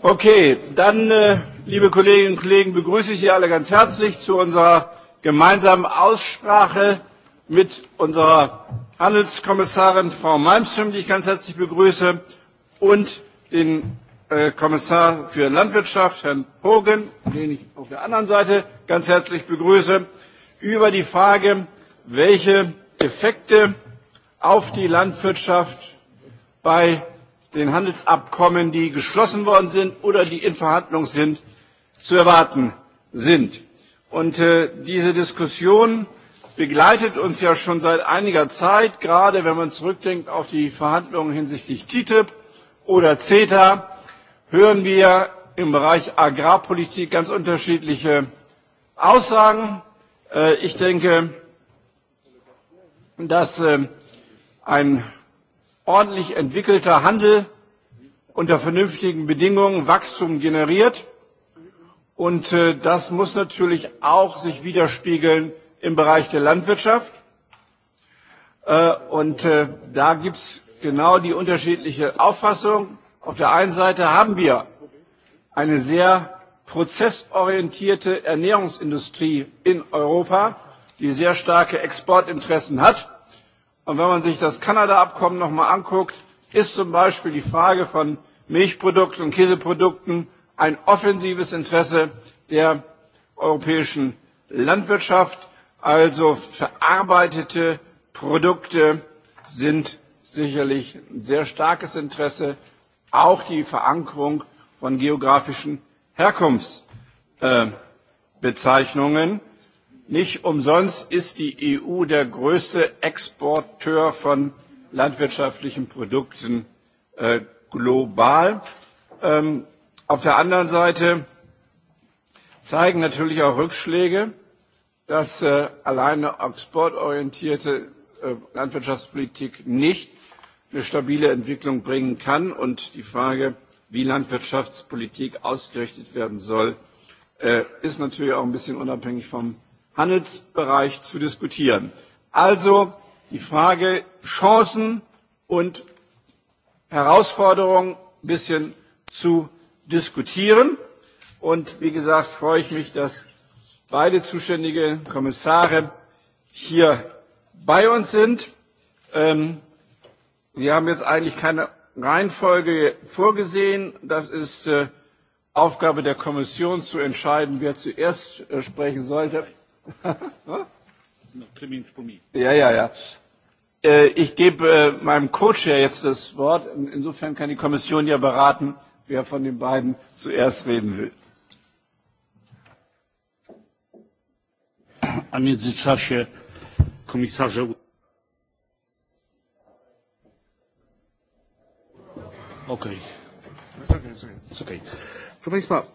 Okay, dann, äh, liebe Kolleginnen und Kollegen, begrüße ich Sie alle ganz herzlich zu unserer gemeinsamen Aussprache mit unserer Handelskommissarin Frau Malmström, die ich ganz herzlich begrüße, und den äh, Kommissar für Landwirtschaft, Herrn Hogan, den ich auf der anderen Seite ganz herzlich begrüße, über die Frage, welche Effekte auf die Landwirtschaft bei den Handelsabkommen, die geschlossen worden sind oder die in Verhandlung sind, zu erwarten sind. Und äh, diese Diskussion begleitet uns ja schon seit einiger Zeit, gerade wenn man zurückdenkt auf die Verhandlungen hinsichtlich TTIP oder CETA, hören wir im Bereich Agrarpolitik ganz unterschiedliche Aussagen. Äh, ich denke, dass äh, ein ordentlich entwickelter Handel unter vernünftigen Bedingungen Wachstum generiert. Und äh, das muss natürlich auch sich widerspiegeln im Bereich der Landwirtschaft. Äh, und äh, da gibt es genau die unterschiedliche Auffassung. Auf der einen Seite haben wir eine sehr prozessorientierte Ernährungsindustrie in Europa, die sehr starke Exportinteressen hat Und wenn man sich das Kanada-Abkommen noch einmal anguckt, ist zum Beispiel die Frage von Milchprodukten und Käseprodukten ein offensives Interesse der europäischen Landwirtschaft. Also verarbeitete Produkte sind sicherlich ein sehr starkes Interesse. Auch die Verankerung von geografischen Herkunftsbezeichnungen. Nicht umsonst ist die EU der größte Exporteur von landwirtschaftlichen Produkten äh, global. Ähm, auf der anderen Seite zeigen natürlich auch Rückschläge, dass äh, alleine exportorientierte äh, Landwirtschaftspolitik nicht eine stabile Entwicklung bringen kann und die Frage, wie Landwirtschaftspolitik ausgerichtet werden soll, äh, ist natürlich auch ein bisschen unabhängig vom Handelsbereich zu diskutieren. Also die Frage Chancen und Herausforderungen ein bisschen zu diskutieren. Und wie gesagt, freue ich mich, dass beide zuständigen Kommissare hier bei uns sind. Ähm, wir haben jetzt eigentlich keine Reihenfolge vorgesehen. Das ist äh, Aufgabe der Kommission zu entscheiden, wer zuerst äh, sprechen sollte no, three for me. Ja, ja, ja. Äh, ich gebe äh, meinem Coach ja jetzt das Wort. Insofern kann die Kommission ja beraten, wer von den beiden zuerst reden will. A międzyczasie komisarze Okej. Okay. okay, okay. Proszę Państwa,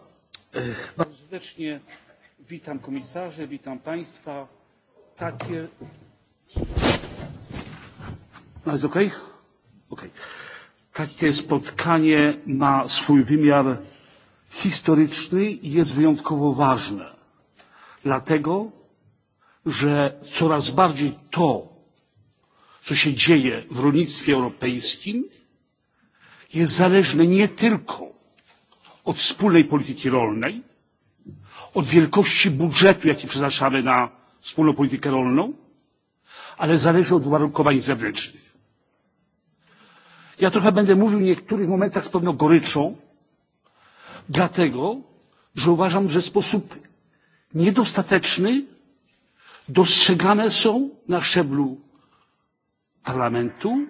e, bardzo serdecznie witam komisarzy witam państwa takie spotkanie ma swój wymiar historyczny i jest wyjątkowo ważne dlatego że coraz bardziej to co się dzieje w rolnictwie europejskim jest zależne nie tylko od wspólnej polityki rolnej od wielkości budżetu, jaki przeznaczamy na wspólną politykę rolną, ale zależy od uwarunkowań zewnętrznych. Ja trochę będę mówił w niektórych momentach z pewną goryczą, dlatego, że uważam, że w sposób niedostateczny dostrzegane są na szczeblu Parlamentu,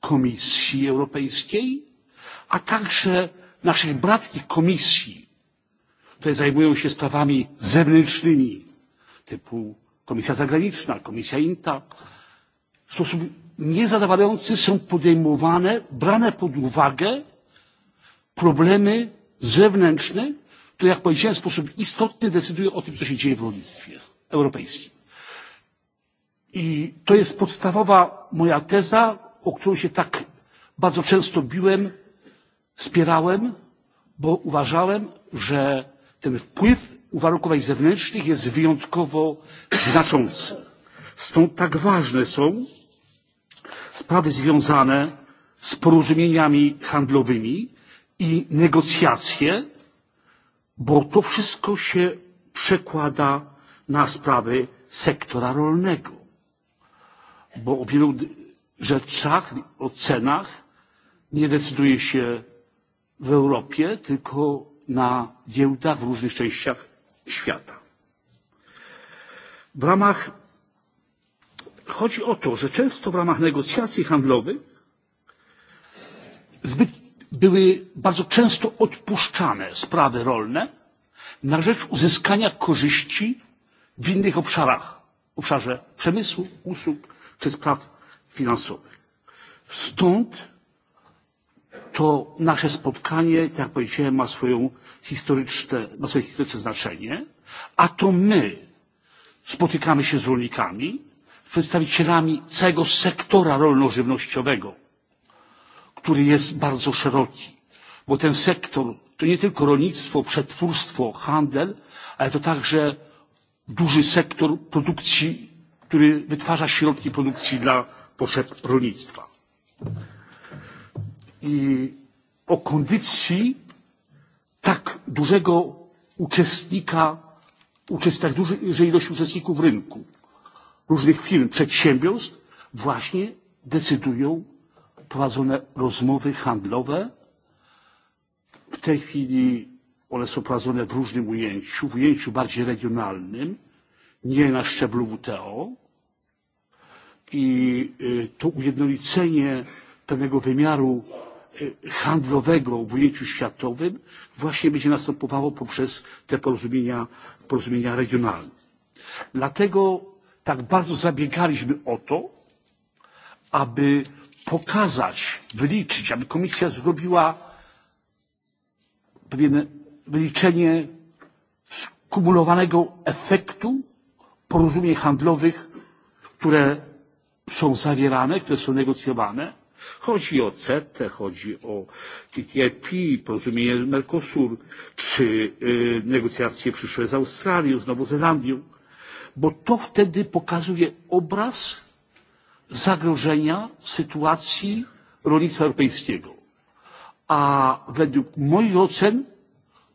Komisji Europejskiej, a także naszych bratnich komisji które zajmują się sprawami zewnętrznymi, typu Komisja Zagraniczna, Komisja INTA, w sposób niezadowalający są podejmowane, brane pod uwagę problemy zewnętrzne, które, jak powiedziałem, w sposób istotny decydują o tym, co się dzieje w rolnictwie europejskim. I to jest podstawowa moja teza, o którą się tak bardzo często biłem, spierałem, bo uważałem, że ten wpływ uwarunkowań zewnętrznych jest wyjątkowo znaczący. Stąd tak ważne są sprawy związane z porozumieniami handlowymi i negocjacje, bo to wszystko się przekłada na sprawy sektora rolnego. Bo o wielu rzeczach, o cenach nie decyduje się w Europie, tylko na giełdach w różnych częściach świata. W ramach chodzi o to, że często w ramach negocjacji handlowych zbyt, były bardzo często odpuszczane sprawy rolne na rzecz uzyskania korzyści w innych obszarach, obszarze przemysłu, usług czy spraw finansowych. Stąd to nasze spotkanie, tak jak powiedziałem, ma, swoją historyczne, ma swoje historyczne znaczenie, a to my spotykamy się z rolnikami, z przedstawicielami całego sektora rolno-żywnościowego, który jest bardzo szeroki, bo ten sektor to nie tylko rolnictwo, przetwórstwo, handel, ale to także duży sektor produkcji, który wytwarza środki produkcji dla potrzeb rolnictwa o kondycji tak dużego uczestnika, tak dużej ilości uczestników rynku, różnych firm, przedsiębiorstw, właśnie decydują prowadzone rozmowy handlowe. W tej chwili one są prowadzone w różnym ujęciu, w ujęciu bardziej regionalnym, nie na szczeblu WTO. I to ujednolicenie pewnego wymiaru handlowego w ujęciu światowym właśnie będzie następowało poprzez te porozumienia, porozumienia regionalne. Dlatego tak bardzo zabiegaliśmy o to, aby pokazać, wyliczyć, aby komisja zrobiła pewien wyliczenie skumulowanego efektu porozumień handlowych, które są zawierane, które są negocjowane Chodzi o CET, chodzi o TTIP, porozumienie Mercosur, czy y, negocjacje przyszłe z Australią, z Nową Zelandią, bo to wtedy pokazuje obraz zagrożenia sytuacji rolnictwa europejskiego. A według moich ocen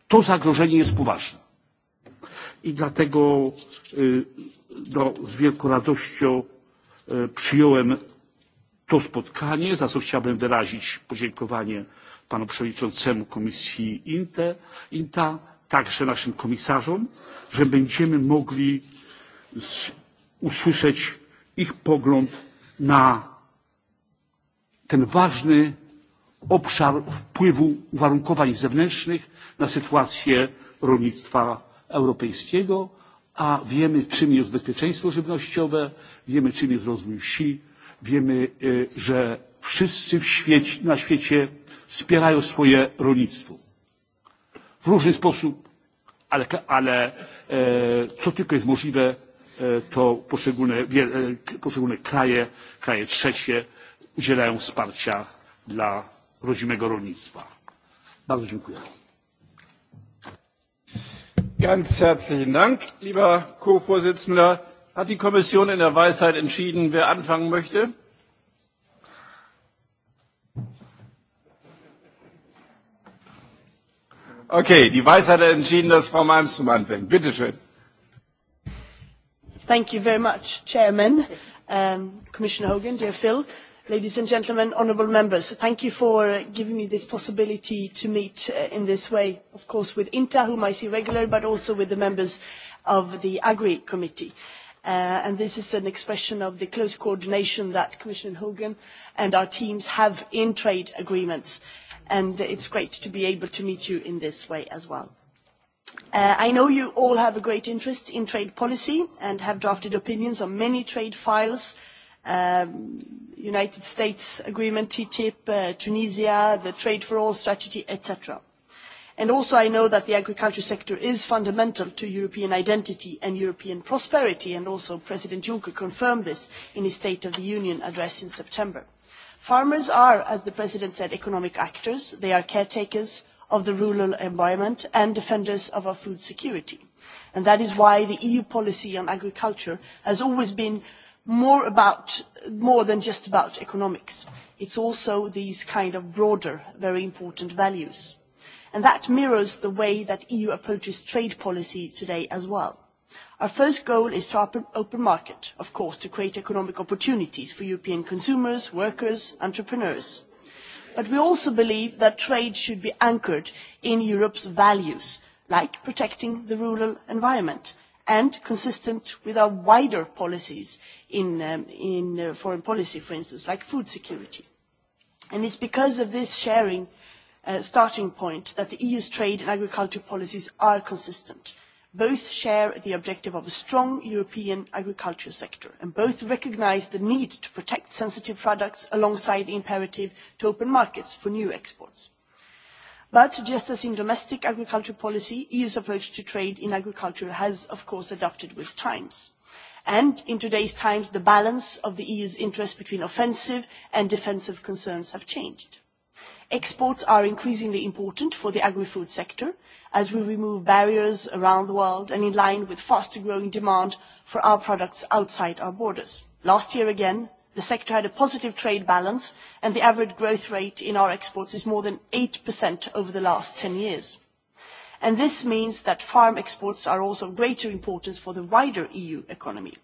to zagrożenie jest poważne. I dlatego y, no, z wielką radością przyjąłem to spotkanie, za co chciałbym wyrazić podziękowanie panu przewodniczącemu komisji INTE, INTA, także naszym komisarzom, że będziemy mogli z, usłyszeć ich pogląd na ten ważny obszar wpływu uwarunkowań zewnętrznych na sytuację rolnictwa europejskiego, a wiemy czym jest bezpieczeństwo żywnościowe, wiemy czym jest rozwój wsi, Wiemy, że wszyscy świecie, na świecie wspierają swoje rolnictwo w różny sposób, ale, ale e, co tylko jest możliwe, e, to poszczególne, e, poszczególne kraje, kraje trzecie udzielają wsparcia dla rodzimego rolnictwa. Bardzo dziękuję. Ganz herzlichen Dank, lieber Co-Vorsitzender hat die Kommission in der Weisheit entschieden, wer anfangen möchte? Okay, die Weisheit hat entschieden, dass Frau zum anfängt. Bitte schön. Thank you very much, Chairman, um, Commissioner Hogan, dear Phil, ladies and gentlemen, honourable members. Thank you for uh, giving me this possibility to meet uh, in this way, of course, with INTA, whom I see regularly, but also with the members of the Agri Committee. Uh, Uh, and this is an expression of the close coordination that Commissioner Hogan and our teams have in trade agreements. And it is great to be able to meet you in this way as well. Uh, I know you all have a great interest in trade policy and have drafted opinions on many trade files, the um, United States agreement, TTIP, uh, Tunisia, the Trade for All strategy, etc and also i know that the agriculture sector is fundamental to european identity and european prosperity and also president juncker confirmed this in his state of the union address in september. farmers are as the president said economic actors they are caretakers of the rural environment and defenders of our food security and that is why the eu policy on agriculture has always been more, about, more than just about economics it is also these kind of broader very important values and that mirrors the way that the eu approaches trade policy today as well. our first goal is to open the market of course to create economic opportunities for european consumers workers and entrepreneurs but we also believe that trade should be anchored in europe's values like protecting the rural environment and consistent with our wider policies in, um, in uh, foreign policy for instance like food security. it is because of this sharing Uh, starting point that the eu's trade and agricultural policies are consistent. both share the objective of a strong european agricultural sector and both recognise the need to protect sensitive products alongside the imperative to open markets for new exports. but just as in domestic agricultural policy the eu's approach to trade in agriculture has of course adapted with times and in today's times the balance of the eu's interests between offensive and defensive concerns has changed exports are increasingly important for the agri food sector as we remove barriers around the world and in line with faster growing demand for our products outside our borders. last year again the sector had a positive trade balance and the average growth rate in our exports is more than 8% over the last 10 years. And this means that farm exports are also of greater importance for the wider eu economy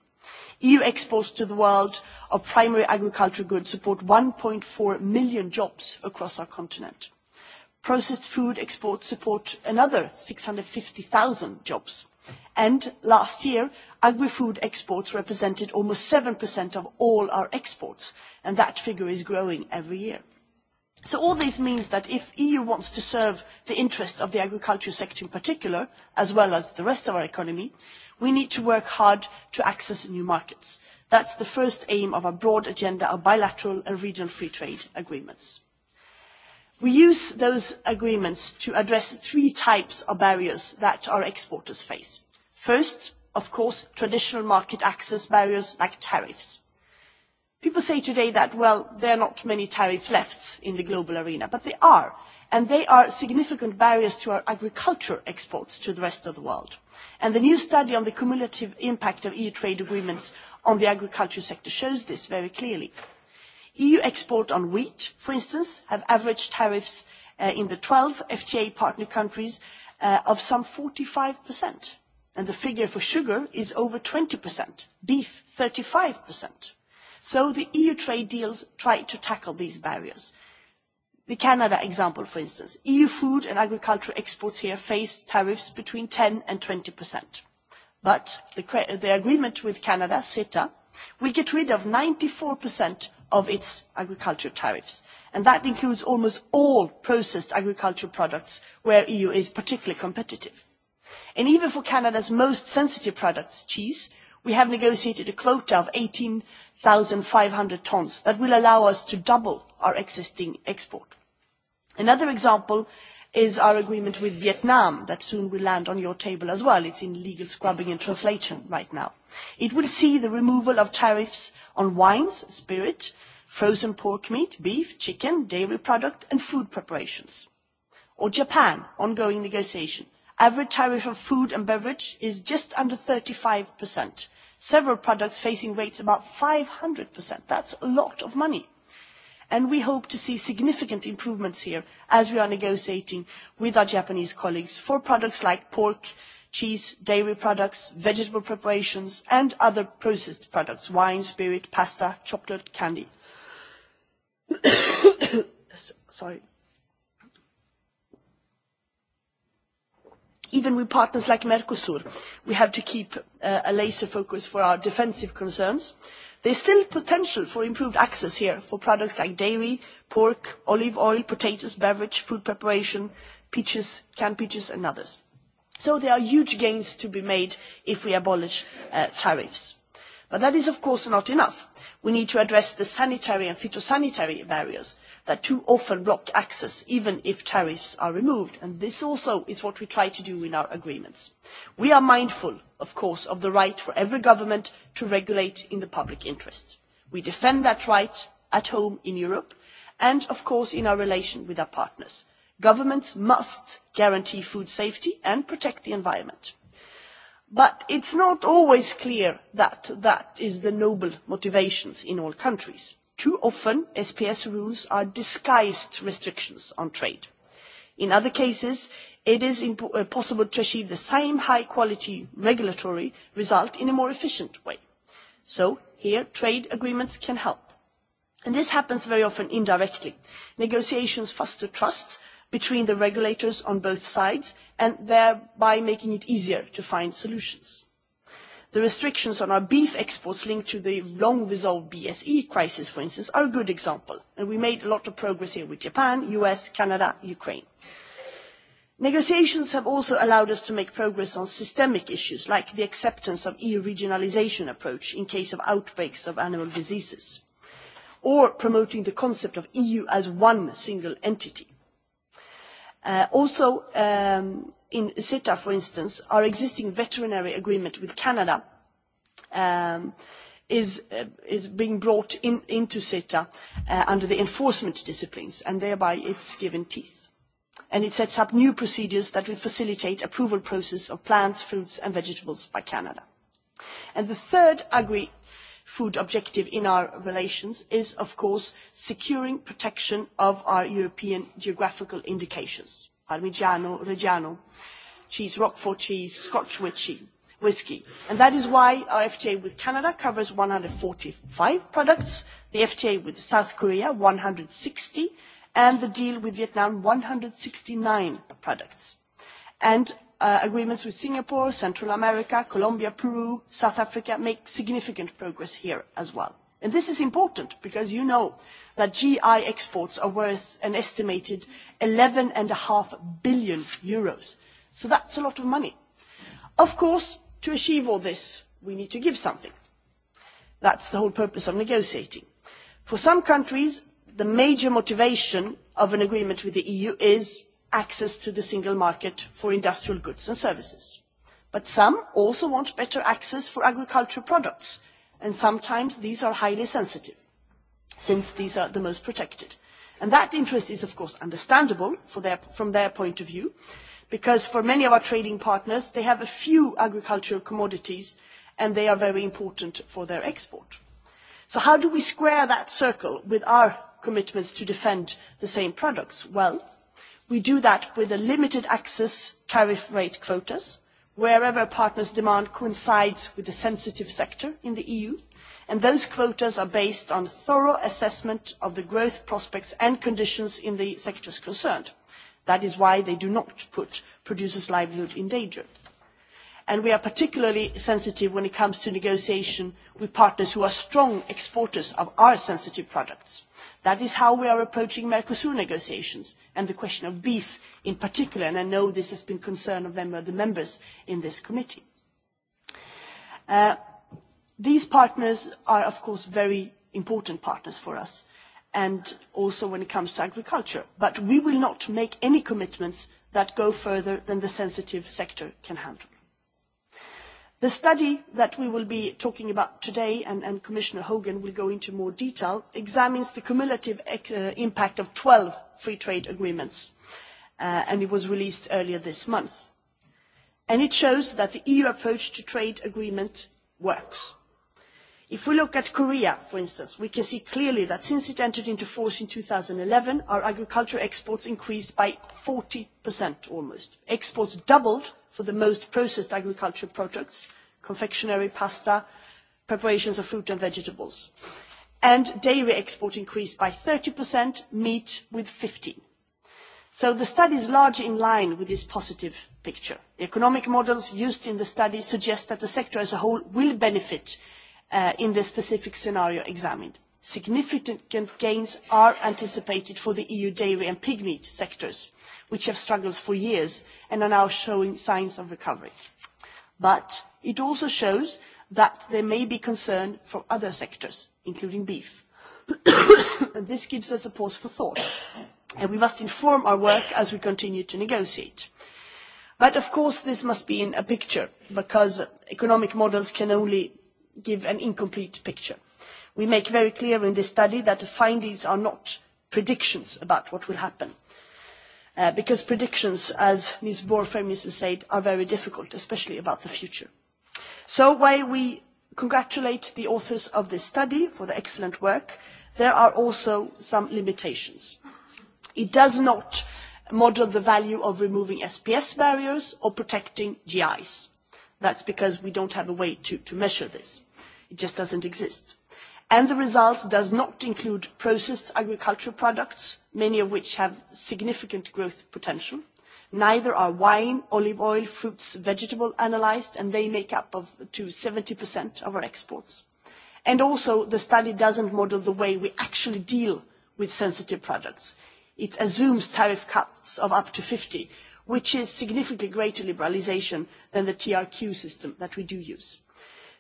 eu exports to the world of primary agricultural goods support. one four million jobs across our continent. processed food exports support another six hundred and fifty zero jobs and last year agri food exports represented almost seven of all our exports and that figure is growing every year so all this means that if the EU wants to serve the interests of the agricultural sector in particular, as well as the rest of our economy, we need to work hard to access new markets. That is the first aim of our broad agenda of bilateral and regional free trade agreements. We use those agreements to address three types of barriers that our exporters face. First, of course, traditional market access barriers like tariffs people say today that well there are not many tariffs left in the global arena but there are and they are significant barriers to our agricultural exports to the rest of the world and the new study on the cumulative impact of eu trade agreements on the agricultural sector shows this very clearly. eu exports on wheat for instance have average tariffs uh, in the twelve fta partner countries uh, of some forty five and the figure for sugar is over twenty beef thirty five so the eu trade deals try to tackle these barriers. the canada example for instance eu food and agricultural exports here face tariffs between ten and twenty but the, agreement with canada ceta will get rid of ninety four of its agricultural tariffs and that includes almost all processed agricultural products where the eu is particularly competitive. even for canada's most sensitive products cheese we have negotiated a quota of eighteen five hundred tonnes that will allow us to double our existing export. another example is our agreement with vietnam that soon will land on your table as well it is in legal scrubbing and translation right now. it will see the removal of tariffs on wines spirit, frozen pork meat beef chicken dairy products and food preparations. or japan ongoing negotiation average tariff on food and beverage is just under thirty five percent several products facing rates about five hundred that is a lot of money and we hope to see significant improvements here as we are negotiating with our japanese colleagues for products like pork cheese dairy products vegetable preparations and other processed products wine spirit pasta chocolate candy. even with partners like mercosur we have to keep uh, a laser focus for our defensive concerns. there is still potential for improved access here for products like dairy pork olive oil potatoes beverages food preparation peaches canned peaches and others. so there are huge gains to be made if we abolish uh, tariffs. but that is of course not enough. we need to address the sanitary and phytosanitary barriers that too often block access even if tariffs are removed and this also is what we try to do in our agreements. we are mindful of course of the right for every government to regulate in the public interest. we defend that right at home in europe and of course in our relations with our partners. governments must guarantee food safety and protect the environment but it is not always clear that that is the noble motivation in all countries too often sps rules are disguised restrictions on trade. in other cases it is uh, possible to achieve the same high quality regulatory result in a more efficient way. so here trade agreements can help. And this happens very often indirectly. negotiations foster trust between the regulators on both sides and thereby making it easier to find solutions the restrictions on our beef exports linked to the long resolved bse crisis for instance are a good example and we made a lot of progress here with japan the us canada and ukraine. negotiations have also allowed us to make progress on systemic issues like the acceptance of eu regionalisation approach in case of outbreaks of animal diseases or promoting the concept of the eu as one single entity. Uh, also um, in ceta for instance our existing veterinary agreement with canada um, uh, is, being brought into ceta uh, under the enforcement disciplines and thereby it is given teeth and it sets up new procedures that will facilitate approval process of plants fruits and vegetables by canada. the third agri food objective in our relations is of course securing protection of our european geographical indications Parmigiano, Reggiano cheese, Roquefort cheese, Scotch witchy, whiskey. And that is why our FTA with Canada covers 145 products, the FTA with South Korea 160, and the deal with Vietnam 169 products. And uh, agreements with Singapore, Central America, Colombia, Peru, South Africa make significant progress here as well And this is important because you know that gi exports are worth an estimated eur. eleven five billion Euros. so that is a lot of money. of course to achieve all this we need to give something. that is the whole purpose of negotiating. for some countries the major motivation of an agreement with the eu is access to the single market for industrial goods and services but some also want better access for agricultural products and sometimes these are highly sensitive since these are the most protected. And that interest is of course understandable their, from their point of view because for many of our trading partners they have a few agricultural commodities and they are very important for their export. so how do we square that circle with our commitments to defend the same products? well we do that with limited access tariff rate quotas wherever partners' demand coincides with the sensitive sector in the eu and those quotas are based on a thorough assessment of the growth prospects and conditions in the sectors concerned. that is why they do not put producers' livelihoods in danger. And we are particularly sensitive when it comes to negotiation with partners who are strong exporters of our sensitive products. that is how we are approaching mercosur negotiations and the question of beef in particular and i know this has been a concern of the members in this committee. Uh, these partners are of course very important partners for us and also when it comes to agriculture but we will not make any commitments that go further than the sensitive sector can handle. the study that we will be talking about today and, commissioner hogan will go into more detail examines the cumulative uh, impact of twelve free trade agreements Uh, and it was released earlier this month. And it shows that the eu approach to trade agreement works. if we look at korea for instance we can see clearly that since it entered into force in 2011, eleven our agricultural exports increased by forty almost. exports doubled for the most processed agricultural products confectionery pasta preparations of fruit and vegetables and dairy exports increased by thirty meat with fifteen so the study is largely in line with this positive picture. the economic models used in the study suggest that the sector as a whole will benefit uh, in the specific scenario examined. significant gains are anticipated for the eu dairy and pig meat sectors which have struggled for years and are now showing signs of recovery. but it also shows that there may be concern for other sectors including beef. this gives us a pause for thought and we must inform our work as we continue to negotiate. But of course this must be in a picture because economic models can only give an incomplete picture. We make very clear in this study that the findings are not predictions about what will happen. Uh, because predictions, as Ms. borg famously said, are very difficult, especially about the future. So while we congratulate the authors of this study for the excellent work, there are also some limitations it does not model the value of removing sps barriers or protecting gis. that is because we do not have a way to, measure this it just does not exist and the result does not include processed agricultural products many of which have significant growth potential neither are wine olive oil fruits and vegetables analysed and they make up to seventy of our exports and also the study does not model the way we actually deal with sensitive products it assumes tariff cuts of up to fifty which is significantly greater liberalisation than the trq system that we do use.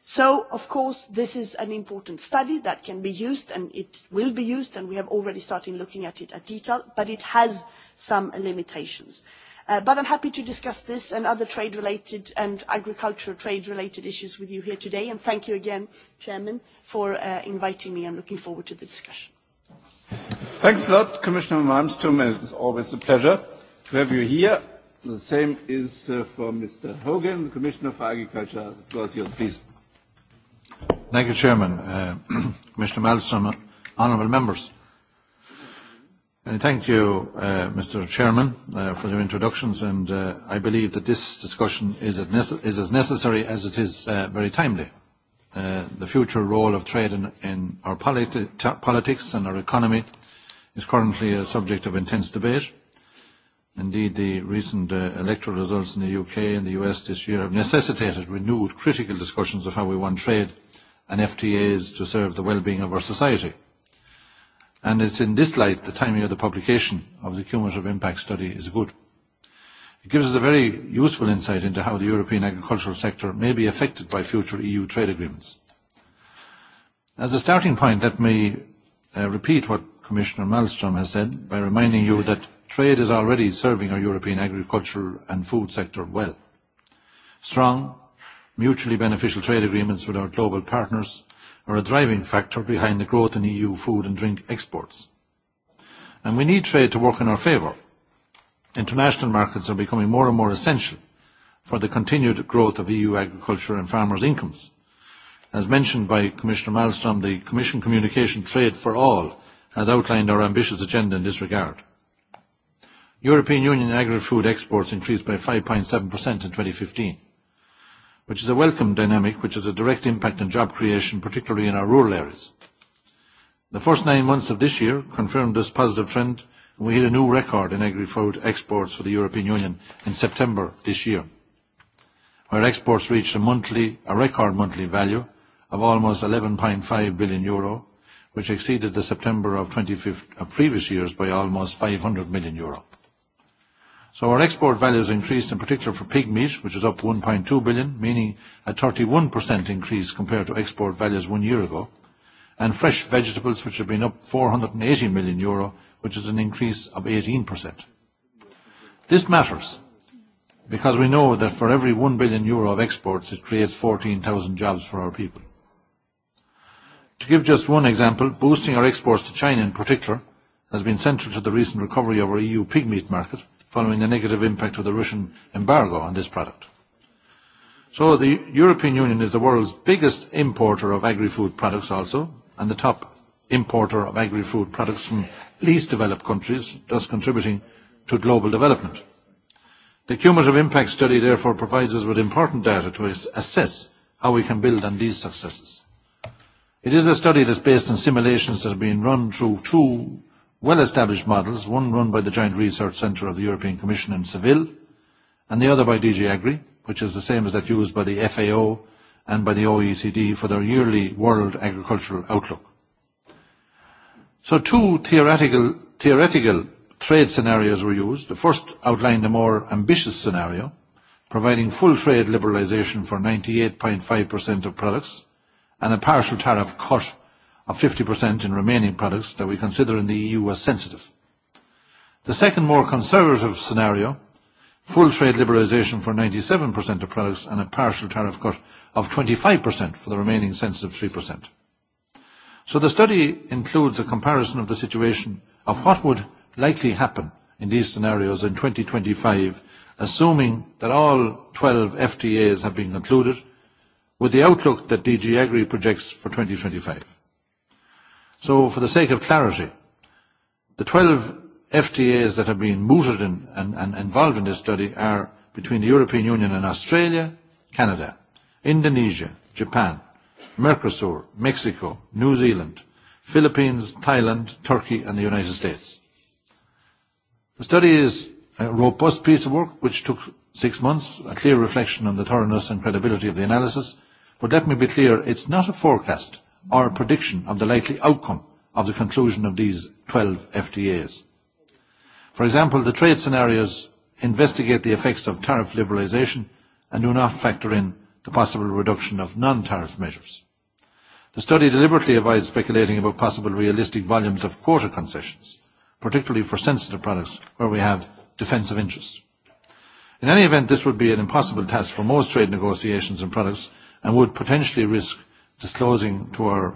so of course this is an important study that can be used and it will be used and we have already started looking at it in detail but it has some limitations. Uh, but i am happy to discuss this and other trade related and agricultural trade related issues with you here today and thank you again Chairman, for uh, inviting me. i am looking forward to the discussion. Thanks a lot, Commissioner Malmström. It's always a pleasure to have you here. The same is uh, for Mr. Hogan, the Commissioner for Agriculture. The floor is yours, please. Thank you, Chairman. Uh, Commissioner Malmström, honourable members. And thank you, uh, Mr. Chairman, uh, for your introductions, and uh, I believe that this discussion is, is as necessary as it is uh, very timely. Uh, the future role of trade in, in our politi politics and our economy is currently a subject of intense debate. Indeed, the recent uh, electoral results in the UK and the US this year have necessitated renewed critical discussions of how we want trade and FTAs to serve the well-being of our society. And it's in this light the timing of the publication of the cumulative impact study is good. It gives us a very useful insight into how the European agricultural sector may be affected by future EU trade agreements. As a starting point, let me uh, repeat what Commissioner Malmstrm has said by reminding you that trade is already serving our European agricultural and food sector well. Strong, mutually beneficial trade agreements with our global partners are a driving factor behind the growth in EU food and drink exports. And we need trade to work in our favour International markets are becoming more and more essential for the continued growth of EU agriculture and farmers' incomes. As mentioned by Commissioner Malmstrm, the Commission communication Trade for All has outlined our ambitious agenda in this regard. European Union agri-food exports increased by 5.7% in fifteen, which is a welcome dynamic which has a direct impact on job creation, particularly in our rural areas. The first nine months of this year confirmed this positive trend and we hit a new record in agri-food exports for the European Union in September this year, where exports reached a, monthly, a record monthly value of almost 11.5 billion euro, which exceeded the September of, of previous years by almost 500 million euro. So Our export values increased in particular for pig meat, which is up 1.2 billion, meaning a 31% increase compared to export values one year ago, and fresh vegetables, which have been up 480 million euro which is an increase of 18%. This matters because we know that for every 1 billion euro of exports, it creates 14,000 jobs for our people. To give just one example, boosting our exports to China in particular has been central to the recent recovery of our EU pigmeat market following the negative impact of the Russian embargo on this product. So the European Union is the world's biggest importer of agri-food products also, and the top importer of agri-food products from least developed countries, thus contributing to global development. The cumulative impact study therefore provides us with important data to assess how we can build on these successes. It is a study that is based on simulations that have been run through two well-established models, one run by the Joint Research Centre of the European Commission in Seville, and the other by DG Agri, which is the same as that used by the FAO and by the OECD for their yearly World Agricultural Outlook. So two theoretical, theoretical trade scenarios were used. The first outlined a more ambitious scenario, providing full trade liberalisation for 98.5% of products and a partial tariff cut of 50% in remaining products that we consider in the EU as sensitive. The second, more conservative scenario, full trade liberalisation for 97% of products and a partial tariff cut of 25% for the remaining sensitive 3%. So the study includes a comparison of the situation of what would likely happen in these scenarios in 2025, assuming that all 12 FTAs have been concluded, with the outlook that DG Agri projects for 2025. So for the sake of clarity, the 12 FTAs that have been mooted in, and, and involved in this study are between the European Union and Australia, Canada, Indonesia, Japan, Mercosur, Mexico, New Zealand, Philippines, Thailand, Turkey and the United States. The study is a robust piece of work which took six months, a clear reflection on the thoroughness and credibility of the analysis, but let me be clear, it's not a forecast or a prediction of the likely outcome of the conclusion of these 12 FTAs. For example, the trade scenarios investigate the effects of tariff liberalisation and do not factor in the possible reduction of non-tariff measures. The study deliberately avoids speculating about possible realistic volumes of quota concessions, particularly for sensitive products where we have defensive interests. In any event, this would be an impossible task for most trade negotiations and products and would potentially risk disclosing to our,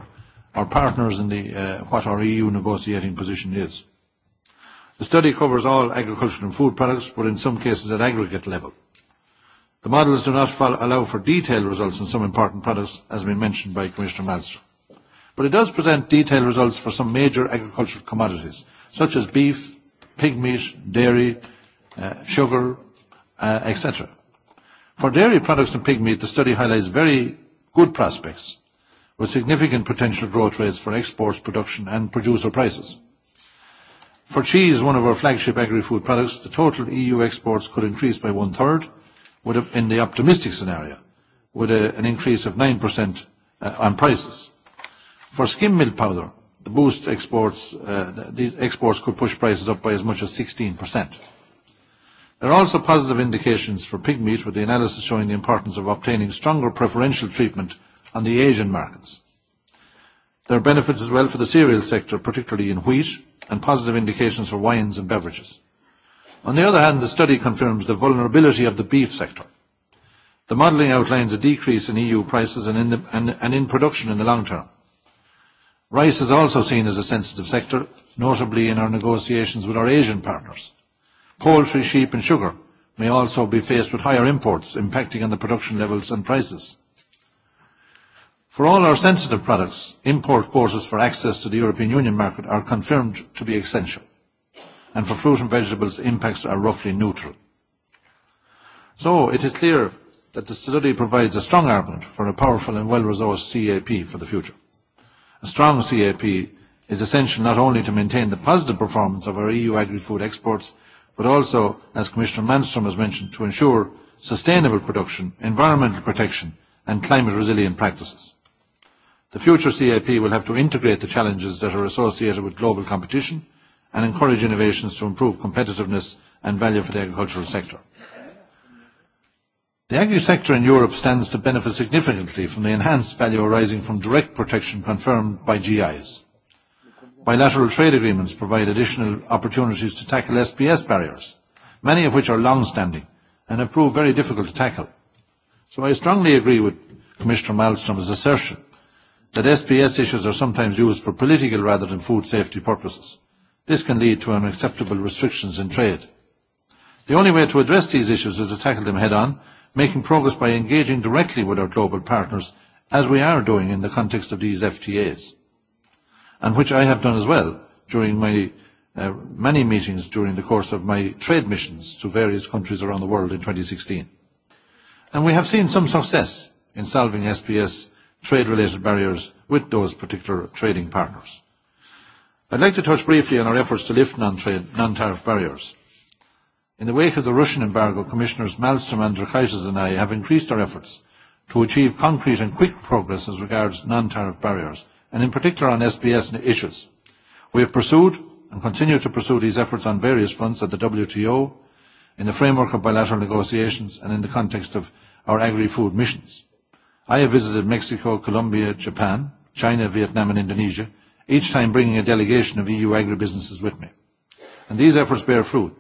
our partners in the, uh, what our EU negotiating position is. The study covers all agricultural and food products, but in some cases at aggregate level. The models do not allow for detailed results in some important products, as has been mentioned by Commissioner Malmström. But it does present detailed results for some major agricultural commodities, such as beef, pig meat, dairy, uh, sugar, uh, etc. For dairy products and pig meat, the study highlights very good prospects with significant potential growth rates for exports, production and producer prices. For cheese, one of our flagship agri-food products, the total EU exports could increase by one-third would have, in the optimistic scenario, with a, an increase of 9% uh, on prices. For skim milk powder, the boost exports, uh, these exports could push prices up by as much as 16%. There are also positive indications for pig meat, with the analysis showing the importance of obtaining stronger preferential treatment on the Asian markets. There are benefits as well for the cereal sector, particularly in wheat, and positive indications for wines and beverages. On the other hand, the study confirms the vulnerability of the beef sector. The modelling outlines a decrease in EU prices and in, the, and, and in production in the long term. Rice is also seen as a sensitive sector, notably in our negotiations with our Asian partners. Poultry, sheep and sugar may also be faced with higher imports impacting on the production levels and prices. For all our sensitive products, import quotas for access to the European Union market are confirmed to be essential and for fruit and vegetables, impacts are roughly neutral. So it is clear that the study provides a strong argument for a powerful and well-resourced CAP for the future. A strong CAP is essential not only to maintain the positive performance of our EU agri-food exports, but also, as Commissioner Manstrom has mentioned, to ensure sustainable production, environmental protection and climate resilient practices. The future CAP will have to integrate the challenges that are associated with global competition, and encourage innovations to improve competitiveness and value for the agricultural sector. The agri sector in Europe stands to benefit significantly from the enhanced value arising from direct protection confirmed by GIs. Bilateral trade agreements provide additional opportunities to tackle SPS barriers, many of which are long-standing and have proved very difficult to tackle. So I strongly agree with Commissioner Malmstrom's assertion that SPS issues are sometimes used for political rather than food safety purposes. This can lead to unacceptable restrictions in trade. The only way to address these issues is to tackle them head on, making progress by engaging directly with our global partners, as we are doing in the context of these FTAs, and which I have done as well during my uh, many meetings during the course of my trade missions to various countries around the world in 2016. And we have seen some success in solving SPS trade-related barriers with those particular trading partners. I'd like to touch briefly on our efforts to lift non-tariff barriers. In the wake of the Russian embargo, Commissioners and Andrukaitis and I have increased our efforts to achieve concrete and quick progress as regards non-tariff barriers, and in particular on SBS issues. We have pursued and continue to pursue these efforts on various fronts at the WTO, in the framework of bilateral negotiations, and in the context of our agri-food missions. I have visited Mexico, Colombia, Japan, China, Vietnam and Indonesia each time bringing a delegation of EU agribusinesses with me. And these efforts bear fruit.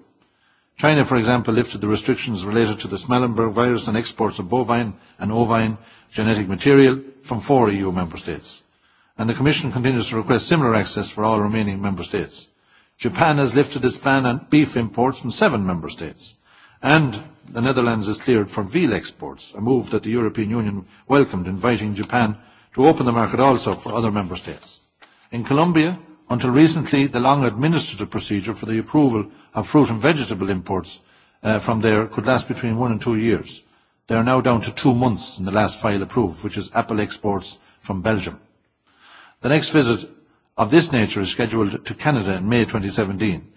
China, for example, lifted the restrictions related to the Smallenberg virus on exports of bovine and ovine genetic material from four EU member states. And the Commission continues to request similar access for all remaining member states. Japan has lifted its ban on beef imports from seven member states. And the Netherlands is cleared for veal exports, a move that the European Union welcomed, inviting Japan to open the market also for other member states. In Colombia, until recently, the long administrative procedure for the approval of fruit and vegetable imports uh, from there could last between one and two years. They are now down to two months in the last file approved, which is apple exports from Belgium. The next visit of this nature is scheduled to Canada in May seventeen.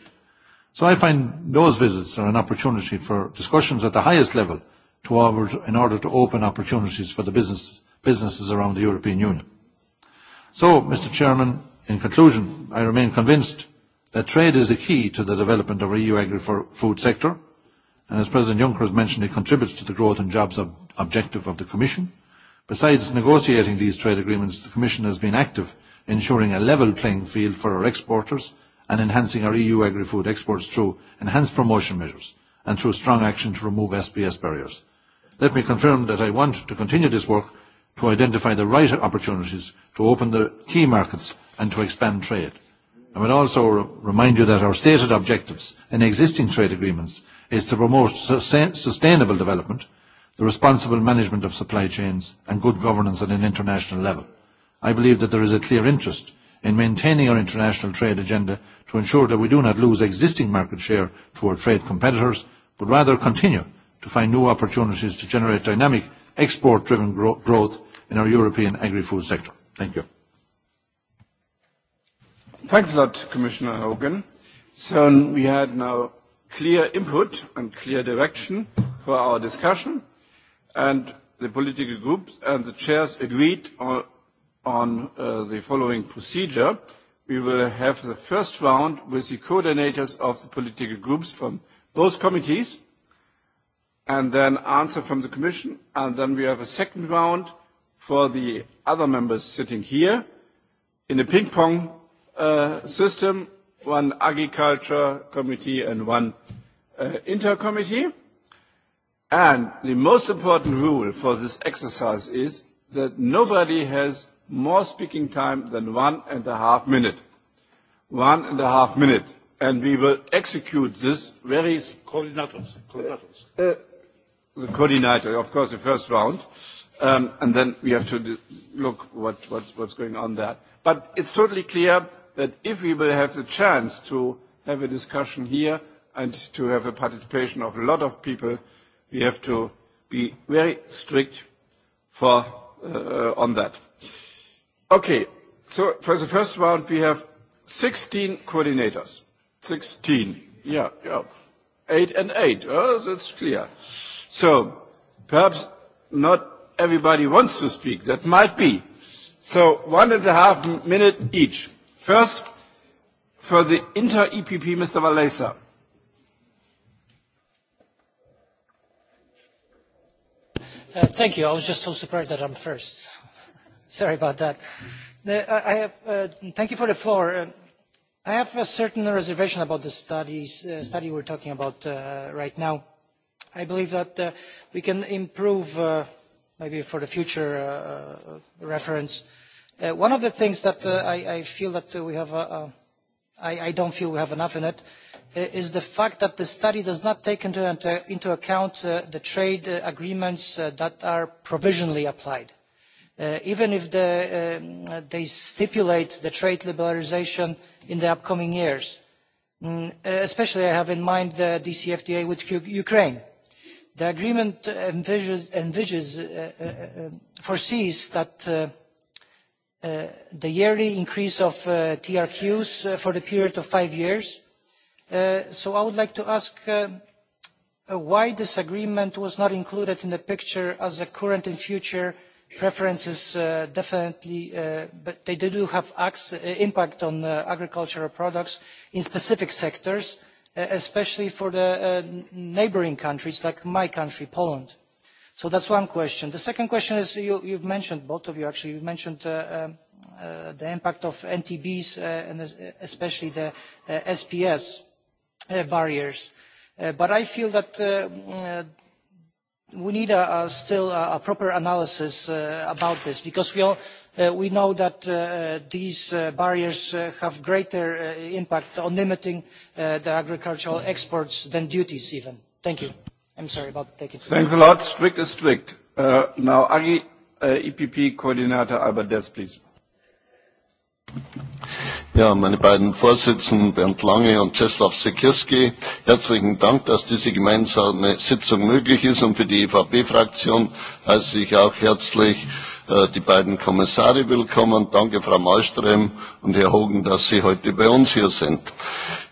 So I find those visits are an opportunity for discussions at the highest level to, in order to open opportunities for the business, businesses around the European Union. So, Mr Chairman, in conclusion, I remain convinced that trade is the key to the development of our EU agri-food sector, and as President Juncker has mentioned, it contributes to the growth and jobs ob objective of the Commission. Besides negotiating these trade agreements, the Commission has been active in ensuring a level playing field for our exporters and enhancing our EU agri-food exports through enhanced promotion measures and through strong action to remove SPS barriers. Let me confirm that I want to continue this work to identify the right opportunities to open the key markets and to expand trade. I would also remind you that our stated objectives in existing trade agreements is to promote sustain sustainable development, the responsible management of supply chains and good governance at an international level. I believe that there is a clear interest in maintaining our international trade agenda to ensure that we do not lose existing market share to our trade competitors, but rather continue to find new opportunities to generate dynamic export-driven growth in our European agri-food sector. Thank you. Thanks a lot, Commissioner Hogan. So we had now clear input and clear direction for our discussion, and the political groups and the chairs agreed on, on uh, the following procedure. We will have the first round with the coordinators of the political groups from both committees, and then answer from the Commission, and then we have a second round for the other members sitting here in a ping-pong uh, system, one agriculture committee and one uh, inter committee. And the most important rule for this exercise is that nobody has more speaking time than one and a half minute. One and a half minute. And we will execute this very... Coordinators. Coordinators. Uh, uh, the coordinator, of course, the first round, um, and then we have to look what, what's, what's going on there. But it's totally clear that if we will have the chance to have a discussion here and to have a participation of a lot of people, we have to be very strict for, uh, on that. Okay, so for the first round we have 16 coordinators. 16, yeah, yeah. Eight and eight, oh, that's clear. So perhaps not everybody wants to speak. That might be. So one and a half minute each. First, for the inter-EPP, Mr. Valesa. Uh, thank you. I was just so surprised that I'm first. Sorry about that. Uh, I have, uh, thank you for the floor. Uh, I have a certain reservation about the studies, uh, study we're talking about uh, right now i believe that uh, we can improve, uh, maybe for the future uh, uh, reference. Uh, one of the things that uh, I, I feel that we have, uh, uh I, I don't feel we have enough in it, uh, is the fact that the study does not take into, into account uh, the trade uh, agreements uh, that are provisionally applied. even if the, um, they stipulate the trade liberalisation in the upcoming years, mm, especially I have in mind the DCFTA with Ukraine The agreement envisages, uh, uh, uh, foresees that uh, uh, the yearly increase of uh, TRQs uh, for the period of five years. Uh, so I would like to ask uh, uh, why this agreement was not included in the picture as a current and future preferences uh, definitely, uh, but they do have acts, uh, impact on uh, agricultural products in specific sectors Uh, especially for the uh, neighbouring countries like my country, Poland? So that's one question. The second question is, you, you've mentioned, both of you actually, you've mentioned uh, um, the impact of NTBs and especially the SPS barriers. But I feel that we need a, a still a, a proper analysis about this because we all, Uh, we know that uh, these uh, barriers have a greater impact on limiting agricultural exports than duties even. Thank you. I'm sorry about taking so Thanks a lot. Strict is strict. now, Agri EPP Coordinator Albert Dess, please. Ja, meine beiden Vorsitzenden Bernd Lange und Czeslaw Sekirski, herzlichen Dank, dass diese gemeinsame Sitzung möglich ist. Und für die EVP-Fraktion heiße ich auch herzlich äh, Äh, die beiden Kommissare willkommen. Danke, Frau Malström und Herr Hogan, dass Sie heute bei uns hier sind.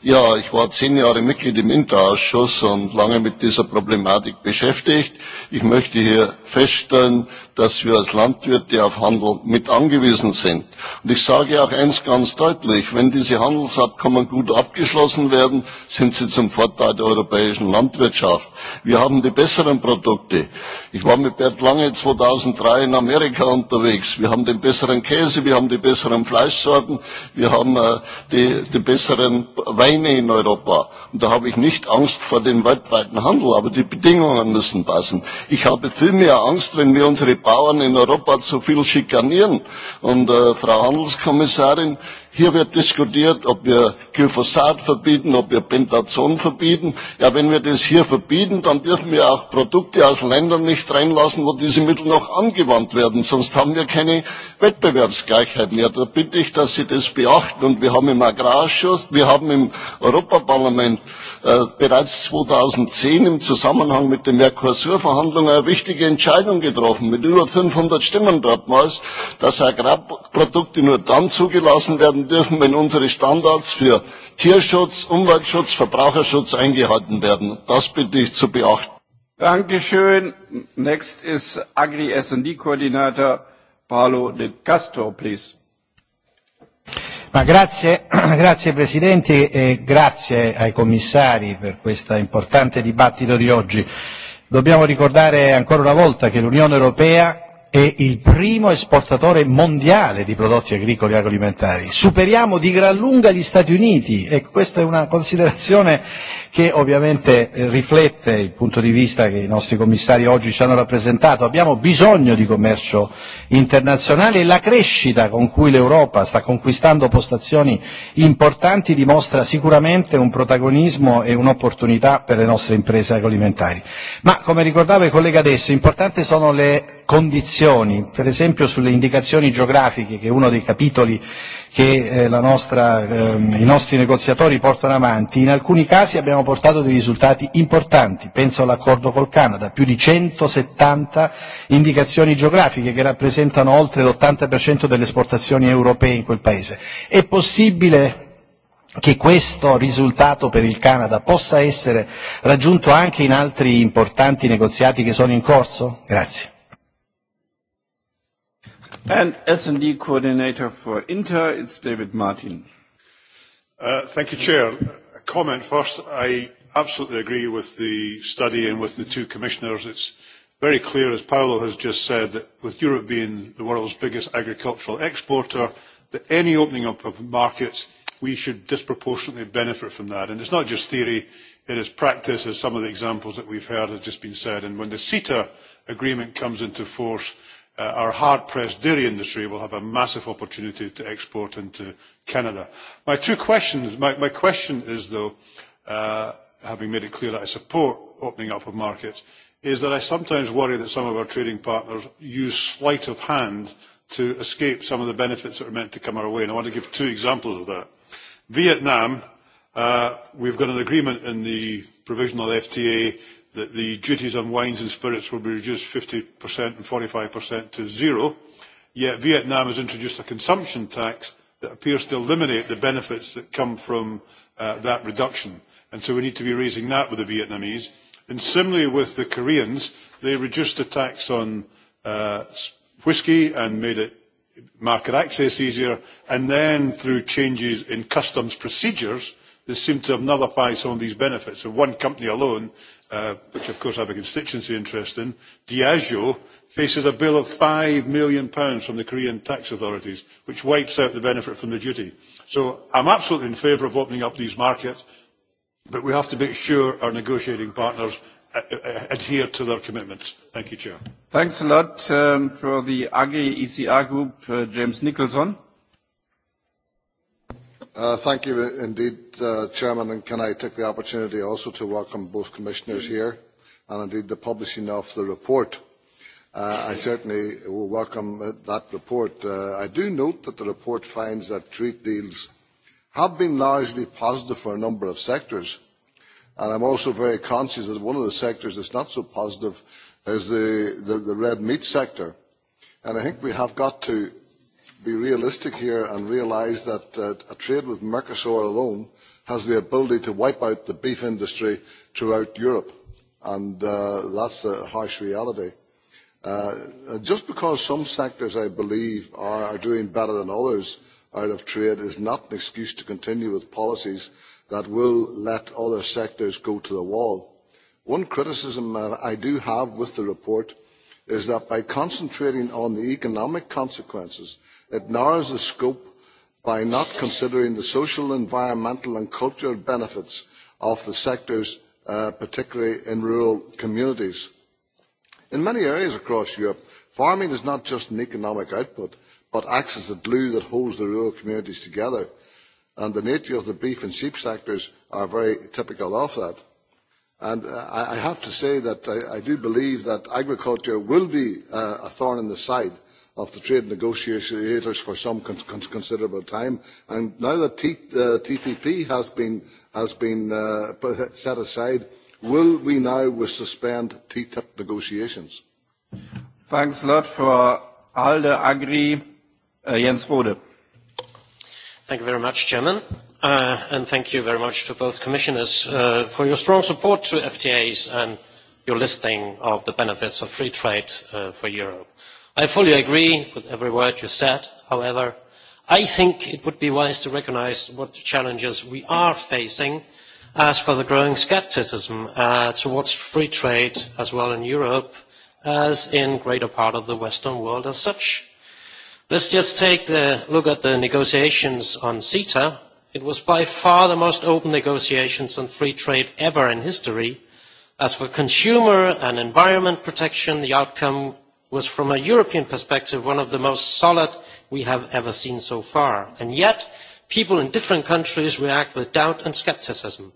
Ja, ich war zehn Jahre Mitglied im Interausschuss und lange mit dieser Problematik beschäftigt. Ich möchte hier feststellen, dass wir als Landwirte auf Handel mit angewiesen sind. Und ich sage auch eins ganz deutlich, wenn diese Handelsabkommen gut abgeschlossen werden, sind sie zum Vorteil der europäischen Landwirtschaft. Wir haben die besseren Produkte. Ich war mit Bert Lange 2003 in Amerika unterwegs. Wir haben den besseren Käse, wir haben die besseren Fleischsorten, wir haben äh, die, die besseren Weine in Europa. Und da habe ich nicht Angst vor dem weltweiten Handel, aber die Bedingungen müssen passen. Ich habe viel mehr Angst, wenn wir unsere Bauern in Europa zu viel schikanieren. Und äh, Frau Handelskommissarin, Hier wird diskutiert, ob wir Glyphosat verbieten, ob wir Pentazon verbieten. Ja, wenn wir das hier verbieten, dann dürfen wir auch Produkte aus Ländern nicht reinlassen, wo diese Mittel noch angewandt werden. Sonst haben wir keine Wettbewerbsgleichheit mehr. Da bitte ich, dass Sie das beachten. Und wir haben im Agrarausschuss, wir haben im Europaparlament äh, bereits 2010 im Zusammenhang mit den Mercosur-Verhandlungen eine wichtige Entscheidung getroffen, mit über 500 Stimmen dortmals, dass Agrarprodukte nur dann zugelassen werden, werden dürfen, wenn unsere Standards für Tierschutz, Umweltschutz, Verbraucherschutz eingehalten werden. Das bitte ich zu beachten. Dankeschön. Next is Agri S&D Coordinator Paolo De Castro, please. Ma grazie, grazie Presidente e grazie ai commissari per questo importante dibattito di oggi. Dobbiamo ricordare ancora una volta che l'Unione Europea è il primo esportatore mondiale di prodotti agricoli e agroalimentari. Superiamo di gran lunga gli Stati Uniti e questa è una considerazione che ovviamente eh, riflette il punto di vista che i nostri commissari oggi ci hanno rappresentato. Abbiamo bisogno di commercio internazionale e la crescita con cui l'Europa sta conquistando postazioni importanti dimostra sicuramente un protagonismo e un'opportunità per le nostre imprese agroalimentari. Ma come ricordava il collega adesso, importanti sono le condizioni indicazioni, per esempio sulle indicazioni geografiche, che è uno dei capitoli che eh, la nostra, ehm, i nostri negoziatori portano avanti, in alcuni casi abbiamo portato dei risultati importanti, penso all'accordo col Canada, più di 170 indicazioni geografiche che rappresentano oltre l'80% delle esportazioni europee in quel paese. È possibile che questo risultato per il Canada possa essere raggiunto anche in altri importanti negoziati che sono in corso? Grazie. And S&D coordinator for Inter, it's David Martin. Uh, thank you, Chair. A comment first. I absolutely agree with the study and with the two commissioners. It's very clear, as Paolo has just said, that with Europe being the world's biggest agricultural exporter, that any opening up of markets, we should disproportionately benefit from that. And it's not just theory, it is practice, as some of the examples that we've heard have just been said. And when the CETA agreement comes into force, Uh, our hard-pressed dairy industry will have a massive opportunity to export into Canada. My two questions, my, my question is though, uh, having made it clear that I support opening up of markets, is that I sometimes worry that some of our trading partners use sleight of hand to escape some of the benefits that are meant to come our way. And I want to give two examples of that. Vietnam, uh, we've got an agreement in the provisional FTA that the duties on wines and spirits will be reduced 50% and 45% to zero, yet Vietnam has introduced a consumption tax that appears to eliminate the benefits that come from uh, that reduction. And so we need to be raising that with the Vietnamese. And similarly with the Koreans, they reduced the tax on uh, whiskey and made it market access easier. And then through changes in customs procedures, they seem to have nullified some of these benefits. So one company alone Uh, which of course I have a constituency interest in, Diageo faces a bill of five million pounds from the Korean tax authorities, which wipes out the benefit from the duty. So I am absolutely in favour of opening up these markets, but we have to make sure our negotiating partners uh, uh, adhere to their commitments. Thank you, Chair. Thanks a lot um, for the AG ECR group, uh, James Nicholson. Uh, thank you uh, indeed, uh, Chairman, and can I take the opportunity also to welcome both commissioners here and indeed the publishing of the report. Uh, I certainly will welcome uh, that report. Uh, I do note that the report finds that trade deals have been largely positive for a number of sectors. And I'm also very conscious that one of the sectors that's not so positive is the, the, the red meat sector. And I think we have got to be realistic here and realise that uh, a trade with Mercosur alone has the ability to wipe out the beef industry throughout Europe. And uh, that's a harsh reality. Uh, just because some sectors, I believe, are, are doing better than others out of trade is not an excuse to continue with policies that will let other sectors go to the wall. One criticism uh, I do have with the report is that by concentrating on the economic consequences It narrows the scope by not considering the social, environmental and cultural benefits of the sectors, uh, particularly in rural communities. In many areas across Europe, farming is not just an economic output, but acts as the glue that holds the rural communities together. And the nature of the beef and sheep sectors are very typical of that. And uh, I have to say that I, do believe that agriculture will be uh, a thorn in the side of the trade negotiators for some considerable time. And now that T, uh, TPP has been, has been uh, set aside, will we now suspend TTIP negotiations? Thanks a lot for ALDE Agri, uh, Jens Rode. Thank you very much, Chairman. Uh, and thank you very much to both commissioners uh, for your strong support to FTAs and your listing of the benefits of free trade uh, for Europe. I fully agree with every word you said. However, I think it would be wise to recognise what challenges we are facing as for the growing scepticism uh, towards free trade as well in Europe as in greater part of the Western world as such. Let's just take a look at the negotiations on CETA. It was by far the most open negotiations on free trade ever in history. As for consumer and environment protection, the outcome was from a European perspective one of the most solid we have ever seen so far. And yet, people in different countries react with doubt and scepticism.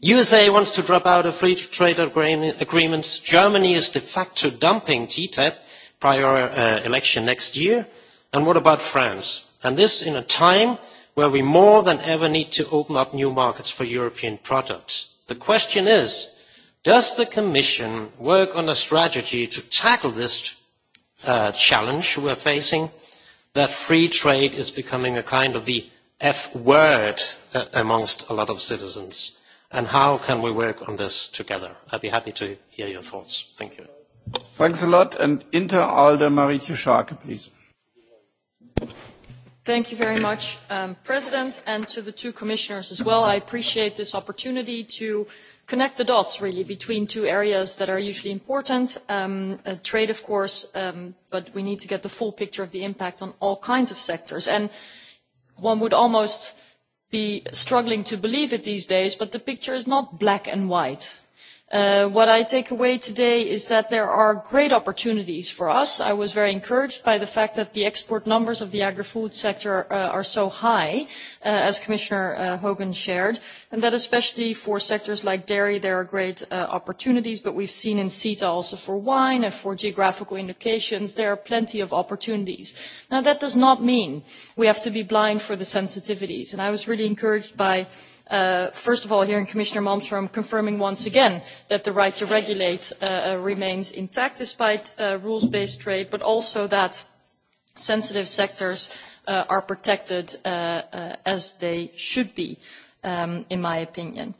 The USA wants to drop out of free trade agreements. Germany is de facto dumping TTIP e prior the uh, election next year. And what about France? And this in a time where we more than ever need to open up new markets for European products. The question is, does the Commission work on a strategy to tackle this Uh, challenge we are facing, that free trade is becoming a kind of the F word uh, amongst a lot of citizens. And how can we work on this together? I'd be happy to hear your thoughts. Thank you. Thanks a lot. And Inter Alde Marietje Schaake, please. Thank you very much, um, President, and to the two commissioners as well. I appreciate this opportunity to uh, connect the dots really between two areas that are usually important um, uh, trade of course um, but we need to get the full picture of the impact on all kinds of sectors and one would almost be struggling to believe it these days but the picture is not black and white Uh, what i take away today is that there are great opportunities for us. i was very encouraged by the fact that the export numbers of the agri food sector uh, are so high uh, as commissioner hogan shared and that especially for sectors like dairy there are great opportunities but we have seen in ceta also for wine and for geographical indications there are plenty of opportunities. now that does not mean we have to be blind for the sensitivities and i was really encouraged by Uh, first of all, hearing Commissioner Malmstrom confirming once again that the right to regulate uh, uh, remains intact despite uh, rules-based trade, but also that sensitive sectors uh, are protected uh, as they should be, um, in my opinion.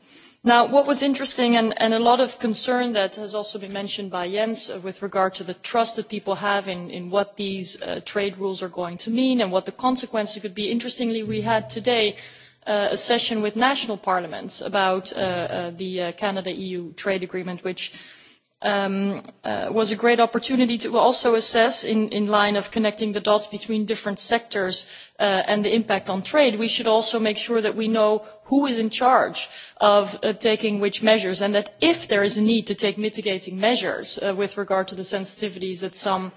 Now, what was interesting and, and a lot of concern that has also been mentioned by Jens uh, with regard to the trust that people have in, in what these uh, trade rules are going to mean and what the consequences could be. Interestingly, we had today uh, Uh, a session with national parliaments about uh, uh, the Canada EU trade agreement, which um, was a great opportunity to also assess in, in line of connecting the dots between different sectors and the impact on trade. We should also make sure that we know who is in charge of taking which measures and that if there is a need to take mitigating measures with regard to the sensitivities that some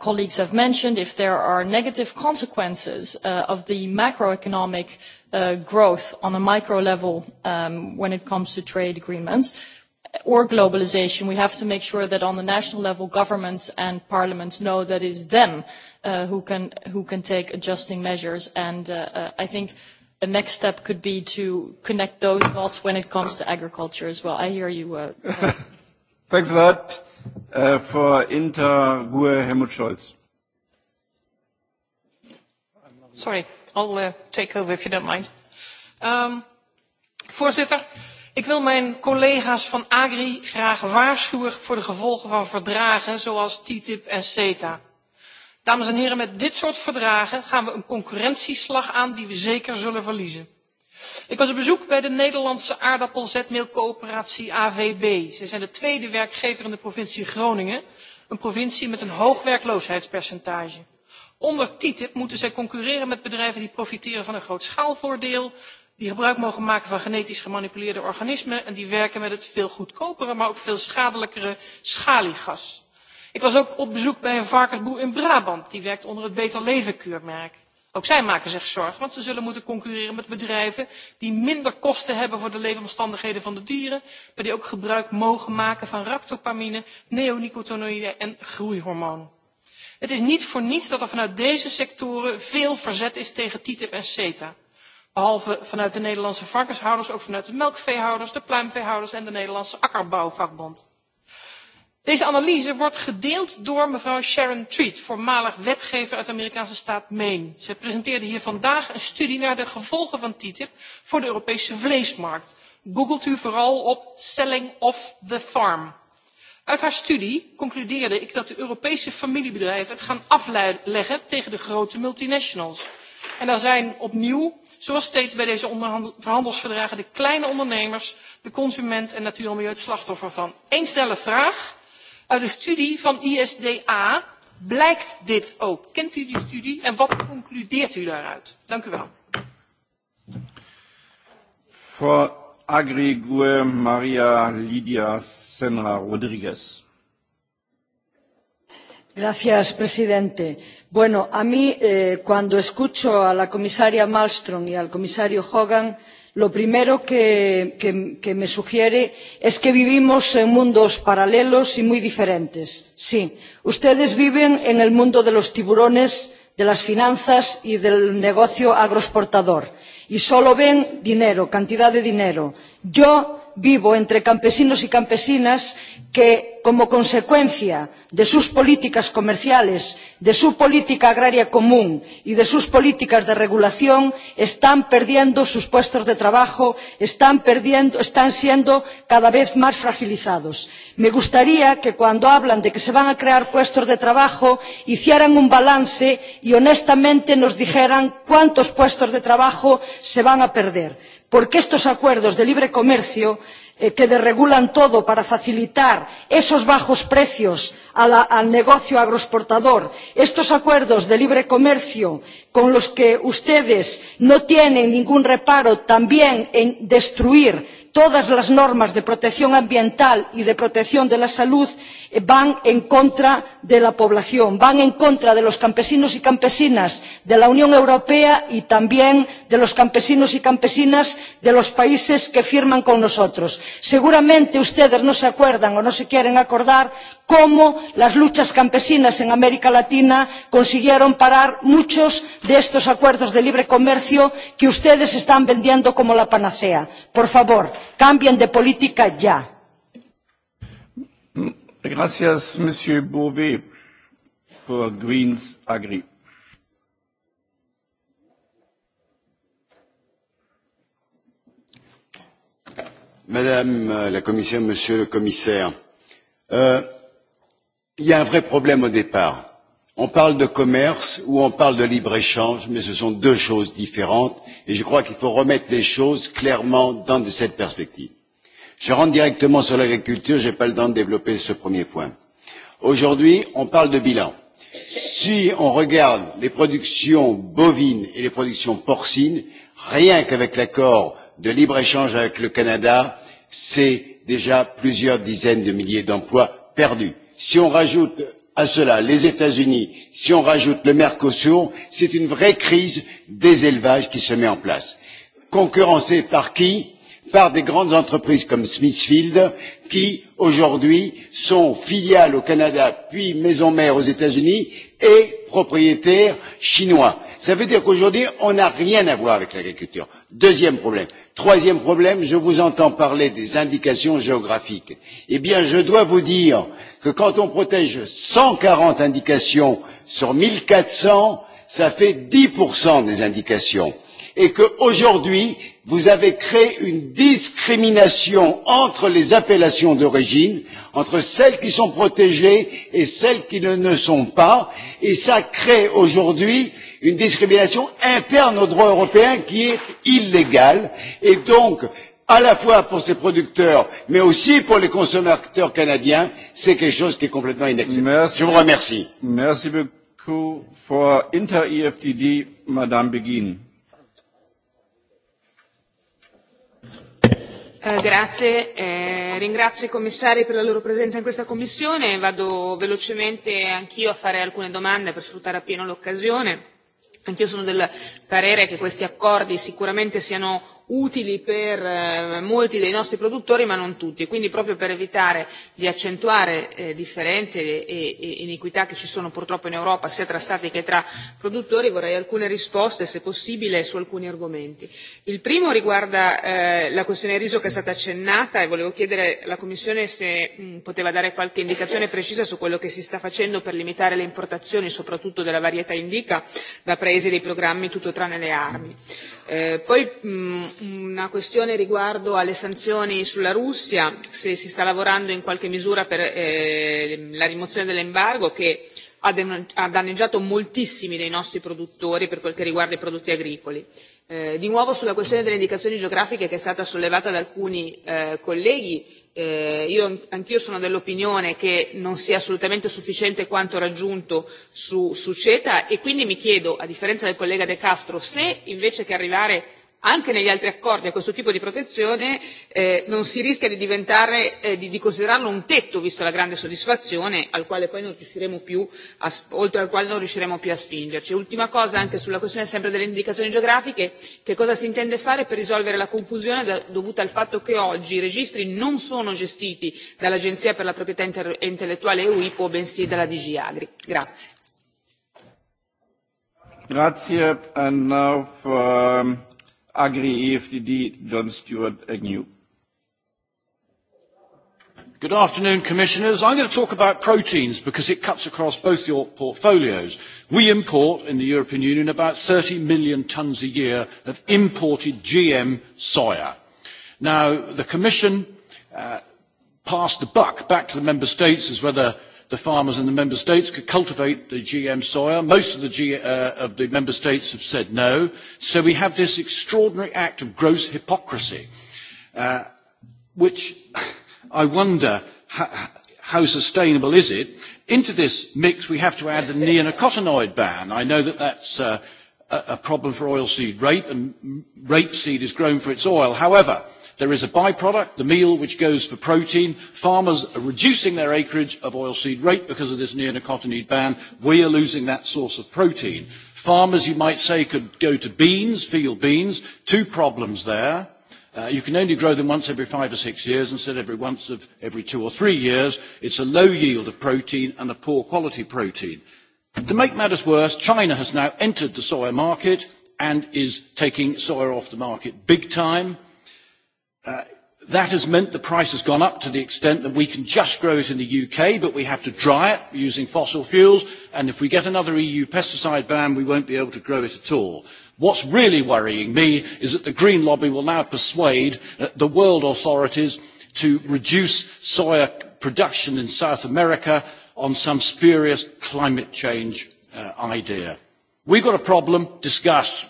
colleagues have mentioned if there are negative consequences of the macroeconomic Uh, growth on a micro level um, when it comes to trade agreements or globalisation, we have to make sure that on the national level, governments and parliaments know that it is them uh, who, can, take adjusting measures. And uh, I think the next step could be to connect those dots when it comes to agriculture as well. I hear you. Thanks a lot. for Inter, Ruhe, Helmut Scholz. Sorry. I'll uh, take over if you don't mind. Um, voorzitter, ik wil mijn collega's van Agri graag waarschuwen voor de gevolgen van verdragen zoals TTIP en CETA. Dames en heren, met dit soort verdragen gaan we een concurrentieslag aan die we zeker zullen verliezen. Ik was op bezoek bij de Nederlandse aardappelzetmeelcoöperatie AVB. Ze zijn de tweede werkgever in de provincie Groningen, een provincie met een hoog werkloosheidspercentage. Onder TTIP moeten zij concurreren met bedrijven die profiteren van een groot schaalvoordeel, die gebruik mogen maken van genetisch gemanipuleerde organismen en die werken met het veel goedkopere, maar ook veel schadelijkere schaliegas. Ik was ook op bezoek bij een varkensboer in Brabant, die werkt onder het Beter Leven keurmerk. Ook zij maken zich zorgen, want ze zullen moeten concurreren met bedrijven die minder kosten hebben voor de leefomstandigheden van de dieren, maar die ook gebruik mogen maken van ractopamine, neonicotinoïden en groeihormoon. Het is niet voor niets dat er vanuit deze sectoren veel verzet is tegen TTIP en CETA. Behalve vanuit de Nederlandse varkenshouders, ook vanuit de melkveehouders, de pluimveehouders en de Nederlandse akkerbouwvakbond. Deze analyse wordt gedeeld door mevrouw Sharon Treat, voormalig wetgever uit de Amerikaanse staat Maine. Ze presenteerde hier vandaag een studie naar de gevolgen van TTIP voor de Europese vleesmarkt. Googelt u vooral op Selling of the Farm uit haar studie concludeerde ik dat de europese familiebedrijven het gaan afleggen tegen de grote multinationals. en daar zijn opnieuw zoals steeds bij deze verhandelsverdragen, de kleine ondernemers de consument en natuur en milieu het slachtoffer van. Eén snelle vraag uit de studie van isda blijkt dit ook? kent u die studie en wat concludeert u daaruit? dank u wel. Agrigue María Lidia Senra Rodríguez. Gracias, presidente, bueno, a mí eh, cuando escucho a la comisaria Malmström y al comisario Hogan, lo primero que, que, que me sugiere es que vivimos en mundos paralelos y muy diferentes. Sí, ustedes viven en el mundo de los tiburones, de las finanzas y del negocio agroexportador y solo ven dinero, cantidad de dinero. Yo vivo entre campesinos y campesinas que como consecuencia de sus políticas comerciales de su política agraria común y de sus políticas de regulación están perdiendo sus puestos de trabajo están, perdiendo, están siendo cada vez más fragilizados. me gustaría que cuando hablan de que se van a crear puestos de trabajo hicieran un balance y honestamente nos dijeran cuántos puestos de trabajo se van a perder porque estos acuerdos de libre comercio eh, que desregulan todo para facilitar esos bajos precios al negocio agroexportador estos acuerdos de libre comercio con los que ustedes no tienen ningún reparo también en destruir todas las normas de protección ambiental y de protección de la salud eh, van en contra de la población van en contra de los campesinos y campesinas de la unión europea y también de los campesinos y campesinas de los países que firman con nosotros. seguramente ustedes no se acuerdan o no se quieren acordar cómo las luchas campesinas en américa latina consiguieron parar muchos de estos acuerdos de libre comercio que ustedes están vendiendo como la panacea. por favor cambien de política ya. Gracias, Greens, madame la commissaire monsieur le commissaire euh, il y a un vrai problème au départ. On parle de commerce ou on parle de libre-échange, mais ce sont deux choses différentes et je crois qu'il faut remettre les choses clairement dans cette perspective. Je rentre directement sur l'agriculture, je n'ai pas le temps de développer ce premier point. Aujourd'hui, on parle de bilan. Si on regarde les productions bovines et les productions porcines, rien qu'avec l'accord de libre-échange avec le Canada, c'est déjà plusieurs dizaines de milliers d'emplois perdus si on rajoute à cela les états unis si on rajoute le mercosur c'est une vraie crise des élevages qui se met en place concurrencée par qui? par des grandes entreprises comme smithfield qui aujourd'hui sont filiales au canada puis maison mère aux états unis et propriétaires chinois. cela veut dire qu'aujourd'hui on n'a rien à voir avec l'agriculture. deuxième problème. troisième problème je vous entends parler des indications géographiques. eh bien je dois vous dire que quand on protège cent quarante indications sur un quatre cents cela fait dix des indications et qu'aujourd'hui vous avez créé une discrimination entre les appellations d'origine, entre celles qui sont protégées et celles qui ne le sont pas, et cela crée aujourd'hui une discrimination interne au droit européen qui est illégale et donc à la fois pour ces producteurs mais aussi pour les consommateurs canadiens, c'est quelque chose qui est complètement inacceptable. Je vous remercie. Merci beaucoup. Pour Inter Madame Begin. Eh, grazie, eh, ringrazio i commissari per la loro presenza in questa commissione, vado velocemente anch'io a fare alcune domande per sfruttare appieno l'occasione. Anch'io sono del parere che questi accordi sicuramente siano utili per eh, molti dei nostri produttori ma non tutti e quindi proprio per evitare di accentuare eh, differenze e, e, e, iniquità che ci sono purtroppo in Europa sia tra stati che tra produttori vorrei alcune risposte se possibile su alcuni argomenti. Il primo riguarda eh, la questione del riso che è stata accennata e volevo chiedere alla Commissione se mm, poteva dare qualche indicazione precisa su quello che si sta facendo per limitare le importazioni soprattutto della varietà indica da paesi dei programmi tutto tranne le armi Eh, poi mh, mm, una questione riguardo alle sanzioni sulla Russia, se si sta lavorando in qualche misura per eh, la rimozione dell'embargo che ha danneggiato moltissimi dei nostri produttori per quel che riguarda i prodotti agricoli. Eh, di nuovo sulla questione delle indicazioni geografiche che è stata sollevata da alcuni eh, colleghi, Eh, io anch'io sono dell'opinione che non sia assolutamente sufficiente quanto raggiunto su, su CETA e quindi mi chiedo, a differenza del collega De Castro, se invece che arrivare anche negli altri accordi a questo tipo di protezione eh, non si rischia di diventare eh, di, di considerarlo un tetto vista la grande soddisfazione al quale poi non riusciremo più a, oltre al quale non riusciremo più a spingerci. Ultima cosa anche sulla questione sempre delle indicazioni geografiche che cosa si intende fare per risolvere la confusione da, dovuta al fatto che oggi i registri non sono gestiti dall'Agenzia per la proprietà inter, intellettuale EUIPO bensì dalla DG Agri. Grazie. Grazie. And now for, um, Agri EFTD, John Stewart Agnew. Good afternoon, Commissioners. I'm going to talk about proteins because it cuts across both your portfolios. We import in the European Union about 30 million tonnes a year of imported GM soya. Now, the Commission uh, passed the buck back to the Member States as whether the farmers in the member states could cultivate the GM soya. Most of the, G, uh, of the member states have said no. So we have this extraordinary act of gross hypocrisy, uh, which I wonder how, how sustainable is it. Into this mix, we have to add the neonicotinoid ban. I know that that's uh, a problem for oilseed rape, and rapeseed is grown for its oil. However, There is a by-product, the meal, which goes for protein. Farmers are reducing their acreage of oilseed rape because of this neonicotinoid ban. We are losing that source of protein. Farmers, you might say, could go to beans, field beans. Two problems there. Uh, you can only grow them once every five or six years instead of every once of every two or three years. It's a low yield of protein and a poor quality protein. To make matters worse, China has now entered the soya market and is taking soya off the market big time. Uh, that has meant the price has gone up to the extent that we can just grow it in the UK, but we have to dry it using fossil fuels, and if we get another EU pesticide ban, we won't be able to grow it at all. What's really worrying me is that the Green Lobby will now persuade uh, the world authorities to reduce soya production in South America on some spurious climate change uh, idea. We've got a problem, discuss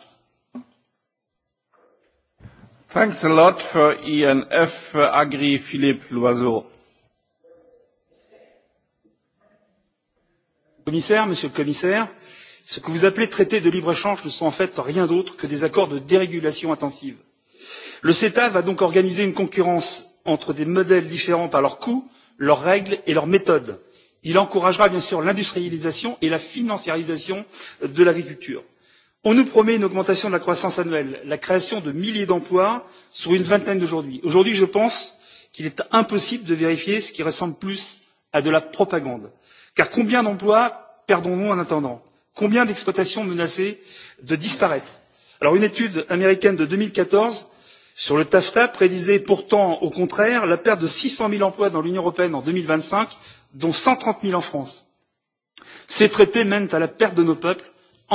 Thanks a lot for ENF uh, Agri Philippe Loiseau. Commissaire, monsieur le commissaire, ce que vous appelez traités de libre-échange ne sont en fait rien d'autre que des accords de dérégulation intensive. Le CETA va donc organiser une concurrence entre des modèles différents par leurs coûts, leurs règles et leurs méthodes. Il encouragera bien sûr l'industrialisation et la financiarisation de l'agriculture on nous promet une augmentation de la croissance annuelle la création de milliers d'emplois sur une vingtaine d'aujourd'hui. aujourd'hui je pense qu'il est impossible de vérifier ce qui ressemble plus à de la propagande car combien d'emplois perdons nous en attendant? combien d'exploitations menacées de disparaître? Alors, une étude américaine de deux mille quatorze sur le tafta prédisait pourtant au contraire la perte de six cents zéro emplois dans l'union européenne en deux mille vingt cinq dont cent trente zéro en france. ces traités mènent à la perte de nos peuples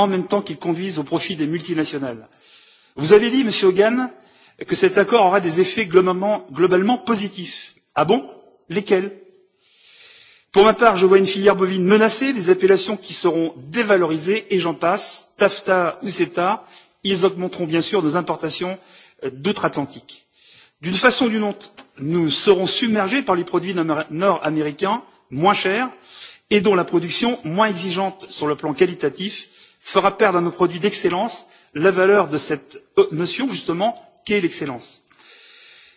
en même temps qu'ils conduisent au profit des multinationales. Vous avez dit, Monsieur Hogan, que cet accord aura des effets globalement, globalement positifs. Ah bon Lesquels Pour ma part, je vois une filière bovine menacée, des appellations qui seront dévalorisées, et j'en passe, TAFTA ou CETA, ils augmenteront bien sûr nos importations euh, d'outre-Atlantique. D'une façon ou d'une autre, nous serons submergés par les produits nord-américains moins chers et dont la production moins exigeante sur le plan qualitatif fera perdre à nos produits d'excellence la valeur de cette euh, notion justement qu'est l'excellence.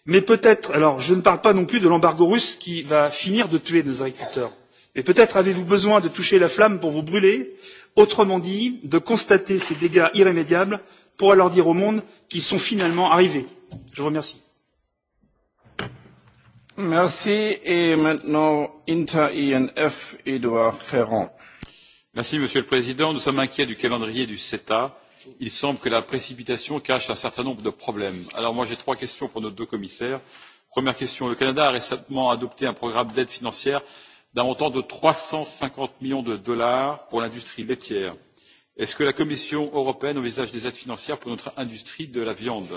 Mais peut-être, alors je ne parle pas non plus de l'embargo russe qui va finir de tuer nos agriculteurs, mais peut-être avez-vous besoin de toucher la flamme pour vous brûler, autrement dit de constater ces dégâts irrémédiables pour alors dire au monde qu'ils sont finalement arrivés. Je vous remercie. Merci et maintenant Inter INF Edouard Ferrand. Merci, monsieur le président nous sommes inquiets du calendrier du ceta. il semble que la précipitation cache un certain nombre de problèmes. alors j'ai trois questions pour nos deux commissaires. première question le canada a récemment adopté un programme d'aide financière d'un montant de trois cent cinquante millions de dollars pour l'industrie laitière. est ce que la commission européenne envisage des aides financières pour notre industrie de la viande?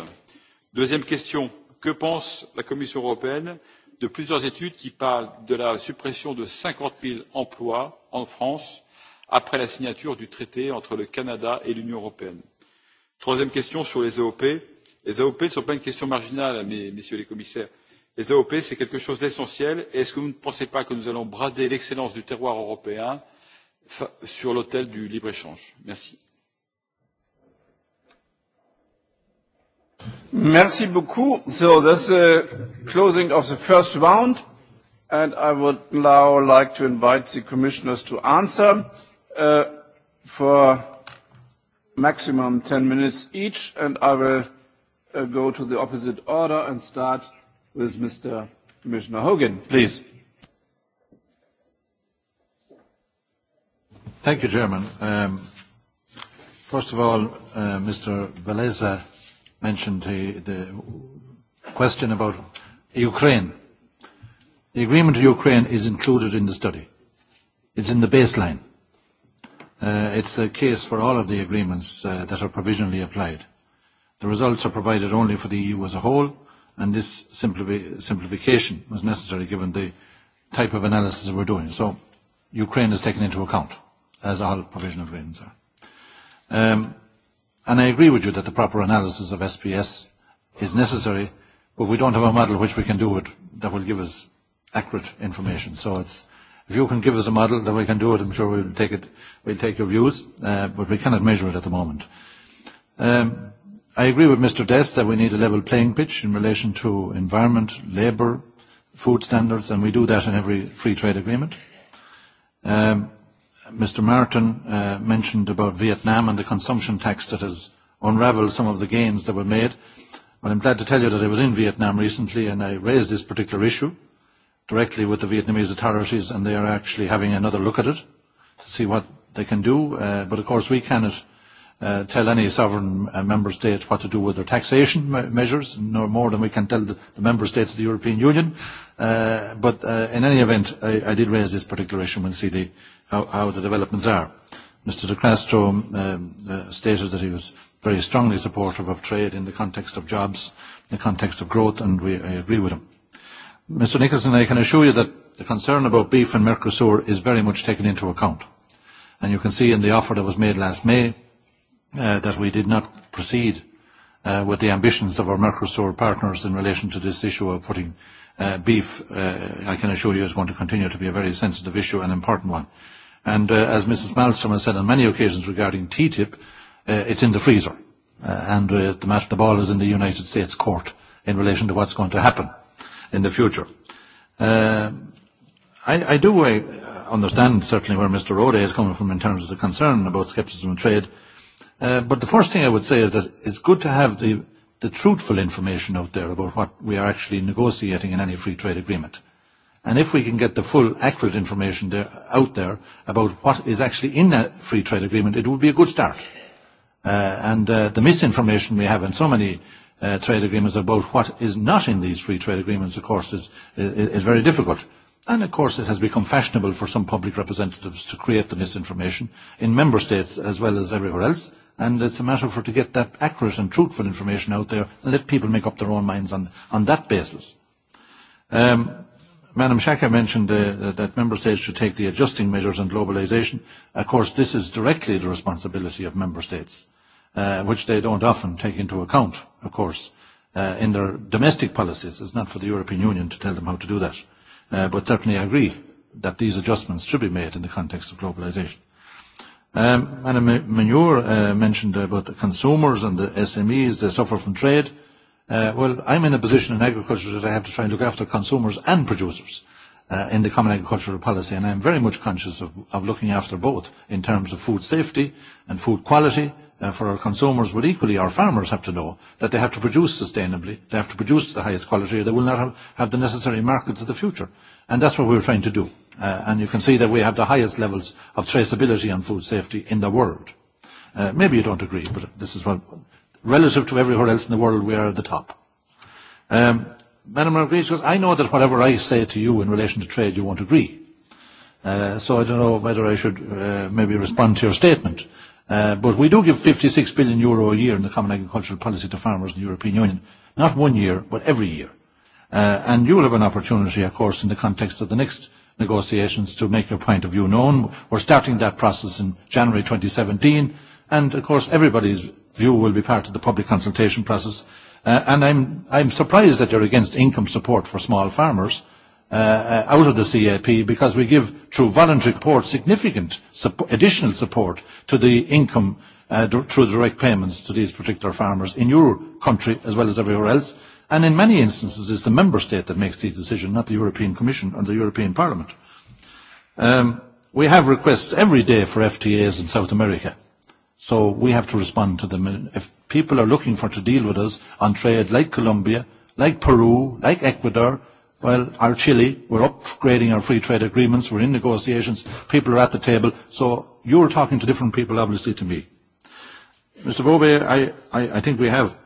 deuxième question que pense la commission européenne de plusieurs études qui parlent de la suppression de cinquante zéro emplois en france après la signature du traité entre le canada et l'union européenne? troisième question sur les aop les aop ne sont pas une question marginale messieurs les commissaires les aop c'est quelque chose d'essentiel et est ce que vous ne pensez pas que nous allons brader l'excellence du terroir européen sur l'autel du libre échange? merci. Merci beaucoup. So that's the closing of the first round, and I would now like to invite the commissioners to answer. Uh, for maximum 10 minutes each, and I will uh, go to the opposite order and start with Mr. Commissioner Hogan, please. Thank you, Chairman. Um, first of all, uh, Mr. Beleza mentioned the, the question about Ukraine. The agreement to Ukraine is included in the study. It's in the baseline. Uh, it's the case for all of the agreements uh, that are provisionally applied. The results are provided only for the EU as a whole, and this simplifi simplification was necessary given the type of analysis we're doing. So Ukraine is taken into account, as all provisional agreements are. Um, and I agree with you that the proper analysis of SPS is necessary, but we don't have a model which we can do it that will give us accurate information. So it's If you can give us a model, then we can do it. I'm sure we'll take it, we'll take your views, uh, but we cannot measure it at the moment. Um, I agree with Mr. Dess that we need a level playing pitch in relation to environment, labour, food standards, and we do that in every free trade agreement. Um, Mr. Martin uh, mentioned about Vietnam and the consumption tax that has unravelled some of the gains that were made. Well, I'm glad to tell you that I was in Vietnam recently and I raised this particular issue directly with the Vietnamese authorities and they are actually having another look at it to see what they can do. Uh, but of course we cannot uh, tell any sovereign uh, member state what to do with their taxation me measures, no more than we can tell the, the member states of the European Union. Uh, but uh, in any event, I, I did raise this particular issue and see the, how, how the developments are. Mr. de Castro um, uh, stated that he was very strongly supportive of trade in the context of jobs, in the context of growth, and we, I agree with him. Mr Nicholson, I can assure you that the concern about beef and Mercosur is very much taken into account. And you can see in the offer that was made last May uh, that we did not proceed uh, with the ambitions of our Mercosur partners in relation to this issue of putting uh, beef, uh, I can assure you, is going to continue to be a very sensitive issue and important one. And uh, as Mrs. Malmstrom has said on many occasions regarding TTIP, uh, it's in the freezer. Uh, and uh, the, matter, the ball is in the United States court in relation to what's going to happen in the future. Uh, I, I do uh, understand certainly where Mr. Rode is coming from in terms of the concern about scepticism and trade. Uh, but the first thing I would say is that it's good to have the, the truthful information out there about what we are actually negotiating in any free trade agreement. And if we can get the full, accurate information there, out there about what is actually in that free trade agreement, it would be a good start. Uh, and uh, the misinformation we have in so many uh, trade agreements about what is not in these free trade agreements, of course, is, is, is very difficult. And of course, it has become fashionable for some public representatives to create the misinformation in member states as well as everywhere else. And it's a matter for to get that accurate and truthful information out there and let people make up their own minds on, on that basis. Um, Madam Shaka mentioned uh, that member states should take the adjusting measures and globalisation. Of course, this is directly the responsibility of member states Uh, which they don't often take into account, of course, uh, in their domestic policies. It's not for the European Union to tell them how to do that. Uh, but certainly I agree that these adjustments should be made in the context of globalisation. Um, Madam Manure uh, mentioned about the consumers and the SMEs, they suffer from trade. Uh, well, I'm in a position in agriculture that I have to try and look after consumers and producers uh, in the common agricultural policy, and I'm very much conscious of, of looking after both in terms of food safety and food quality uh, for our consumers, but equally our farmers have to know that they have to produce sustainably, they have to produce the highest quality, or they will not have, have the necessary markets of the future. And that's what we're trying to do. Uh, and you can see that we have the highest levels of traceability and food safety in the world. Uh, maybe you don't agree, but this is what, relative to everywhere else in the world, we are at the top. Um, Madam Marguerite says, I know that whatever I say to you in relation to trade, you won't agree. Uh, so I don't know whether I should uh, maybe respond to your statement. Uh, but we do give 56 billion euro a year in the common agricultural policy to farmers in the European Union. Not one year, but every year. Uh, and you will have an opportunity, of course, in the context of the next negotiations to make your point of view known. We're starting that process in January 2017. And of course, everybody's view will be part of the public consultation process. Uh, and I'm, I'm surprised that you're against income support for small farmers Uh, uh, out of the CAP because we give, through voluntary support, significant support, additional support to the income uh, through direct payments to these particular farmers in your country as well as everywhere else. And in many instances, it's the member state that makes the decision, not the European Commission or the European Parliament. Um, we have requests every day for FTAs in South America. So we have to respond to them. If people are looking for to deal with us on trade like Colombia, like Peru, like Ecuador, Well, our Chile, we're upgrading our free trade agreements, we're in negotiations, people are at the table. So you're talking to different people, obviously, to me. Mr. Vobe, I, I, I think we have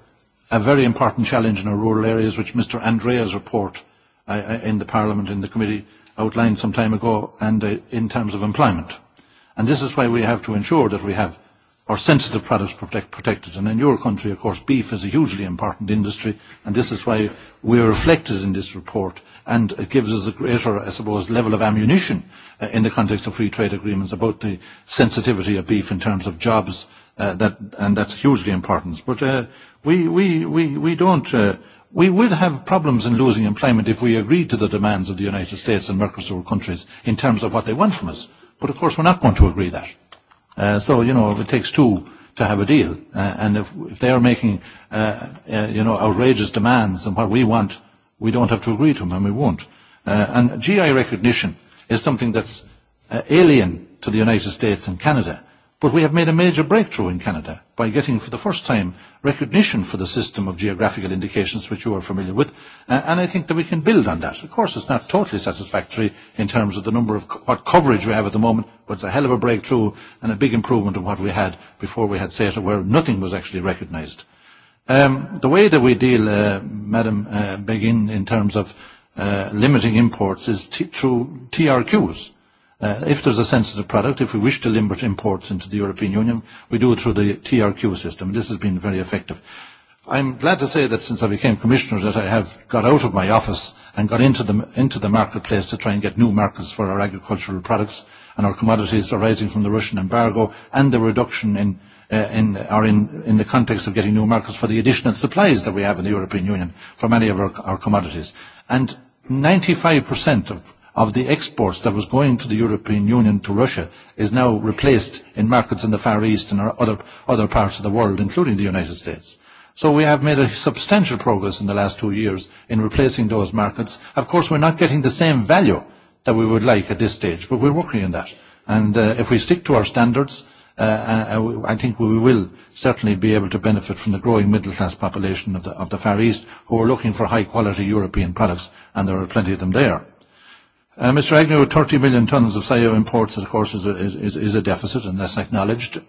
a very important challenge in our rural areas, which Mr. Andrea's report I, I, in the Parliament, in the committee, outlined some time ago, and uh, in terms of employment. And this is why we have to ensure that we have our sensitive products protect, protected. And in your country, of course, beef is a hugely important industry, and this is why we are reflected in this report and it gives us a greater, I suppose, level of ammunition uh, in the context of free trade agreements about the sensitivity of beef in terms of jobs, uh, that, and that's hugely important. But uh, we, we, we, we don't, uh, we would have problems in losing employment if we agreed to the demands of the United States and Mercosur countries in terms of what they want from us. But of course, we're not going to agree that. Uh, so, you know, it takes two to have a deal. Uh, and if, if they are making, uh, uh, you know, outrageous demands on what we want, We don't have to agree to them, and we won't. Uh, and GI recognition is something that's uh, alien to the United States and Canada. But we have made a major breakthrough in Canada by getting, for the first time, recognition for the system of geographical indications, which you are familiar with. Uh, and I think that we can build on that. Of course, it's not totally satisfactory in terms of the number of co- what coverage we have at the moment, but it's a hell of a breakthrough and a big improvement of what we had before we had CETA, where nothing was actually recognised. Um, the way that we deal, uh, Madam uh, Begin, in terms of uh, limiting imports is t- through TRQs. Uh, if there's a sensitive product, if we wish to limit imports into the European Union, we do it through the TRQ system. This has been very effective. I'm glad to say that since I became commissioner that I have got out of my office and got into the, into the marketplace to try and get new markets for our agricultural products and our commodities arising from the Russian embargo and the reduction in Uh, in, or in, in the context of getting new markets for the additional supplies that we have in the European Union for many of our, our commodities. And 95% of, of the exports that was going to the European Union to Russia is now replaced in markets in the Far East and other, other parts of the world, including the United States. So we have made a substantial progress in the last two years in replacing those markets. Of course, we're not getting the same value that we would like at this stage, but we're working on that. And uh, if we stick to our standards, Uh, uh, uh, I think we will certainly be able to benefit from the growing middle class population of the, of the Far East who are looking for high quality European products, and there are plenty of them there. Uh, Mr. Agnew, 30 million tonnes of SIO imports, of course, is a, is, is a deficit, and that's acknowledged.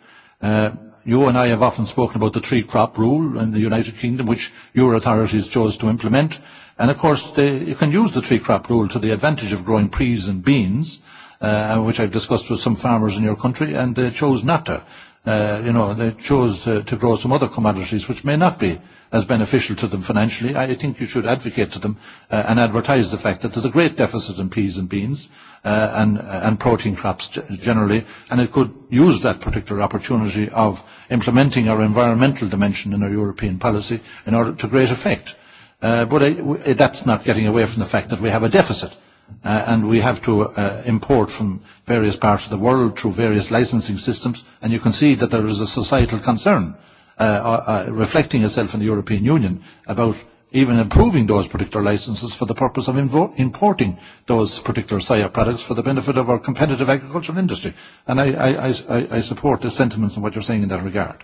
Uh, you and I have often spoken about the tree crop rule in the United Kingdom, which your authorities chose to implement. And of course, they, you can use the tree crop rule to the advantage of growing peas and beans. Uh, uh, which I've discussed with some farmers in your country, and they chose not to. Uh, you know, they chose uh, to, to grow some other commodities which may not be as beneficial to them financially. I, think you should advocate to them uh, and advertise the fact that there's a great deficit in peas and beans uh, and, and protein crops generally, and it could use that particular opportunity of implementing our environmental dimension in our European policy in order to great effect. Uh, but I, w- that's not getting away from the fact that we have a deficit Uh, and we have to uh, import from various parts of the world through various licensing systems, and you can see that there is a societal concern uh, uh, uh reflecting itself in the European Union about even improving those particular licenses for the purpose of importing those particular SIA products for the benefit of our competitive agricultural industry. And I, I, I, I support the sentiments and what you're saying in that regard.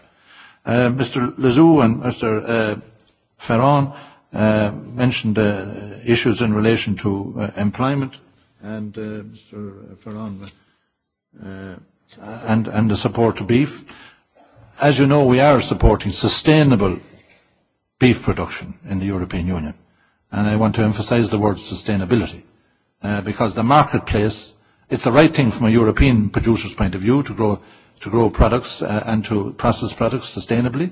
Uh, Mr. Lazou and Mr. Uh, Ferron uh, mentioned uh, issues in relation to uh, employment and uh, Mr. Ferron, uh, and, and the support to beef. As you know, we are supporting sustainable beef production in the European Union. And I want to emphasise the word sustainability, uh, because the marketplace, it's the right thing from a European producer's point of view to grow, to grow products uh, and to process products sustainably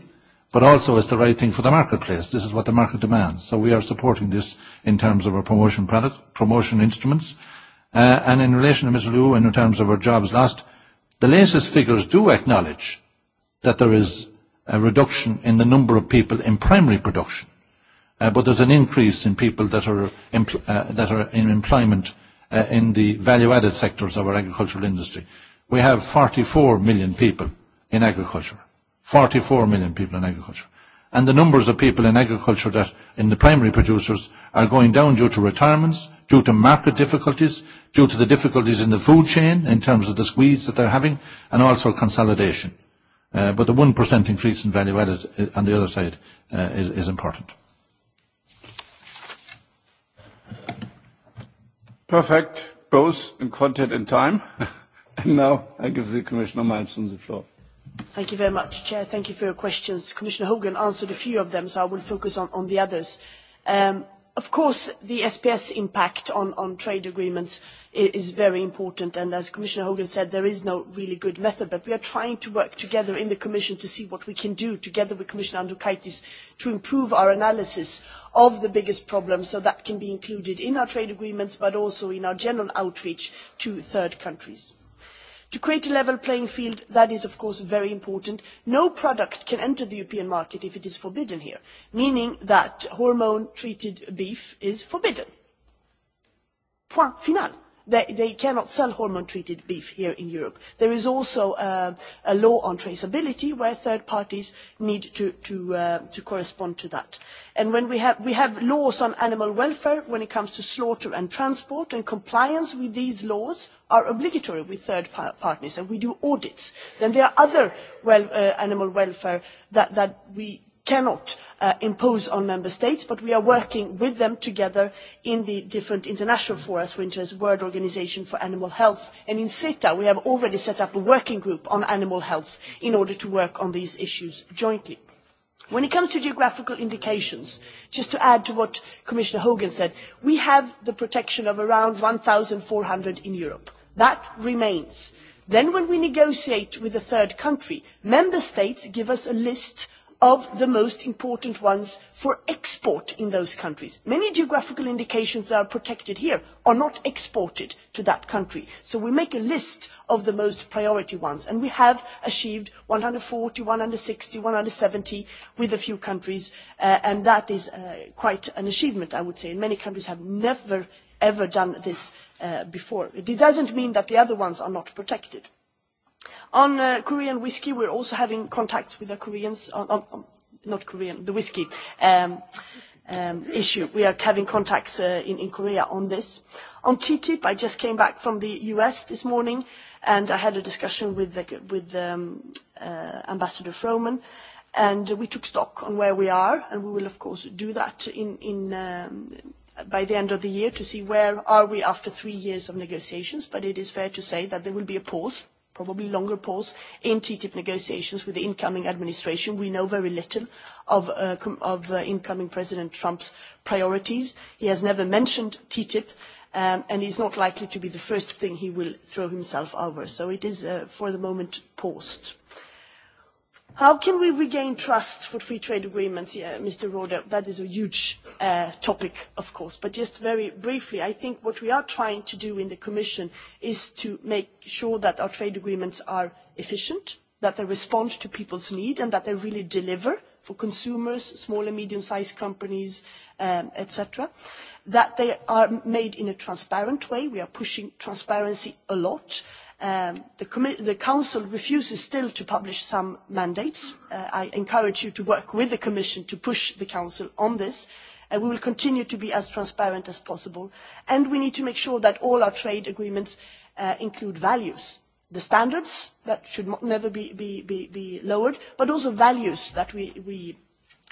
but also it's the right thing for the marketplace. This is what the market demands. So we are supporting this in terms of our promotion product, promotion instruments. Uh, and in relation to Mr. Liu and in terms of our jobs lost, the latest figures do acknowledge that there is a reduction in the number of people in primary production. Uh, but there's an increase in people that are, empl- uh, that are in employment uh, in the value-added sectors of our agricultural industry. We have 44 million people in agriculture 44 million people in agriculture. And the numbers of people in agriculture that, in the primary producers, are going down due to retirements, due to market difficulties, due to the difficulties in the food chain in terms of the squeeze that they're having, and also consolidation. Uh, but the 1% increase in value added uh, on the other side uh, is, is important. Perfect, both in content and time. and now I give the Commissioner Malmström the floor. Thank you very much, Chair. Thank you for your questions. Commissioner Hogan answered a few of them, so I will focus on, the others. Um, of course, the SPS impact on, on trade agreements is very important and as commissioner hogan said there is no really good method but we are trying to work together in the commission to see what we can do together with commissioner andriukaitis to improve our analysis of the biggest problems so that can be included in our trade agreements but also in our general outreach to third countries to create a level playing field that is of course very important. no product can enter the european market if it is forbidden here meaning that hormone treated beef is forbidden. point final. They, cannot sell hormone treated beef here in europe. there is also a law on traceability where third parties need uh, to, correspond to that. And when we, have, we have laws on animal welfare when it comes to slaughter and transport and compliance with these laws are obligatory with third parties and we do audits then there are other uh, animal welfare that, that we cannot uh, impose on member states but we are working with them together in the different international fora for instance the world organisation for animal health and in ceta we have already set up a working group on animal health in order to work on these issues jointly. when it comes to geographical indications just to add to what commissioner hogan said we have the protection of around one four hundred in europe That remains. Then when we negotiate with a third country, member states give us a list of the most important ones for export in those countries. Many geographical indications that are protected here are not exported to that country. So we make a list of the most priority ones, and we have achieved one hundred and forty, one hundred and sixty, one hundred and seventy with a few countries, uh, and that is uh, quite an achievement, I would say. And many countries have never ever done this uh, before. it does not mean that the other ones are not protected. on uh, korean whisky we are also having contacts with the koreans on, uh, on, um, um, not korean the whisky um, issue. we are having contacts in, in korea on this. on ttip i just came back from the us this morning and i had a discussion with, the, with ambassador froman and we took stock on where we are and we will of course do that in, in by the end of the year to see where are we after three years of negotiations, but it is fair to say that there will be a pause, probably longer pause, in TTIP negotiations with the incoming administration. We know very little of, uh, uh, incoming President Trump's priorities. He has never mentioned TTIP, um, and and is not likely to be the first thing he will throw himself over. So it is, uh, for the moment, paused how can we regain trust for free trade agreements yeah, mr rohde that is a huge uh, topic of course but just very briefly i think what we are trying to do in the commission is to make sure that our trade agreements are efficient that they respond to people's needs and that they really deliver for consumers small and medium sized companies um, etc that they are made in a transparent way we are pushing transparency a lot and Um, the, the council refuses still to publish some mandates. Uh, i encourage you to work with the commission to push the council on this and we will continue to be as transparent as possible and we need to make sure that all our trade agreements uh, include values the standards that should never be, be lowered but also values that we, we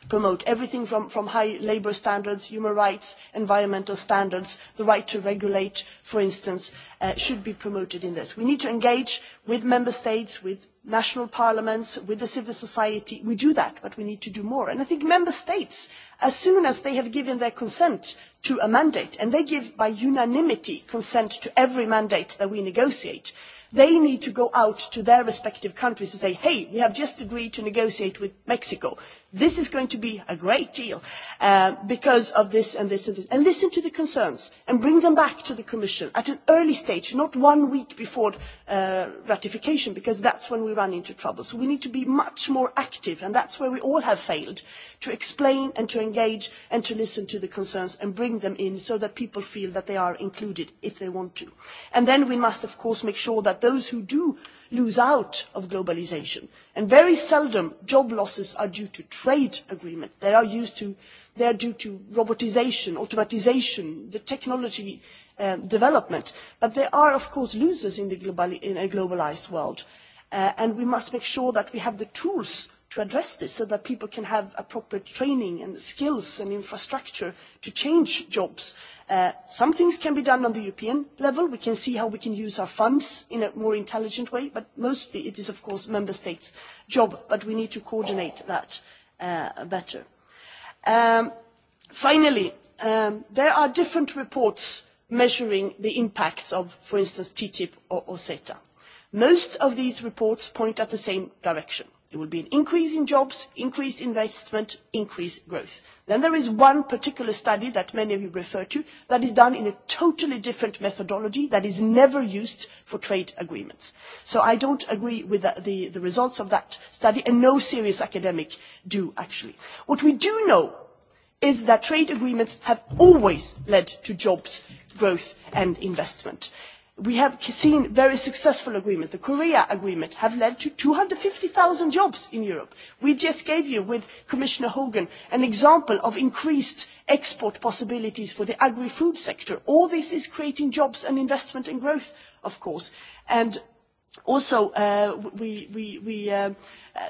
promote everything from, high labour standards human rights environmental standards the right to regulate for instance uh, should be promoted in this. we need to engage with member states with national parliaments with civil society. we do that but we need to do more and i think member states as soon as they have given their consent to a mandate and they give by unanimity consent to every mandate that we negotiate they need to go out to their respective countries and say hey we have just agreed to negotiate with mexico this is going to be a great deal uh, because of this and this and this. And listen to the concerns and bring them back to the Commission at an early stage, not one week before uh, ratification, because that's when we run into trouble. So we need to be much more active, and that's where we all have failed, to explain and to engage and to listen to the concerns and bring them in so that people feel that they are included if they want to. And then we must, of course, make sure that those who do lose out of globalisation and very seldom job losses are due to trade agreements they are used to they are due to robotisation automatisation the technology um, development but there are of course losers in, the global, in a globalised world uh, and we must make sure that we have the tools to address this so that people can have appropriate training and skills and infrastructure to change jobs. Uh, some things can be done on the european level we can see how we can use our funds in a more intelligent way but mostly it is of course member states' job but we need to coordinate that uh, better. Um, finally um, there are different reports measuring the impacts of for instance ttip or, or ceta. most of these reports point in the same direction there will be an increase in jobs increased investment increased growth. then there is one particular study that many of you referred to that is done in a totally different methodology that is never used for trade agreements so i do not agree with the, results of that study and no serious academic does actually. what we do know is that trade agreements have always led to jobs growth and investment we have seen very successful agreements the korea agreement has led to two hundred and fifty zero jobs in europe. we just gave you with commissioner hogan an example of increased export possibilities for the agri food sector. all this is creating jobs and investment and growth of course and also uh, uh, uh,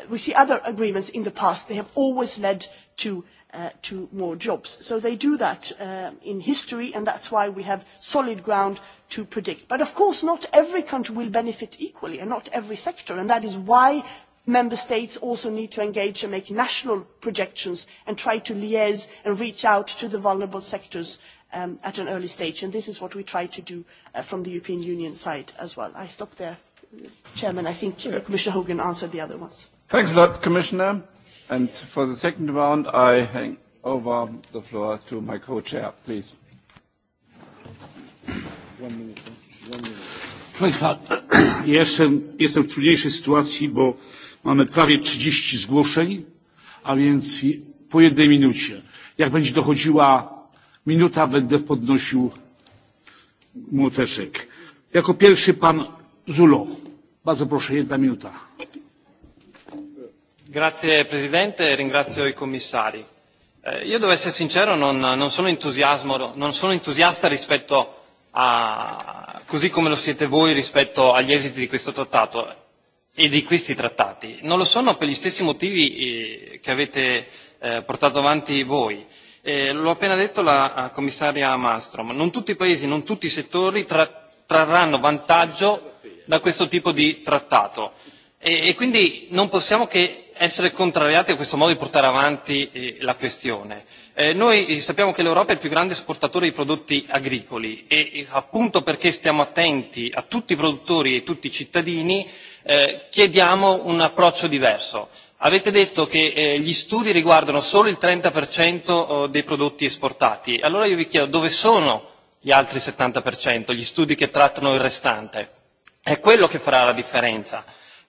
we, see other agreements in the past they have always led to Uh, to more jobs. so they do that uh, in history and that is why we have solid ground to predict. but of course not every country will benefit equally and not every sector and that is why member states also need to engage and make national projections and try to liaise and reach out to the vulnerable sectors um, at an early stage and this is what we try to do uh, from the european union side as well. i stop there. chairman i think commissioner hogan answered the other ones. thanks a lot commissioner. And for the second round, I hang over the floor to my co-chair, please. One minute. One minute. Państwa, ja jestem, jestem w trudniejszej sytuacji, bo mamy prawie 30 zgłoszeń, a więc po jednej minucie. Jak będzie dochodziła minuta, będę podnosił młoteczek. Jako pierwszy pan Zulo. Bardzo proszę, jedna minuta. Grazie Presidente onorevoli ringrazio i commissari. Eh, io devo essere sincero, non, sono, non sono entusiasta rispetto a, così come lo siete voi rispetto agli esiti di questo trattato e di questi trattati. Non lo sono per gli stessi motivi eh, che avete eh, portato avanti voi. lo l'ho appena detto la commissaria malmstrm non tutti i paesi, non tutti i settori trarranno vantaggio da questo tipo di trattato e, e quindi non possiamo che essere contrariati a e questo modo di portare avanti eh, la questione. Eh, noi eh, sappiamo che l'Europa è il più grande esportatore di prodotti agricoli e eh, appunto perché stiamo attenti a tutti i produttori e tutti i cittadini eh, chiediamo un approccio diverso. Avete detto che eh, gli studi riguardano solo il 30% dei prodotti esportati. Allora io vi chiedo dove sono gli altri 70%, gli studi che trattano il restante? È quello che farà la differenza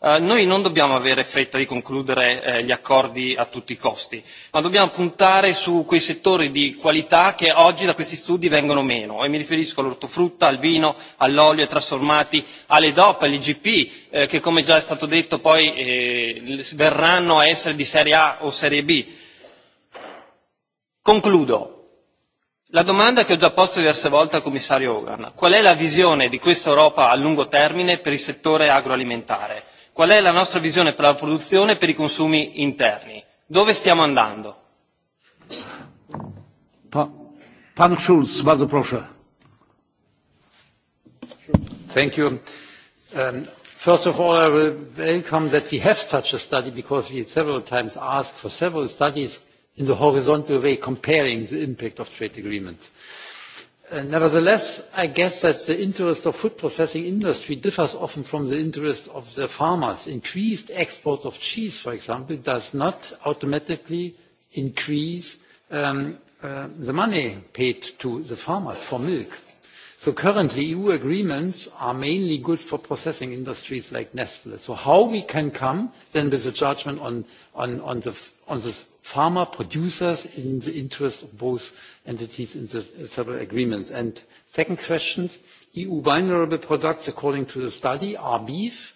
Eh, noi non dobbiamo avere fretta di concludere eh, gli accordi a tutti i costi, ma dobbiamo puntare su quei settori di qualità che oggi da questi studi vengono meno e mi riferisco all'ortofrutta, al vino, all'olio, ai trasformati, alle DOP, all'IGP, eh, che come già è stato detto poi eh, verranno a essere di serie A o serie B. Concludo. La domanda che ho già posto diverse volte al commissario Hogan, qual è la visione di questa Europa a lungo termine per il settore agroalimentare? qual è la nostra visione per la produzione e per i consumi interni. Dove stiamo andando? Pa Pan Schulz, bardzo proszę. Thank you. Um, first of all, I will welcome that we have such a study because we several times asked for several studies in the horizontal way comparing the impact of trade agreements Uh, nevertheless i guess that the interest of the food processing industry differs often from the interest of the farmers. increased export of cheese for example does not automatically increase um, uh, the money paid to the farmers for milk. So currently, EU agreements are mainly good for processing industries like Nestle. So how we can come then with a judgment on, the, farmer producers in the interest of both entities in the several agreements? And second question, EU vulnerable products, according to the study, are beef,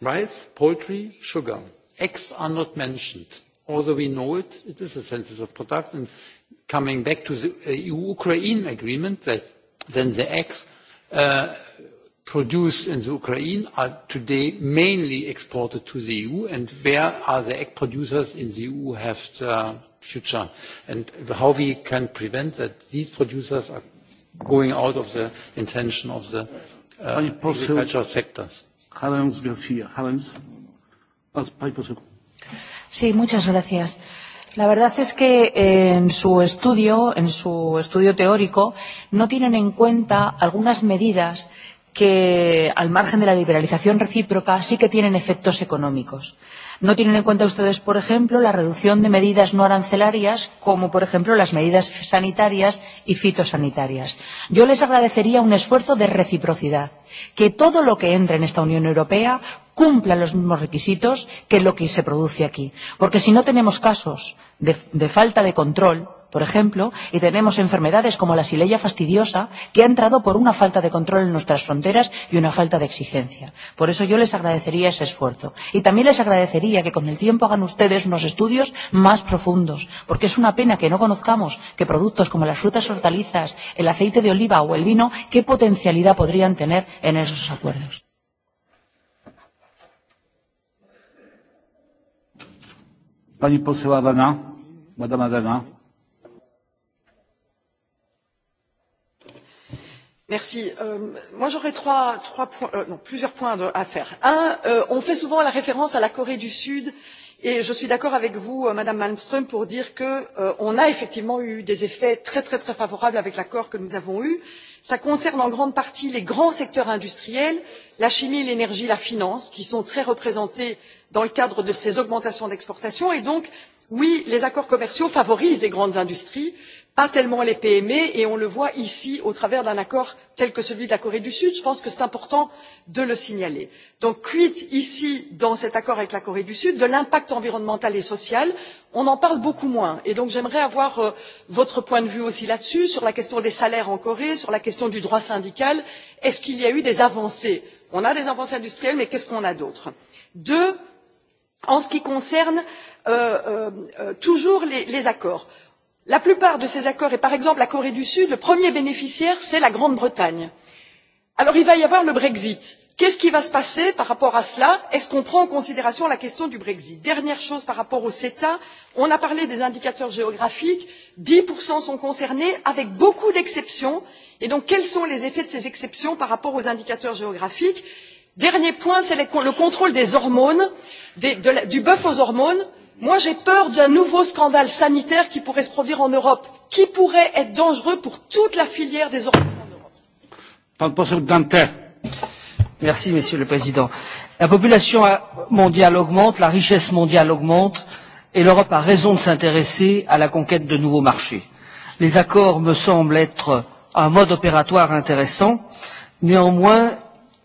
rice, poultry, sugar. Eggs are not mentioned. Although we know it, it is a sensitive product. And coming back to the uh, EU-Ukraine agreement, that than the eggs uh, produced in the Ukraine are today mainly exported to the EU, and where are the egg producers in the EU have the future, and how we can prevent that these producers are going out of the intention of the uh, agricultural sectors. García. Sí, muchas gracias. La verdad es que eh, en su estudio, en su estudio teórico, no tienen en cuenta algunas medidas que, al margen de la liberalización recíproca, sí que tienen efectos económicos. No tienen en cuenta ustedes, por ejemplo, la reducción de medidas no arancelarias, como, por ejemplo, las medidas sanitarias y fitosanitarias. Yo les agradecería un esfuerzo de reciprocidad, que todo lo que entre en esta Unión Europea cumpla los mismos requisitos que lo que se produce aquí. Porque si no tenemos casos de, de falta de control, por ejemplo, y tenemos enfermedades como la sileya fastidiosa que ha entrado por una falta de control en nuestras fronteras y una falta de exigencia. Por eso yo les agradecería ese esfuerzo. Y también les agradecería que con el tiempo hagan ustedes unos estudios más profundos, porque es una pena que no conozcamos que productos como las frutas y hortalizas, el aceite de oliva o el vino, qué potencialidad podrían tener en esos acuerdos. Pani poseł Adana, Madame Adana. Euh, moi, j'aurais trois, points, euh, non, plusieurs points à faire. Un, euh, on fait souvent la référence à la Corée du Sud et je suis d'accord avec vous, Madame Malmström, pour dire qu'on euh, a effectivement eu des effets très très très favorables avec l'accord que nous avons eu. Cela concerne en grande partie les grands secteurs industriels, la chimie, l'énergie, la finance, qui sont très représentés dans le cadre de ces augmentations d'exportations et donc oui les accords commerciaux favorisent les grandes industries pas tellement les pme et on le voit ici au travers d'un accord tel que celui de la corée du sud je pense que c'est important de le signaler. donc quid ici dans cet accord avec la corée du sud de l'impact environnemental et social? on en parle beaucoup moins et donc j'aimerais avoir euh, votre point de vue aussi là dessus sur la question des salaires en corée sur la question du droit syndical est ce qu'il y a eu des avancées? on a des avancées industrielles mais qu'est ce qu'on a d'autre? deuxièmement en ce qui concerne euh, euh, euh, toujours les, les accords la plupart de ces accords et par exemple la corée du sud le premier bénéficiaire c'est la grande bretagne. alors il va y avoir le brexit. qu'est ce qui va se passer par rapport à cela? est ce qu'on prend en considération la question du brexit? dernière chose par rapport au ceta on a parlé des indicateurs géographiques dix sont concernés avec beaucoup d'exceptions et donc quels sont les effets de ces exceptions par rapport aux indicateurs géographiques? dernier point c'est le contrôle des hormones du bœuf aux hormones. moi j'ai peur d'un nouveau scandale sanitaire qui pourrait se produire en europe qui pourrait être dangereux pour toute la filière des hormones en europe. Merci, monsieur le président la population mondiale augmente la richesse mondiale augmente et l'europe a raison de s'intéresser à la conquête de nouveaux marchés. les accords me semblent être un mode opératoire intéressant. néanmoins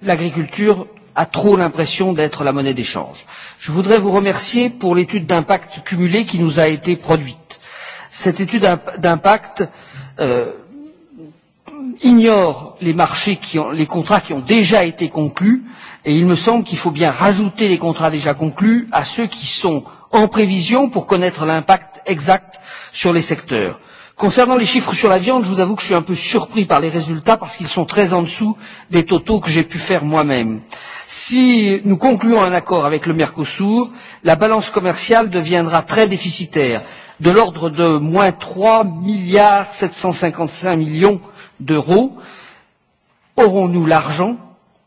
l'agriculture a trop l'impression d'être la monnaie d'échange. Je voudrais vous remercier pour l'étude d'impact cumulée qui nous a été produite. Cette étude d'impact euh, ignore les marchés qui ont, les contrats qui ont déjà été conclus et il me semble qu'il faut bien rajouter les contrats déjà conclus à ceux qui sont en prévision pour connaître l'impact exact sur les secteurs. Concernant les chiffres sur la viande, je vous avoue que je suis un peu surpris par les résultats parce qu'ils sont très en dessous des totaux que j'ai pu faire moi-même. Si nous concluons un accord avec le Mercosur, la balance commerciale deviendra très déficitaire, de l'ordre de moins 3 milliards 755 millions d'euros. Aurons-nous l'argent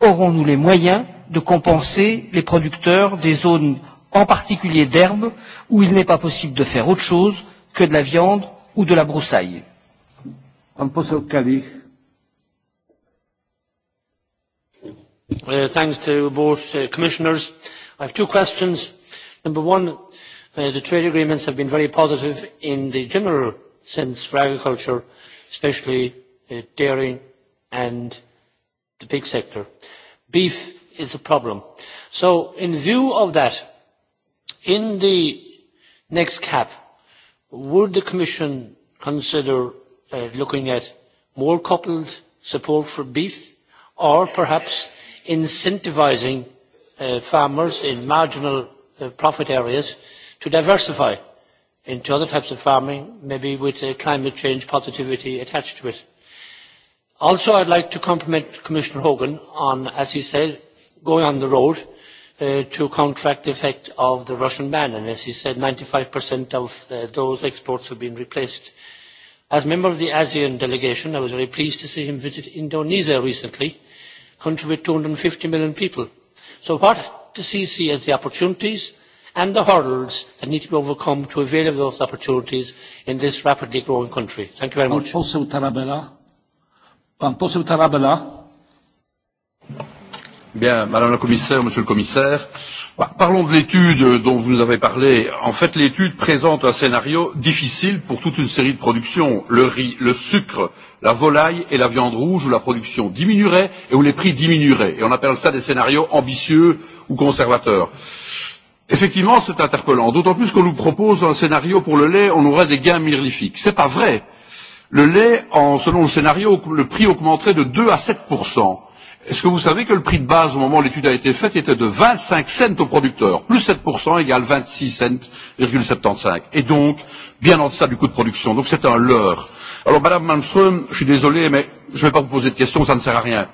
Aurons-nous les moyens de compenser les producteurs des zones en particulier d'herbes où il n'est pas possible de faire autre chose que de la viande ou de la broussaille. Pan poseł Kalich. Uh, thanks to both uh, commissioners. I have two questions. Number one, uh, the trade agreements have been very positive in the general sense for agriculture, especially dairy and the pig sector. Beef is a problem. So in view of that, in the next cap, would the Commission consider uh, looking at more coupled support for beef or perhaps incentivising uh, farmers in marginal uh, profit areas to diversify into other types of farming, maybe with uh, climate change positivity attached to it. Also, I'd like to compliment Commissioner Hogan on, as he said, going on the road Uh, to counteract the effect of the Russian ban. And as he said, ninety five of uh, those exports have been replaced. As a member of the ASEAN delegation, I was very pleased to see him visit Indonesia recently, a country with two hundred and fifty million people. So what does he see as the opportunities and the hurdles that need to be overcome to avail of those opportunities in this rapidly growing country? Thank you very much. Eh bien, Madame la Commissaire, Monsieur le Commissaire, bah, parlons de l'étude euh, dont vous nous avez parlé. En fait, l'étude présente un scénario difficile pour toute une série de productions le riz, le sucre, la volaille et la viande rouge, où la production diminuerait et où les prix diminueraient. Et on appelle ça des scénarios ambitieux ou conservateurs. Effectivement, c'est interpellant, d'autant plus qu'on nous propose un scénario pour le lait, on aurait des gains mirlifiques. Ce n'est pas vrai. Le lait, en, selon le scénario, le prix augmenterait de 2 à 7 Est-ce que vous savez que le prix de base au moment où l'étude a été faite était de 25 cents au producteur Plus 7% égale 26 cents,75. Et donc, bien en deçà du coût de production. Donc c'est un leurre. Alors Madame Malmström, je suis désolé, mais je ne vais pas vous poser de questions, ça ne sert à rien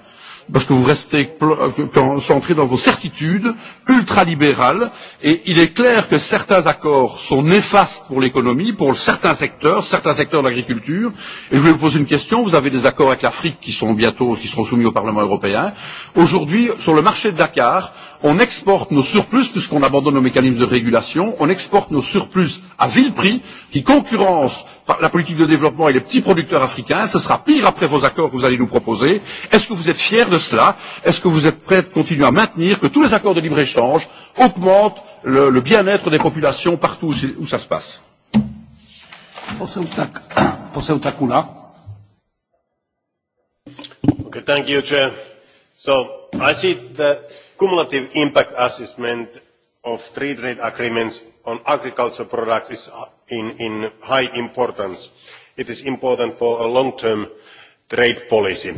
parce que vous restez euh, centré dans vos certitudes ultralibérales et il est clair que certains accords sont néfastes pour l'économie, pour certains secteurs, certains secteurs de l'agriculture. Et je vais vous poser une question. Vous avez des accords avec l'Afrique qui sont bientôt, qui seront soumis au Parlement européen. Aujourd'hui, sur le marché de Dakar, on exporte nos surplus, puisqu'on abandonne nos mécanismes de régulation, on exporte nos surplus à vil prix, qui concurrencent la politique de développement et les petits producteurs africains. Ce sera pire après vos accords que vous allez nous proposer. Est-ce que vous êtes fiers de cela Est-ce que vous êtes prêts de continuer à maintenir que tous les accords de libre-échange augmentent le, le bien-être des populations partout où, où ça se passe thank you, Chair. So I see the cumulative impact assessment of free trade agreements on agricultural products is uh, in, in high importance. It is important for a long-term trade policy.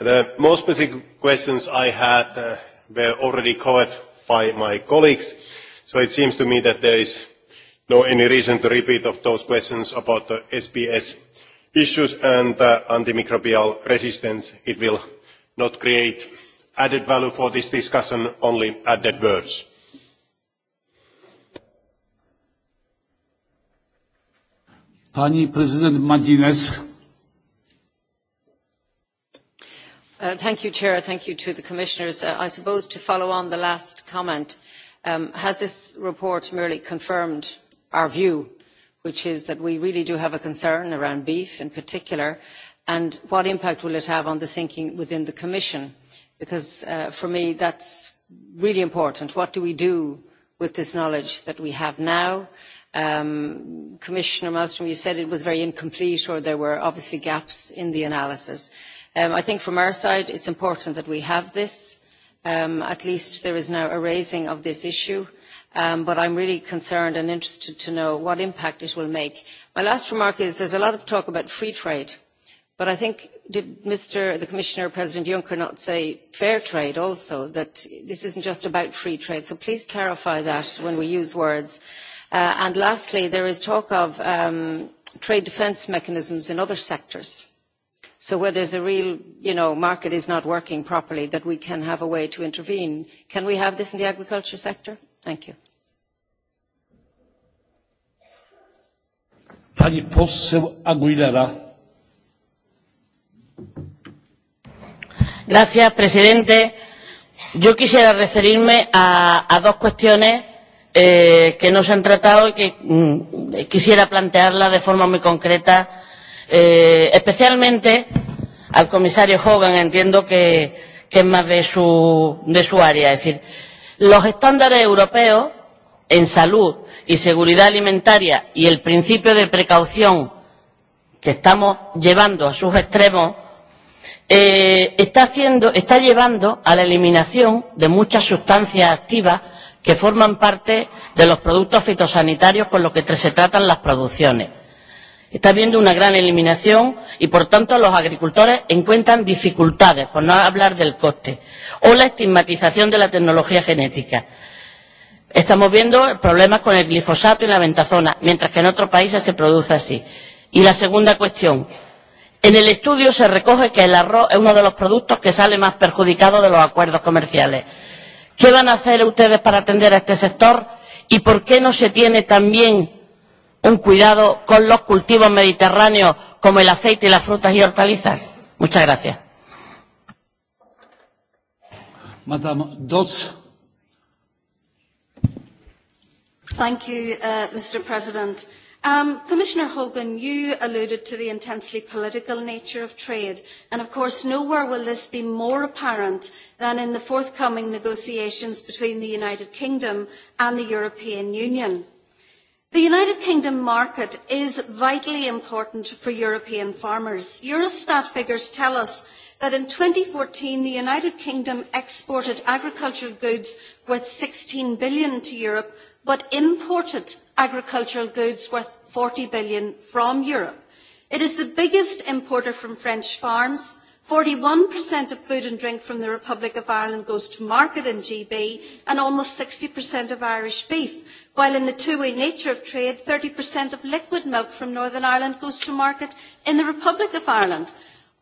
The more specific questions I had uh, were already covered by my colleagues, so it seems to me that there is no any reason to repeat of those questions about the SPS issues and uh, antimicrobial resistance. It will not create added value for this discussion, only added words. Pani prezydent Madines. Uh, thank you, Chair. Thank you to the Commissioners. Uh, I suppose to follow on the last comment, um, has this report merely confirmed our view, which is that we really do have a concern around beef in particular, and what impact will it have on the thinking within the Commission? Because uh, for me, that's really important. What do we do with this knowledge that we have now? Um, Commissioner Malmstrm, you said it was very incomplete or there were obviously gaps in the analysis. Um, I think from our side, it's important that we have this. Um, at least there is now a raising of this issue. but but I'm really concerned and interested to know what impact it will make. My last remark is there's a lot of talk about free trade but i think did Mr, the commissioner president juncker not say fair trade also that this isn't just about free trade so please clarify that when we use words uh, and lastly there is talk of um, trade defence mechanisms in other sectors so where there's a real you know market is not working properly that we can have a way to intervene can we have this in the agriculture sector thank you Pani poseł Aguilera. Gracias, presidente. Yo quisiera referirme a, a dos cuestiones eh, que no se han tratado y que mm, quisiera plantearlas de forma muy concreta, eh, especialmente al comisario Hogan, entiendo que, que es más de su, de su área. Es decir, los estándares europeos en salud y seguridad alimentaria y el principio de precaución que estamos llevando a sus extremos eh, está, haciendo, está llevando a la eliminación de muchas sustancias activas que forman parte de los productos fitosanitarios con los que se tratan las producciones. Está habiendo una gran eliminación y, por tanto, los agricultores encuentran dificultades, por no hablar del coste, o la estigmatización de la tecnología genética. Estamos viendo problemas con el glifosato y la ventazona, mientras que en otros países se produce así. Y la segunda cuestión, En el estudio se recoge que el arroz es uno de los productos que sale más perjudicado de los acuerdos comerciales. ¿Qué van a hacer ustedes para atender a este sector? ¿Y por qué no se tiene también un cuidado con los cultivos mediterráneos como el aceite y las frutas y hortalizas? Muchas gracias. Madame Dodds. Thank you, uh, Mr. President. Um, Commissioner Hogan, you alluded to the intensely political nature of trade, and of course nowhere will this be more apparent than in the forthcoming negotiations between the United Kingdom and the European Union. The United Kingdom market is vitally important for European farmers. Eurostat figures tell us that in fourteen the United Kingdom exported agricultural goods worth EUR sixteen billion to Europe, but imported agricultural goods worth EUR forty billion from Europe. It is the biggest importer from French farms. Forty 41% of food and drink from the Republic of Ireland goes to market in GB and almost 60% of Irish beef, while in the two-way nature of trade, 30% of liquid milk from Northern Ireland goes to market in the Republic of Ireland.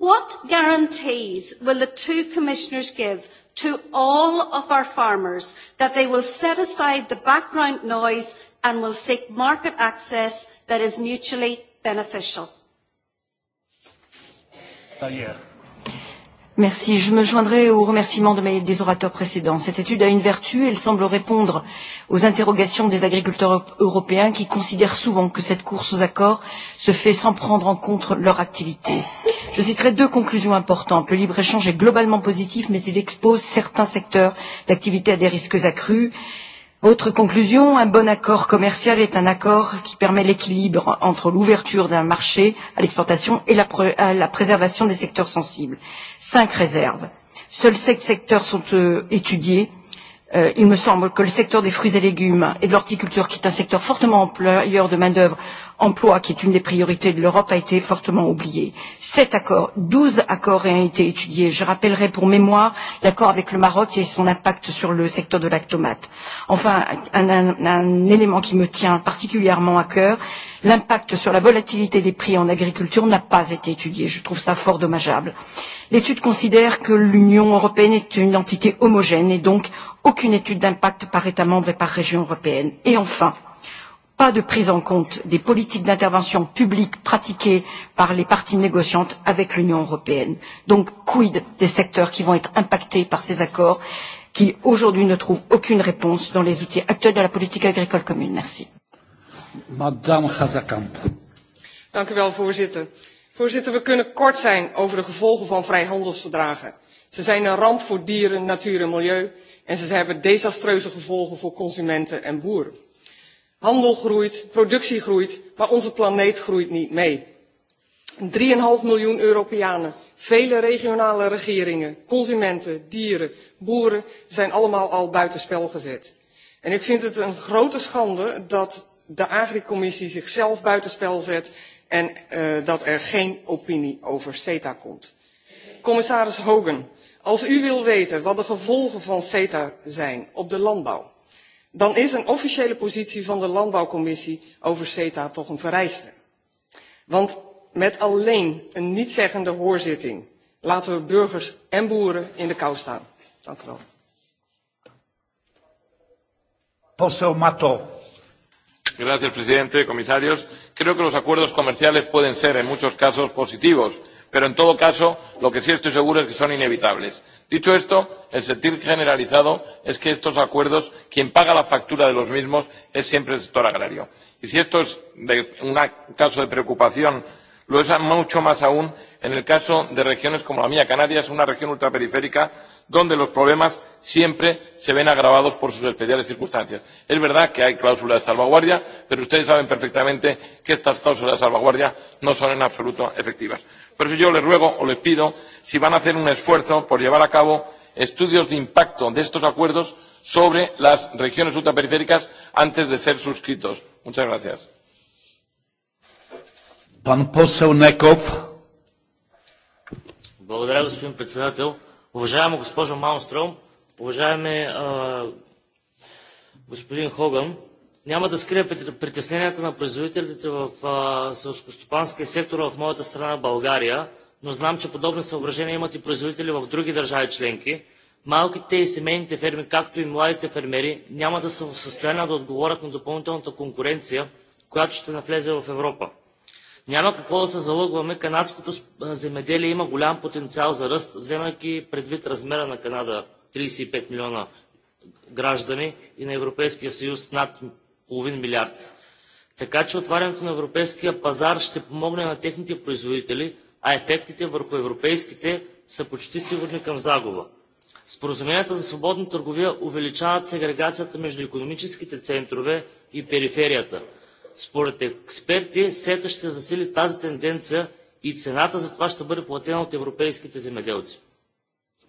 What guarantees will the two commissioners give to all of our farmers that they will set aside the background noise and will seek market access that is mutually beneficial? Uh, yeah. Merci. Je me joindrai aux remerciements de mes, des orateurs précédents. Cette étude a une vertu, elle semble répondre aux interrogations des agriculteurs européens qui considèrent souvent que cette course aux accords se fait sans prendre en compte leur activité. Je citerai deux conclusions importantes. Le libre-échange est globalement positif, mais il expose certains secteurs d'activité à des risques accrus Autre conclusion, un bon accord commercial est un accord qui permet l'équilibre entre l'ouverture d'un marché à l'exportation et la, pré à la préservation des secteurs sensibles. Cinq réserves. Seuls sept secteurs sont euh, étudiés euh, il me semble que le secteur des fruits et légumes et de l'horticulture, qui est un secteur fortement employeur de main-d'œuvre, emploi, qui est une des priorités de l'Europe, a été fortement oublié. Sept accords, douze accords ont été étudiés. Je rappellerai pour mémoire l'accord avec le Maroc et son impact sur le secteur de la tomate. Enfin, un, un, un élément qui me tient particulièrement à cœur, l'impact sur la volatilité des prix en agriculture n'a pas été étudié. Je trouve ça fort dommageable. L'étude considère que l'Union européenne est une entité homogène et donc aucune étude d'impact par État membre et par région européenne. Et enfin, pas de prise en compte des politiques d'intervention publique pratiquées par les parties négociantes avec l'Union européenne. Donc, quid des secteurs qui vont être impactés par ces accords qui, aujourd'hui, ne trouvent aucune réponse dans les outils actuels de la politique agricole commune Merci. Madame Hazakamp. Dank u wel, voorzitter. Voorzitter, we kunnen kort zijn over de gevolgen van vrijhandelsverdragen. Ze zijn een ramp voor dieren, natuur en milieu en ze hebben desastreuze gevolgen voor consumenten en boeren. Handel groeit, productie groeit, maar onze planeet groeit niet mee. 3,5 miljoen Europeanen, vele regionale regeringen, consumenten, dieren, boeren zijn allemaal al buitenspel gezet. En ik vind het een grote schande dat de Agri-commissie zichzelf buitenspel zet en uh, dat er geen opinie over CETA komt. Commissaris Hogan, als u wil weten wat de gevolgen van ceta zijn op de landbouw dan is een officiële positie van de landbouwcommissie over ceta toch een vereiste. want met alleen een nietszeggende hoorzitting laten we burgers en boeren in de kou staan. Dank u wel. presidente, comisarios, creo que los acuerdos comerciales pueden ser en muchos casos positivos pero en todo caso lo que sí estoy seguro es que son inevitables. dicho esto el sentir generalizado es que estos acuerdos quien paga la factura de los mismos es siempre el sector agrario y si esto es un caso de preocupación Lo es mucho más aún en el caso de regiones como la mía. Canarias una región ultraperiférica donde los problemas siempre se ven agravados por sus especiales circunstancias. Es verdad que hay cláusulas de salvaguardia, pero ustedes saben perfectamente que estas cláusulas de salvaguardia no son en absoluto efectivas. Por eso yo les ruego o les pido si van a hacer un esfuerzo por llevar a cabo estudios de impacto de estos acuerdos sobre las regiones ultraperiféricas antes de ser suscritos. Muchas gracias. Пан посел Неков. Благодаря, господин председател. Уважаема госпожо Малстром, уважаеми а, господин Хоган, няма да скрия притесненията на производителите в селскостопанския сектор в моята страна България, но знам, че подобни съображения имат и производители в други държави членки. Малките и семейните ферми, както и младите фермери, няма да са в състояние да отговорят на допълнителната конкуренция, която ще навлезе в Европа. Няма какво да се залъгваме, канадското земеделие има голям потенциал за ръст, вземайки предвид размера на Канада 35 милиона граждани и на Европейския съюз над половин милиард. Така че отварянето на европейския пазар ще помогне на техните производители, а ефектите върху европейските са почти сигурни към загуба. Споразуменията за свободна търговия увеличават сегрегацията между економическите центрове и периферията – според експерти, сета ще засили тази тенденция и цената за това ще бъде платена от европейските земеделци.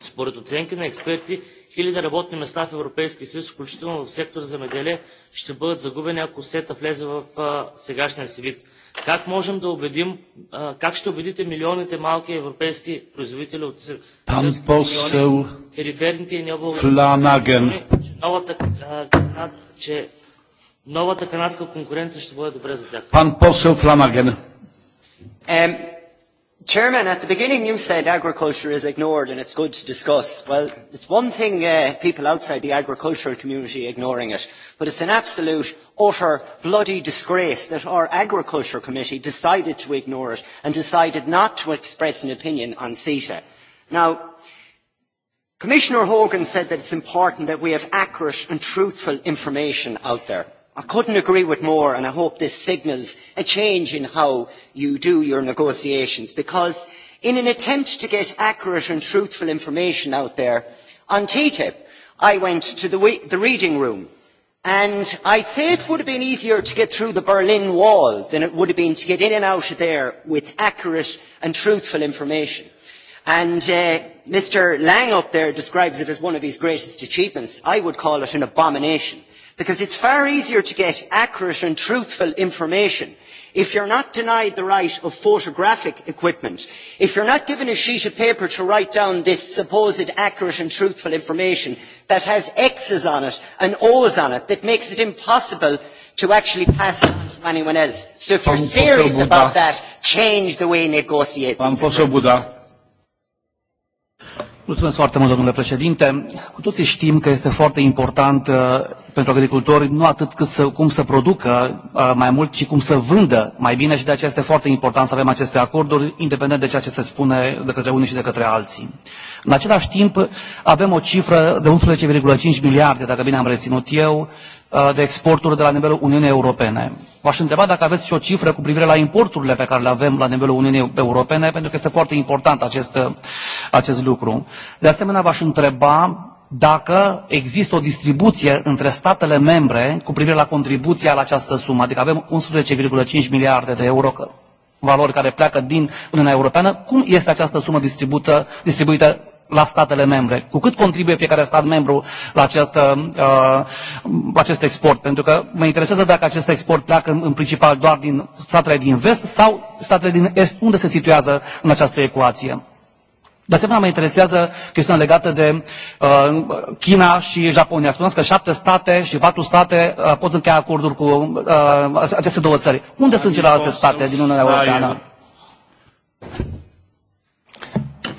Според оценки на експерти, хиляди работни места в Европейския съюз, включително в сектор земеделие, ще бъдат загубени, ако сета влезе в а, сегашния си вид. Как можем да убедим, а, как ще убедите милионите малки европейски производители от периферните и необлагодетелни, че новата а, че новата канадска конкуренция ще бъде добре за тях. Пан посел Фламаген. Chairman, at the beginning you said agriculture is ignored and it's good to discuss. Well, it's one thing uh, people outside the agricultural community ignoring it, but it's an absolute, utter, bloody disgrace that our agriculture committee decided to ignore it and decided not to express an opinion on CETA. Now, Commissioner Hogan said that it's important that we have accurate and truthful information out there i couldn't agree with more, and I hope this signals a change in how you do your negotiations, because in an attempt to get accurate and truthful information out there on TTIP, I went to the, the reading room, and I'd say it would have been easier to get through the Berlin Wall than it would have been to get in and out of there with accurate and truthful information. And uh, Mr Lang up there describes it as one of his greatest achievements. I would call it an abomination because it's far easier to get accurate and truthful information if you're not denied the right of photographic equipment, if you're not given a sheet of paper to write down this supposed accurate and truthful information that has X's on it and O's on it, that makes it impossible to actually pass it on to anyone else. So if you're serious about that, change the way you negotiate. Mulțumesc foarte mult, domnule președinte. Cu toții știm că este foarte important uh, pentru agricultori nu atât cât să, cum să producă uh, mai mult, ci cum să vândă mai bine și de aceea este foarte important să avem aceste acorduri, independent de ceea ce se spune de către unii și de către alții. În același timp, avem o cifră de 11,5 miliarde, dacă bine am reținut eu, uh, de exporturi de la nivelul Uniunii Europene. V-aș întreba dacă aveți și o cifră cu privire la importurile pe care le avem la nivelul Uniunii Europene, pentru că este foarte important acest, uh, acest lucru. De asemenea, v-aș întreba dacă există o distribuție între statele membre cu privire la contribuția la această sumă, adică avem 11,5 miliarde de euro valori care pleacă din Uniunea Europeană, cum este această sumă distribuită, distribuită la statele membre, cu cât contribuie fiecare stat membru la această, uh, acest export. Pentru că mă interesează dacă acest export pleacă în, în principal doar din statele din vest sau statele din est, unde se situează în această ecuație. De asemenea, mă interesează chestiunea legată de uh, China și Japonia. Spuneți că șapte state și patru state uh, pot încheia acorduri cu uh, aceste două țări. Unde sunt celelalte state din Uniunea Europeană?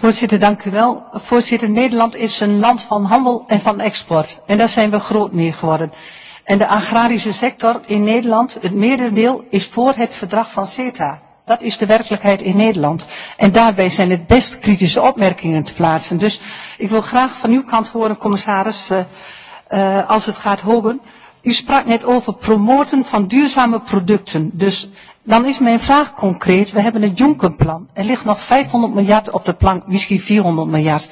Voorzitter, dank u wel. Voorzitter, Nederland is een land van handel en van export. En daar zijn we groot mee geworden. En de agrarische sector in Nederland, het merendeel, is voor het verdrag van CETA. Dat is de werkelijkheid in Nederland. En daarbij zijn het best kritische opmerkingen te plaatsen. Dus ik wil graag van uw kant horen, commissaris, uh, uh, als het gaat hogen. U sprak net over promoten van duurzame producten. Dus dan is mijn vraag concreet. We hebben het Jonkerplan. Er ligt nog 500 miljard op de plank, misschien 400 miljard.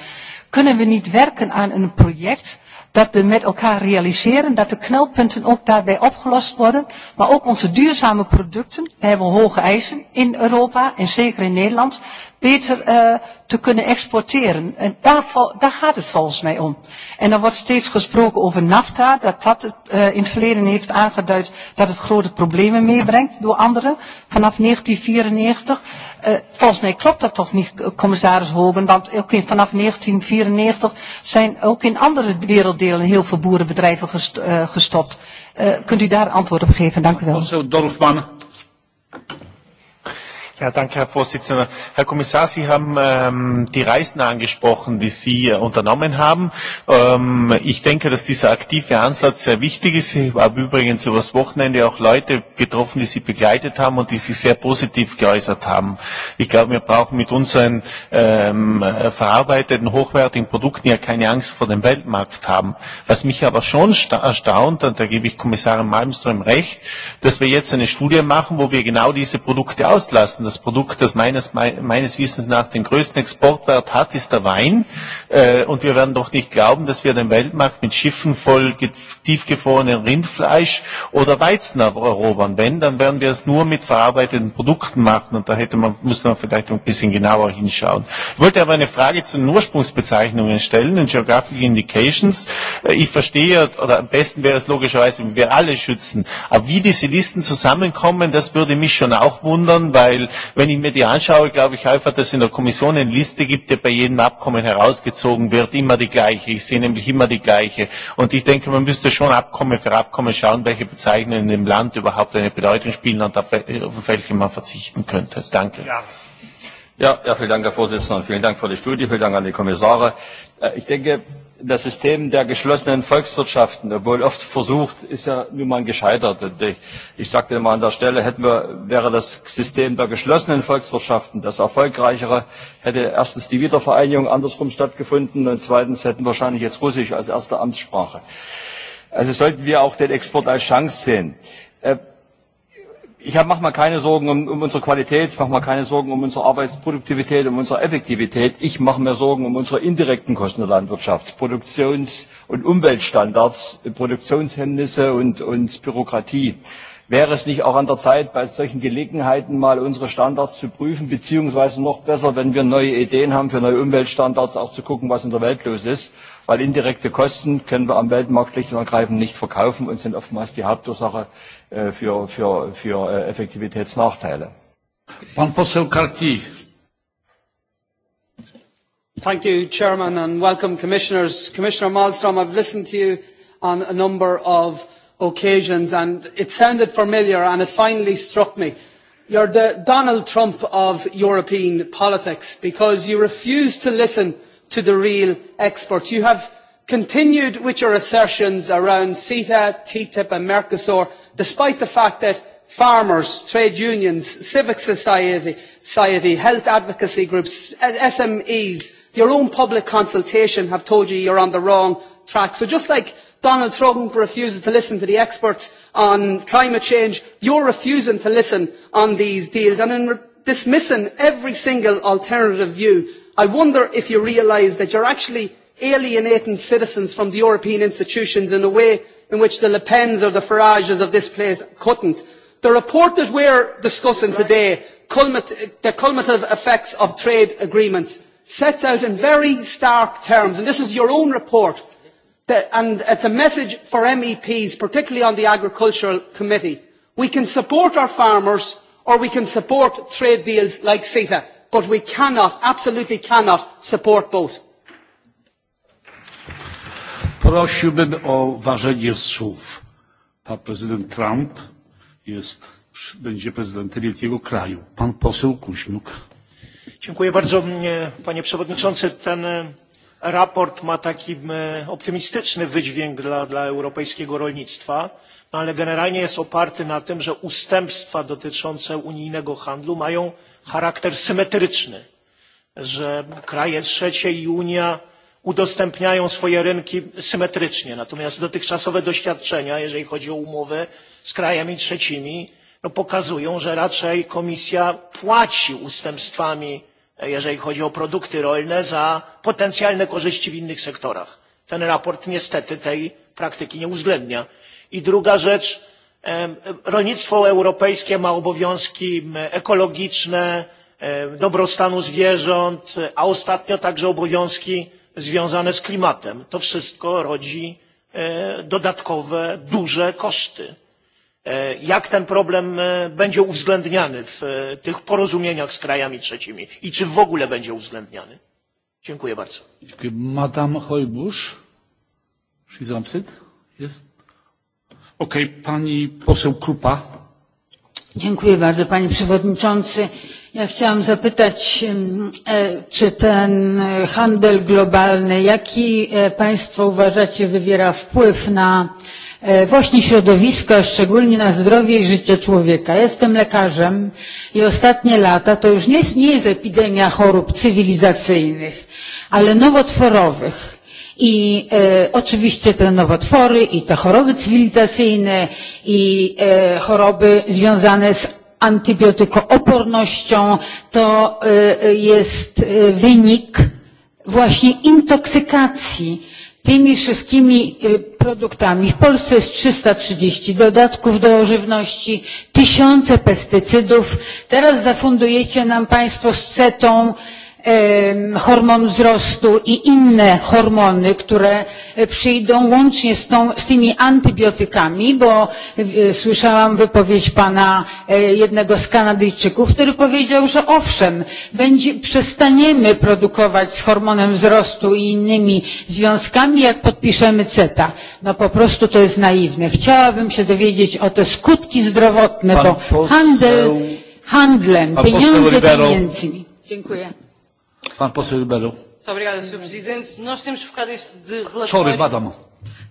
Kunnen we niet werken aan een project dat we met elkaar realiseren dat de knelpunten ook daarbij opgelost worden. Maar ook onze duurzame producten, we hebben hoge eisen in Europa en zeker in Nederland, beter uh, te kunnen exporteren. En daar, daar gaat het volgens mij om. En er wordt steeds gesproken over NAFTA, dat dat uh, in het verleden heeft aangeduid dat het grote problemen meebrengt door anderen vanaf 1994. Uh, eh, volgens mij klopt dat toch niet, commissaris Hogan, want ook in, vanaf 1994 zijn ook in andere werelddelen deel in heel veel boerenbedrijven gest, uh, eh, gestopt. Uh, kunt u daar antwoord op geven? Dank u wel. Also, Dorfman. Ja, danke, Herr Vorsitzender. Herr Kommissar, Sie haben ähm, die Reisen angesprochen, die Sie äh, unternommen haben. Ähm, ich denke, dass dieser aktive Ansatz sehr wichtig ist. Ich habe übrigens übers Wochenende auch Leute getroffen, die Sie begleitet haben und die sich sehr positiv geäußert haben. Ich glaube, wir brauchen mit unseren ähm, äh, verarbeiteten, hochwertigen Produkten ja keine Angst vor dem Weltmarkt haben. Was mich aber schon erstaunt, und da gebe ich Kommissarin Malmström recht, dass wir jetzt eine Studie machen, wo wir genau diese Produkte auslassen das Produkt, das meines, meines Wissens nach den größten Exportwert hat, ist der Wein. Äh, und wir werden doch nicht glauben, dass wir den Weltmarkt mit Schiffen voll tiefgefrorenem Rindfleisch oder Weizen erobern. Wenn, dann werden wir es nur mit verarbeiteten Produkten machen. Und da hätte man, müsste man vielleicht ein bisschen genauer hinschauen. Ich wollte aber eine Frage zu den Ursprungsbezeichnungen stellen, den Geographic Indications. Äh, ich verstehe, oder am besten wäre es logischerweise, wenn wir alle schützen. Aber wie diese Listen zusammenkommen, das würde mich schon auch wundern, weil Wenn ich mir die anschaue, glaube ich einfach, dass es in der Kommission eine Liste gibt, die bei jedem Abkommen herausgezogen wird, immer die gleiche. Ich sehe nämlich immer die gleiche. Und ich denke, man müsste schon Abkommen für Abkommen schauen, welche Bezeichnungen in dem Land überhaupt eine Bedeutung spielen und auf welche man verzichten könnte. Danke. Ja. Ja, ja, vielen Dank, Herr Vorsitzender, und vielen Dank für die Studie, vielen Dank an die Kommissare. Äh, ich denke, das System der geschlossenen Volkswirtschaften, obwohl oft versucht, ist ja nun mal gescheitert. Und ich, ich sagte mal an der Stelle, hätten wir, wäre das System der geschlossenen Volkswirtschaften das erfolgreichere, hätte erstens die Wiedervereinigung andersrum stattgefunden und zweitens hätten wahrscheinlich jetzt Russisch als erste Amtssprache. Also sollten wir auch den Export als Chance sehen. Äh, ich mache mal keine Sorgen um, um unsere Qualität, ich mache mal keine Sorgen um unsere Arbeitsproduktivität, um unsere Effektivität. Ich mache mir Sorgen um unsere indirekten Kosten der Landwirtschaft, Produktions- und Umweltstandards, Produktionshemmnisse und, und Bürokratie. Wäre es nicht auch an der Zeit, bei solchen Gelegenheiten mal unsere Standards zu prüfen, beziehungsweise noch besser, wenn wir neue Ideen haben für neue Umweltstandards, auch zu gucken, was in der Welt los ist? weil indirekte Kosten können wir am Weltmarkt schlicht und ergreifend nicht verkaufen und sind oftmals die Hauptursache äh, für, für, für äh, Effektivitätsnachteile. Pan poseł Thank you, Chairman, and welcome, Commissioners. Commissioner Malmström, I've listened to you on a number of occasions, and it sounded familiar, and it finally struck me. You're the Donald Trump of European politics because you refuse to listen to the real experts. You have continued with your assertions around CETA, TTIP and Mercosur, despite the fact that farmers, trade unions, civic society, society health advocacy groups, SMEs, your own public consultation have told you you are on the wrong track. So just like Donald Trump refuses to listen to the experts on climate change, you are refusing to listen on these deals and in dismissing every single alternative view i wonder if you realise that you are actually alienating citizens from the european institutions in a way in which the le pens or the farages of this place could not. the report that we are discussing today the cumulative effects of trade agreements sets out in very stark terms and this is your own report and it is a message for meps particularly on the agricultural committee we can support our farmers or we can support trade deals like ceta but we cannot, absolutely cannot support both. Prosiłbym o ważenie słów. Pan prezydent Trump jest, będzie prezydentem wielkiego kraju. Pan poseł Kuźniuk. Dziękuję bardzo, mm, panie przewodniczący. Ten e, raport ma taki e, optymistyczny wydźwięk dla, dla europejskiego rolnictwa, no, ale generalnie jest oparty na tym, że ustępstwa dotyczące unijnego handlu mają charakter symetryczny, że kraje trzecie i Unia udostępniają swoje rynki symetrycznie. Natomiast dotychczasowe doświadczenia, jeżeli chodzi o umowy z krajami trzecimi, no pokazują, że raczej komisja płaci ustępstwami, jeżeli chodzi o produkty rolne, za potencjalne korzyści w innych sektorach. Ten raport niestety tej praktyki nie uwzględnia. I druga rzecz, rolnictwo europejskie ma obowiązki ekologiczne dobrostanu zwierząt a ostatnio także obowiązki związane z klimatem. to wszystko rodzi e, dodatkowe duże koszty. E, jak ten problem e, będzie uwzględniany w tych porozumieniach z krajami trzecimi i czy w ogóle będzie uwzględniany? dziękuję bardzo pani poseł Krupa. Dziękuję bardzo, panie przewodniczący. Ja chciałam zapytać, e, czy ten e, handel globalny, jaki e, państwo uważacie wywiera wpływ na właśnie środowisko, a szczególnie na zdrowie i życie człowieka. Jestem lekarzem i ostatnie lata to już nie jest epidemia chorób cywilizacyjnych, ale nowotworowych i e, oczywiście te nowotwory i te choroby cywilizacyjne i e, choroby związane z antybiotykoopornością to e, jest e, wynik właśnie intoksykacji tymi wszystkimi e, produktami. W Polsce jest 330 dodatków do żywności, tysiące pestycydów. Teraz zafundujecie nam Państwo z CETą hormon wzrostu i inne hormony, które e, przyjdą łącznie z, tą, z tymi antybiotykami, bo e, słyszałam wypowiedź pana e, jednego z Kanadyjczyków, który powiedział, że owszem, będzie, przestaniemy produkować z hormonem wzrostu i innymi związkami, jak podpiszemy CETA. No po prostu to jest naiwne. Chciałabym się dowiedzieć o te skutki zdrowotne, pan bo poseł, handel handlem, pieniądze pieniędzmi. Dziękuję. Pán posledný Belo. Obrigada, Sr. Presidente. Nós no, temos focado este de relatório... Sorry, madam.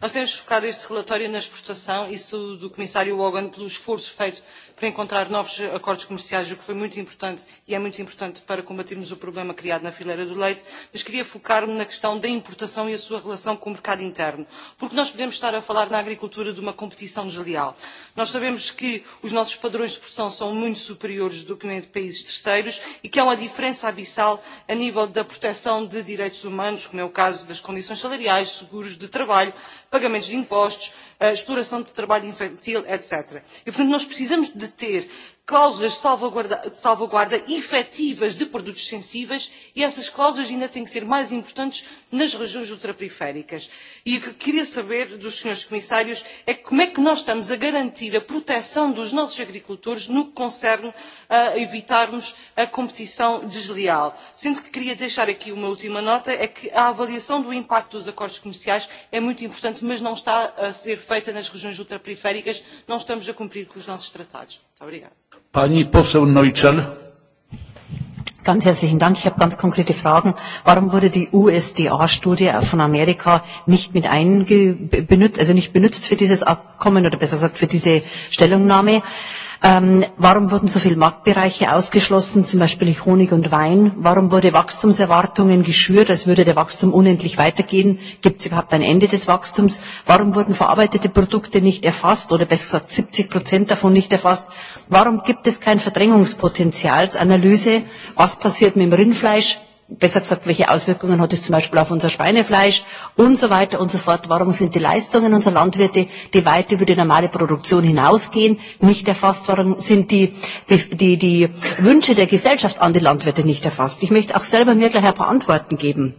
Nós temos focado este relatório na exportação, isso do Comissário Hogan, pelo esforço feito para encontrar novos acordos comerciais, o que foi muito importante e é muito importante para combatermos o problema criado na fileira do leite, mas queria focar-me na questão da importação e a sua relação com o mercado interno, porque nós podemos estar a falar na agricultura de uma competição desleal. Nós sabemos que os nossos padrões de produção são muito superiores do que em países terceiros e que há uma diferença abissal a nível da proteção de direitos humanos, como é o caso das condições salariais, seguros de trabalho, pagamentos de impostos, eh, exploração de trabalho infantil, etc. E, portanto, nós precisamos de ter cláusulas de salvaguarda, de salvaguarda efetivas de produtos sensíveis e essas cláusulas ainda têm que ser mais importantes nas regiões ultraperiféricas. E o que queria saber dos senhores comissários é como é que nós estamos a garantir a proteção dos nossos agricultores no que concerne a evitarmos a competição desleal. Sendo que queria deixar aqui uma última nota, é que a avaliação do impacto dos acordos comerciais é muito importante, mas não está a ser feita nas regiões ultraperiféricas, não estamos a cumprir com os nossos tratados. Muito obrigada. Pani poseł Neuchel. Ganz herzlichen Dank. Ich habe ganz konkrete Fragen. Warum wurde die USDA-Studie von Amerika nicht mit einge benutzt, also nicht benutzt für dieses Abkommen oder besser gesagt für diese Stellungnahme? Äh, Ähm, warum wurden so viele Marktbereiche ausgeschlossen, zum Beispiel Honig und Wein? Warum wurde Wachstumserwartungen geschürt, als würde der Wachstum unendlich weitergehen? Gibt es überhaupt ein Ende des Wachstums? Warum wurden verarbeitete Produkte nicht erfasst oder besser gesagt 70 Prozent davon nicht erfasst? Warum gibt es kein Verdrängungspotenzialsanalyse Was passiert mit dem Rindfleisch? besser gesagt, welche Auswirkungen hat es zum Beispiel auf unser Schweinefleisch und so weiter und so fort. Warum sind die Leistungen unserer Landwirte, die weit über die normale Produktion hinausgehen, nicht erfasst? Warum sind die, die, die Wünsche der Gesellschaft an die Landwirte nicht erfasst? Ich möchte auch selber mir gleich ein paar Antworten geben.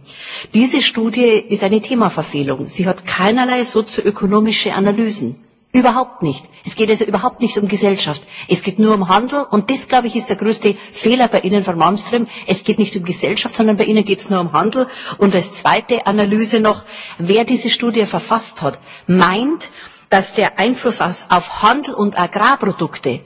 Diese Studie ist eine Themaverfehlung. Sie hat keinerlei sozioökonomische Analysen. Überhaupt nicht. Es geht also überhaupt nicht um Gesellschaft. Es geht nur um Handel und das, glaube ich, ist der größte Fehler bei Ihnen, Frau Malmström. Es geht nicht um Gesellschaft, sondern bei Ihnen geht es nur um Handel. Und als zweite Analyse noch, wer diese Studie verfasst hat, meint, dass der Einfluss auf Handel und Agrarprodukte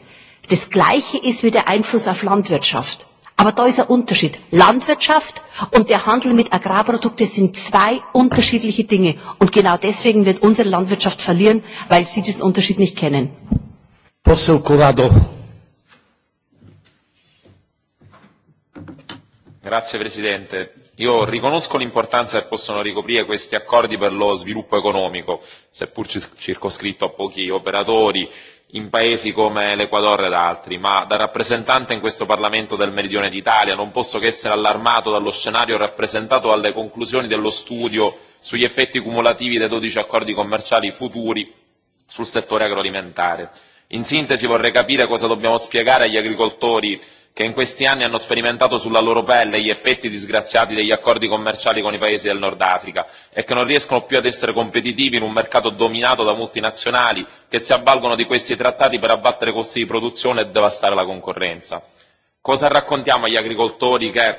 das gleiche ist wie der Einfluss auf Landwirtschaft. Aber da ist ein Unterschied. Landwirtschaft und der Handel mit Agrarprodukten sind zwei unterschiedliche Dinge. Und genau deswegen wird unsere Landwirtschaft verlieren, weil sie diesen Unterschied nicht kennen. Posel Corrado. Grazie Presidente. Io riconosco l'importanza che possono ricoprire questi accordi per lo sviluppo economico, seppur circoscritto a pochi operatori in paesi come l'Equador ed altri, ma da rappresentante in questo Parlamento del Meridione d'Italia non posso che essere allarmato dallo scenario rappresentato dalle conclusioni dello studio sugli effetti cumulativi dei dodici accordi commerciali futuri sul settore agroalimentare. In sintesi vorrei capire cosa dobbiamo spiegare agli agricoltori che in questi anni hanno sperimentato sulla loro pelle gli effetti disgraziati degli accordi commerciali con i paesi del Nord Africa e che non riescono più ad essere competitivi in un mercato dominato da multinazionali che si avvalgono di questi trattati per abbattere costi di produzione e devastare la concorrenza. Cosa raccontiamo agli agricoltori che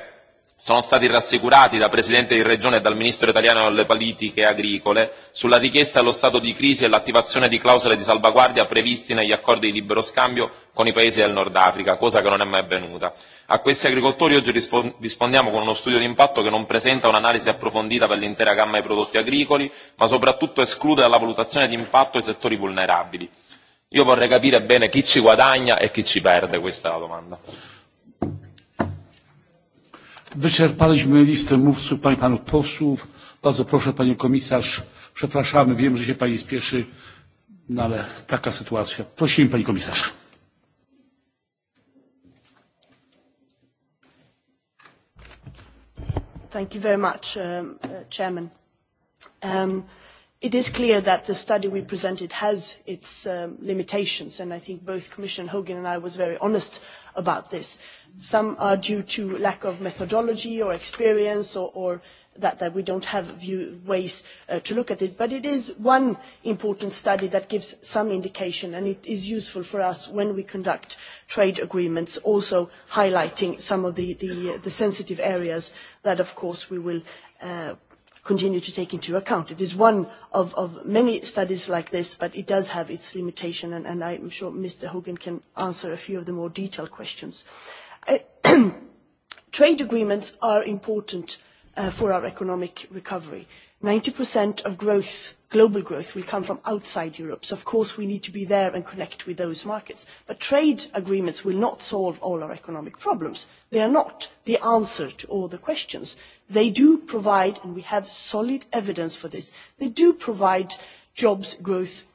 sono stati rassicurati dal Presidente di Regione e dal Ministro italiano delle politiche agricole sulla richiesta allo stato di crisi e l'attivazione di clausole di salvaguardia previsti negli accordi di libero scambio con i paesi del Nord Africa, cosa che non è mai avvenuta. A questi agricoltori oggi rispondiamo con uno studio di impatto che non presenta un'analisi approfondita per l'intera gamma dei prodotti agricoli, ma soprattutto esclude dalla valutazione di impatto i settori vulnerabili. Io vorrei capire bene chi ci guadagna e chi ci perde, questa è la domanda. Wyczerpaliśmy listę mówców, pań i panów posłów. Bardzo proszę, panią komisarz. Przepraszamy, wiem, że się pani spieszy, no ale taka sytuacja. Prosimy, pani komisarz. Thank you very much, um, uh, Chairman. Um, it is clear that the study we presented has its um, limitations, and I think both Commissioner Hogan and I was very honest about this. Some are due to lack of methodology or experience or, or that, that we don't have view, ways uh, to look at it. But it is one important study that gives some indication, and it is useful for us when we conduct trade agreements, also highlighting some of the, the, the sensitive areas that, of course, we will uh, continue to take into account. It is one of, of many studies like this, but it does have its limitation, and, and I'm sure Mr. Hogan can answer a few of the more detailed questions. Uh, trade agreements are important uh, for our economic recovery 90% of growth, global growth, will come from outside Europe. So of course, we need to be there and connect with those markets. But trade agreements will not solve all our economic problems. They are not the answer to all the questions. They do provide, and we have solid evidence for this, they do provide jobs, growth,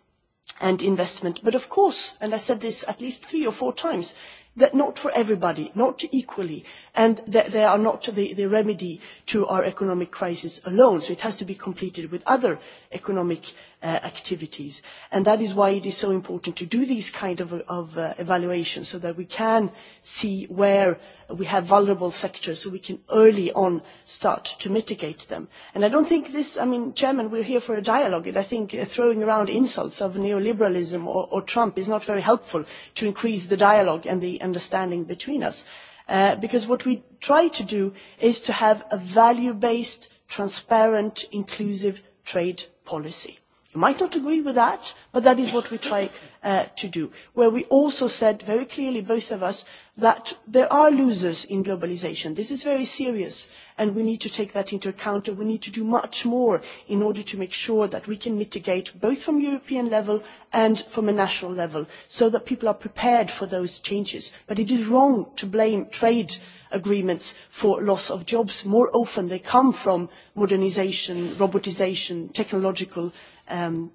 and investment. But of course, and I said this at least three or four times, not for everybody, not equally, and that they are not the remedy to our economic crisis alone. So it has to be completed with other economic Uh, activities. And that is why it is so important to do these kind of, of uh, evaluations so that we can see where we have vulnerable sectors so we can early on start to mitigate them. And I don't think this, I mean, Chairman, we're here for a dialogue and I think uh, throwing around insults of neoliberalism or, or Trump is not very helpful to increase the dialogue and the understanding between us. Uh, because what we try to do is to have a value-based, transparent, inclusive trade policy You might not agree with that, but that is what we try uh, to do, where we also said very clearly, both of us, that there are losers in globalisation. This is very serious, and we need to take that into account, and we need to do much more in order to make sure that we can mitigate, both from European level and from a national level, so that people are prepared for those changes. But it is wrong to blame trade agreements for loss of jobs. More often they come from modernisation, robotisation, technological Um,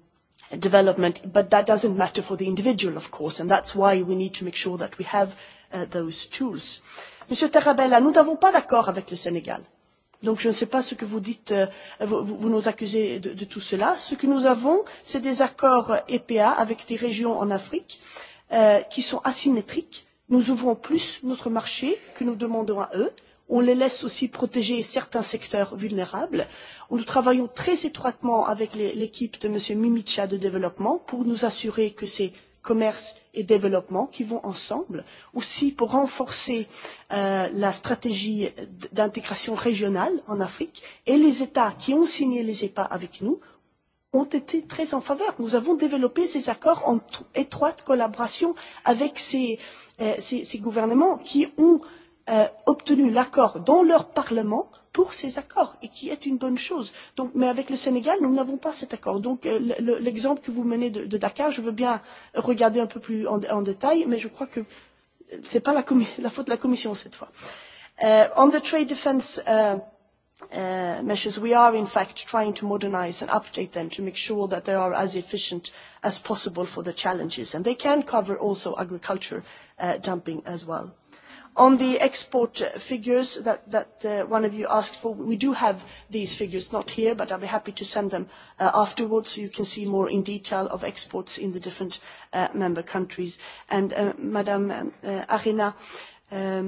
development, but that doesn't matter for the individual, of course, and that's why we need to make sure that we have uh, those tools. Monsieur Tarabella, nous n'avons pas d'accord avec le Sénégal. Donc je ne sais pas ce que vous dites, euh, vous, vous nous accusez de, de tout cela. Ce que nous avons, c'est des accords EPA avec des régions en Afrique euh, qui sont asymétriques. Nous ouvrons plus notre marché que nous demandons à eux on les laisse aussi protéger certains secteurs vulnérables. Nous travaillons très étroitement avec l'équipe de M. Mimica de développement pour nous assurer que ces commerce et développement qui vont ensemble, aussi pour renforcer euh, la stratégie d'intégration régionale en Afrique. Et les États qui ont signé les EPA avec nous ont été très en faveur. Nous avons développé ces accords en étroite collaboration avec ces, euh, ces, ces gouvernements qui ont euh, Euh, obtenu l'accord dans leur parlement pour ces accords ce qui est une bonne chose. mais avec le Sénégal, nous n'avons pas cet accord. Donc euh, l'exemple que vous menez de, Dakar, je veux bien regarder un peu plus en, détail, mais je crois que ce n'est pas la, faute de la Commission cette fois. Euh, on the trade defence uh, measures, we are in fact trying to modernise and update them to make sure that they are as efficient as possible for the challenges. And they can cover also agriculture uh, dumping as well on the export figures that, that uh, one of you asked for we do have these figures not here but i will be happy to send them uh, afterwards so you can see more in detail of exports in the different uh, member countries. and madam arena um,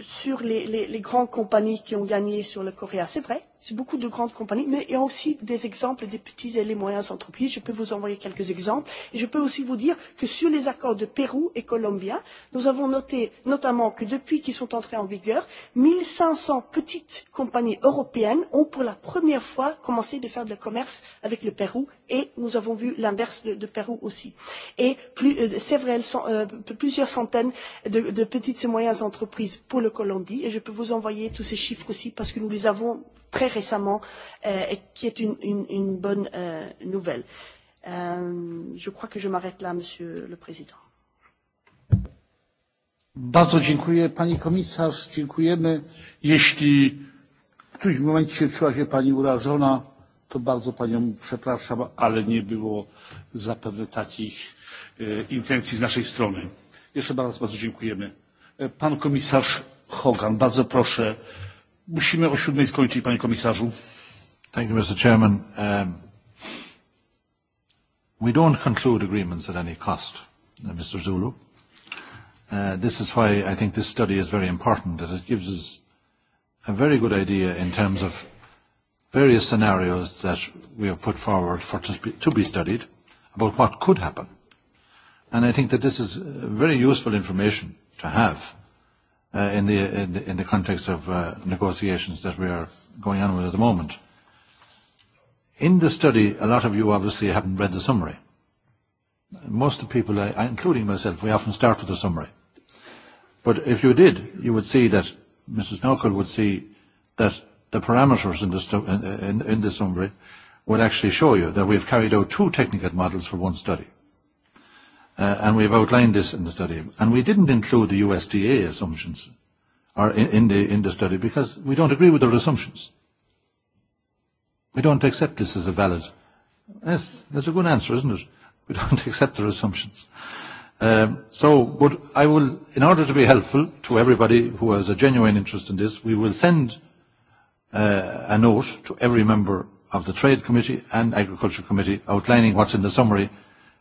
sur les, grandes compagnies qui ont gagné sur le coréa c'est vrai c'est beaucoup de grandes compagnies, mais il y a aussi des exemples des petites et les moyennes entreprises. Je peux vous envoyer quelques exemples. Et je peux aussi vous dire que sur les accords de Pérou et Colombia, nous avons noté notamment que depuis qu'ils sont entrés en vigueur, 1500 petites compagnies européennes ont pour la première fois commencé de faire du commerce avec le Pérou et nous avons vu l'inverse de, de Pérou aussi. Et plus, euh, c'est vrai, elles sont, euh, plusieurs centaines de, de petites et moyennes entreprises pour le Colombie et je peux vous envoyer tous ces chiffres aussi parce que nous les avons très récemment euh, et qui est une, une, une bonne euh, nouvelle. Euh, je crois que je m'arrête là, Monsieur le Président. Bardzo dziękuję. Pani komisarz, dziękujemy. Jeśli w którymś momencie czuła się Pani urażona, to bardzo Panią przepraszam, ale nie było zapewne takich e, intencji z naszej strony. Jeszcze raz bardzo dziękujemy. E, pan komisarz Hogan, bardzo proszę Musimy o siódmej skończyć, panie komisarzu. Thank you, Mr. Chairman. Um, we don't conclude agreements at any cost, uh, Mr. Zulu. Uh, this is why I think this study is very important, that it gives us a very good idea in terms of various scenarios that we have put forward for to be, to be studied about what could happen. And I think that this is uh, very useful information to have Uh, in, the, in, the, in the context of uh, negotiations that we are going on with at the moment. In the study, a lot of you obviously haven't read the summary. Most of the people, uh, including myself, we often start with the summary. But if you did, you would see that Mrs. Knuckle would see that the parameters in the, in, in, in the summary would actually show you that we've carried out two technical models for one study. Uh, and we've outlined this in the study. And we didn't include the USDA assumptions or in, in, the, in the study because we don't agree with their assumptions. We don't accept this as a valid. Yes, that's a good answer, isn't it? We don't accept their assumptions. Um, so, but I will, in order to be helpful to everybody who has a genuine interest in this, we will send uh, a note to every member of the Trade Committee and Agriculture Committee outlining what's in the summary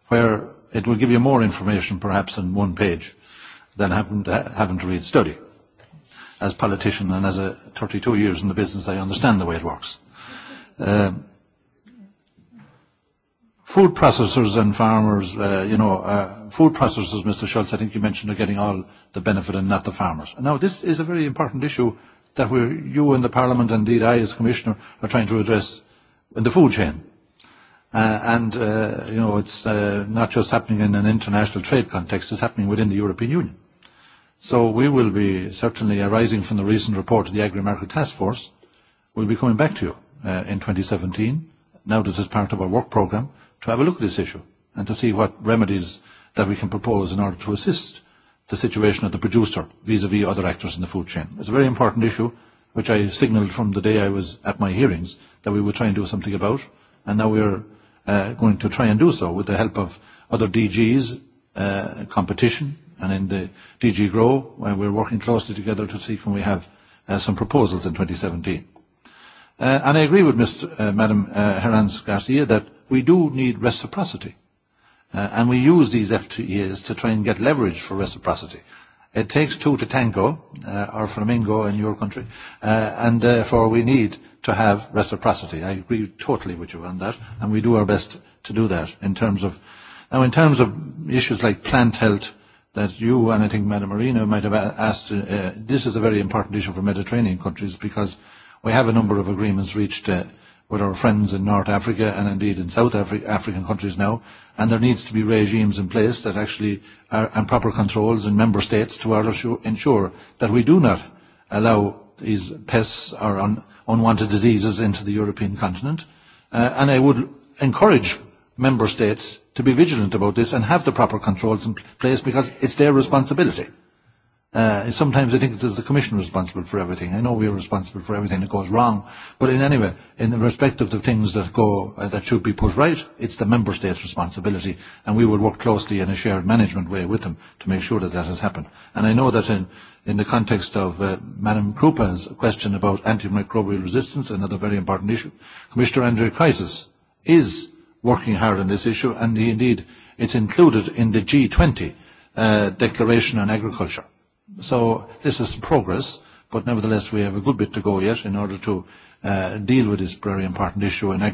where It will give you more information perhaps in one page than having to, having to read study. As politician and as a 32 years in the business, I understand the way it works. Um, food processors and farmers, uh, you know, uh, food processors, Mr. Schultz, I think you mentioned are getting all the benefit and not the farmers. Now, this is a very important issue that we're, you in the Parliament, and indeed I as Commissioner, are trying to address in the food chain Uh, and uh, you know, it's uh, not just happening in an international trade context, it's happening within the European Union. So we will be certainly arising from the recent report of the Agri-Market Task Force. We'll be coming back to you uh, in 2017, now that it's part of our work programme, to have a look at this issue and to see what remedies that we can propose in order to assist the situation of the producer vis-à-vis -vis other actors in the food chain. It's a very important issue, which I signalled from the day I was at my hearings that we would try and do something about, and now we are uh, going to try and do so with the help of other DGs, uh, competition, and in the DG Grow, where we're working closely together to see can we have uh, some proposals in 2017. Uh, and I agree with Mr. Uh, Madam uh, Herans Garcia that we do need reciprocity. Uh, and we use these FTAs to try and get leverage for reciprocity. It takes two to tango, uh, or flamingo in your country, uh, and therefore we need to have reciprocity. I agree totally with you on that, and we do our best to do that in terms of now in terms of issues like plant health that you and I think Madam Marina might have asked. Uh, this is a very important issue for Mediterranean countries because we have a number of agreements reached uh, with our friends in North Africa and indeed in South Afri- African countries now, and there needs to be regimes in place that actually are, and proper controls in member states to ensure, ensure that we do not allow these pests or un- unwanted diseases into the European continent. Uh, and I would encourage member states to be vigilant about this and have the proper controls in place because it's their responsibility. Uh, sometimes I think there's the Commission responsible for everything. I know we are responsible for everything that goes wrong, but in any way, in the respect of the things that go uh, that should be put right, it's the member states' responsibility, and we will work closely in a shared management way with them to make sure that that has happened. And I know that in in the context of uh, Madam Krupa's question about antimicrobial resistance, another very important issue, Commissioner Andrew Kaisers is working hard on this issue, and he, indeed it's included in the G20 uh, declaration on agriculture so this is progress, but nevertheless we have a good bit to go yet in order to uh, deal with this very important issue in uh,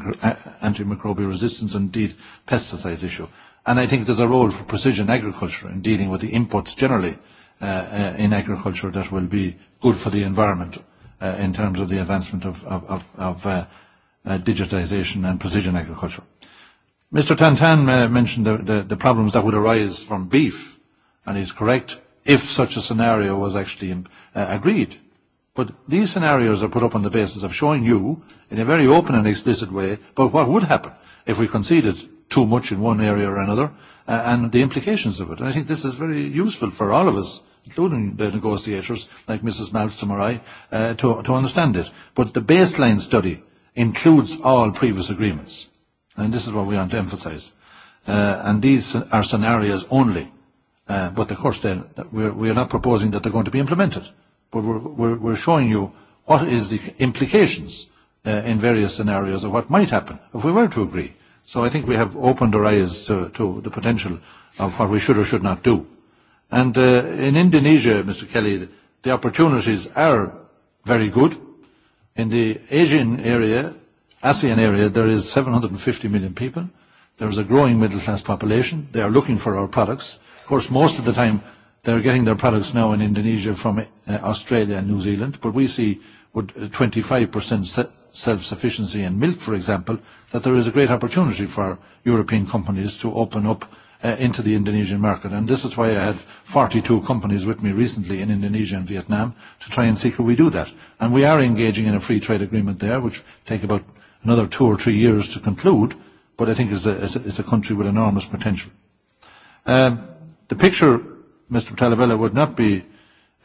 antimicrobial resistance and indeed pesticides issue. And I think there's a role for precision agriculture in dealing with the inputs generally uh, uh, in agriculture that will be good for the environment uh, in terms of the advancement of, of, of, of uh, uh, digitization and precision agriculture. Mr. Tantan uh, mentioned the, the, the problems that would arise from beef, and he's correct if such a scenario was actually um, uh, agreed. But these scenarios are put up on the basis of showing you, in a very open and explicit way, but what would happen if we conceded too much in one area or another, uh, and the implications of it. And I think this is very useful for all of us, including the negotiators, like Mrs. Malmstrom or I, uh, to, to understand it. But the baseline study includes all previous agreements. And this is what we want to emphasise. Uh, and these are scenarios only Uh, but of course then, we're, we're not proposing that they're going to be implemented. But we're, we're, we're showing you what is the implications uh, in various scenarios of what might happen if we were to agree. So I think we have opened our eyes to, to the potential of what we should or should not do. And uh, in Indonesia, Mr. Kelly, the opportunities are very good. In the Asian area, ASEAN area, there is 750 million people. There is a growing middle class population. They are looking for our products course, most of the time they're getting their products now in Indonesia from uh, Australia and New Zealand, but we see with 25% uh, self-sufficiency in milk, for example, that there is a great opportunity for European companies to open up uh, into the Indonesian market. And this is why I had 42 companies with me recently in Indonesia and Vietnam to try and see could we do that. And we are engaging in a free trade agreement there, which take about another two or three years to conclude, but I think it's a, is a, a country with enormous potential. Um, The picture, Mr. Talabella, would not be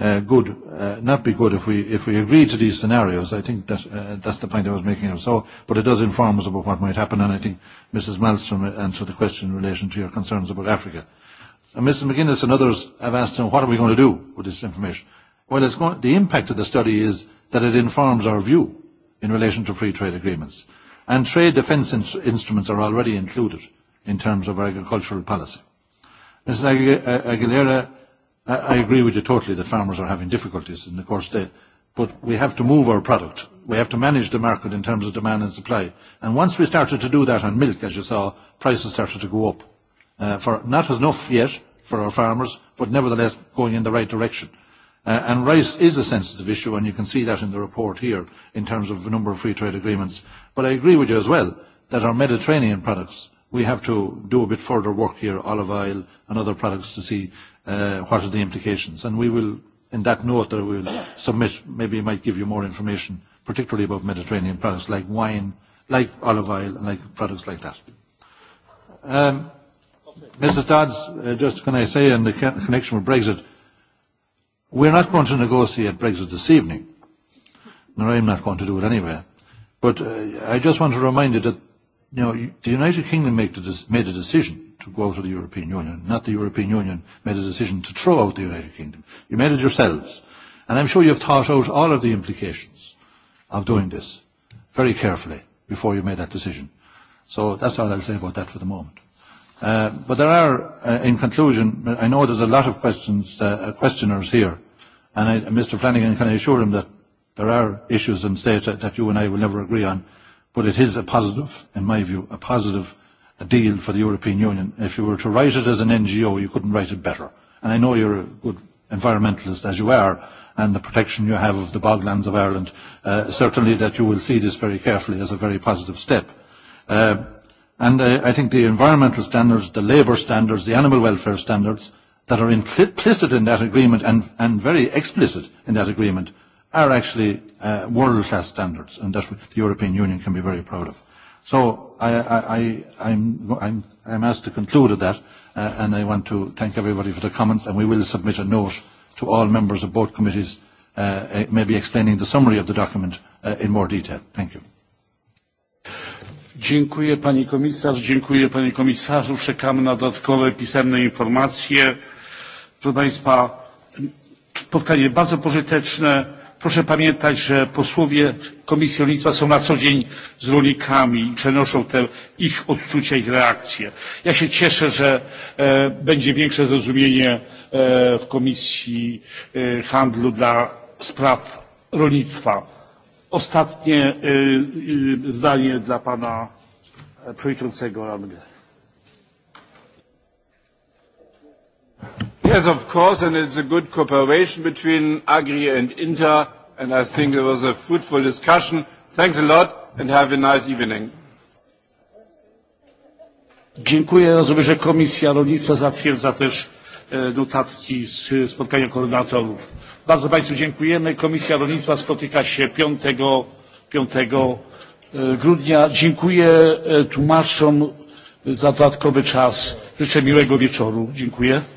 uh, good, uh, not be good if we if we agree to these scenarios. I think that uh, that's the point I was making. So, but it does inform us about what might happen, and I think Mrs. Malmstrom answered the question in relation to your concerns about Africa. And Mrs. McGuinness and others have asked, him, what are we going to do with this information? Well, it's going, the impact of the study is that it informs our view in relation to free trade agreements. And trade defence in, instruments are already included in terms of our agricultural policy. Mrs. Aguilera, I, I agree with you totally that farmers are having difficulties, and of course they, but we have to move our product. We have to manage the market in terms of demand and supply. And once we started to do that on milk, as you saw, prices started to go up. Uh, for not enough yet for our farmers, but nevertheless going in the right direction. Uh, and rice is a sensitive issue, and you can see that in the report here in terms of the number of free trade agreements. But I agree with you as well that our Mediterranean products we have to do a bit further work here, olive oil and other products, to see uh, what are the implications. And we will, in that note that we will submit, maybe might give you more information, particularly about Mediterranean products like wine, like olive oil, and like products like that. Um, Mrs. Dodds, uh, just can I say in the connection with Brexit, we're not going to negotiate Brexit this evening. No, I'm not going to do it anyway. But uh, I just want to remind you that Now, the United Kingdom made, the, made a decision to go out of the European Union, not the European Union made a decision to throw out the United Kingdom. You made it yourselves. And I'm sure you've thought out all of the implications of doing this very carefully before you made that decision. So that's all I'll say about that for the moment. Uh, but there are, uh, in conclusion, I know there's a lot of questions, uh, uh questioners here. And I, Mr. Flanagan, can I assure him that there are issues in state that, that you and I will never agree on but it is a positive, in my view, a positive deal for the European Union. If you were to write it as an NGO, you couldn't write it better. And I know you're a good environmentalist as you are, and the protection you have of the boglands of Ireland, uh, certainly that you will see this very carefully as a very positive step. Uh, and uh, I think the environmental standards, the labour standards, the animal welfare standards that are implicit in that agreement and, and very explicit in that agreement are actually uh, world-class standards and that the European Union can be very proud of. So I, I, I, I'm, I'm, I'm asked to conclude at that uh, and I want to thank everybody for the comments and we will submit a note to all members of both committees uh, eh, maybe explaining the summary of the document uh, in more detail. Thank you. Dziękuję pani komisarz, dziękuję panie komisarzu. Czekamy na dodatkowe pisemne informacje. Proszę państwa, spotkanie bardzo pożyteczne proszę pamiętać, że posłowie Komisji Rolnictwa są na co dzień z rolnikami i przenoszą te ich odczucia, ich reakcje. Ja się cieszę, że e, będzie większe zrozumienie e, w Komisji e, Handlu dla spraw rolnictwa. Ostatnie zdanie dla pana przewodniczącego Lange. Yes, of course, and it's a good cooperation between Agri and Inter, and I think it was a fruitful discussion. Thanks a lot and have a nice evening. Dziękuję. Rozumiem, że Komisja Rolnictwa zatwierdza też e, notatki z e, spotkania koordynatorów. Bardzo Państwu dziękujemy. Komisja Rolnictwa spotyka się 5, 5 e, grudnia. Dziękuję tłumaczom za dodatkowy czas. Życzę miłego wieczoru. Dziękuję.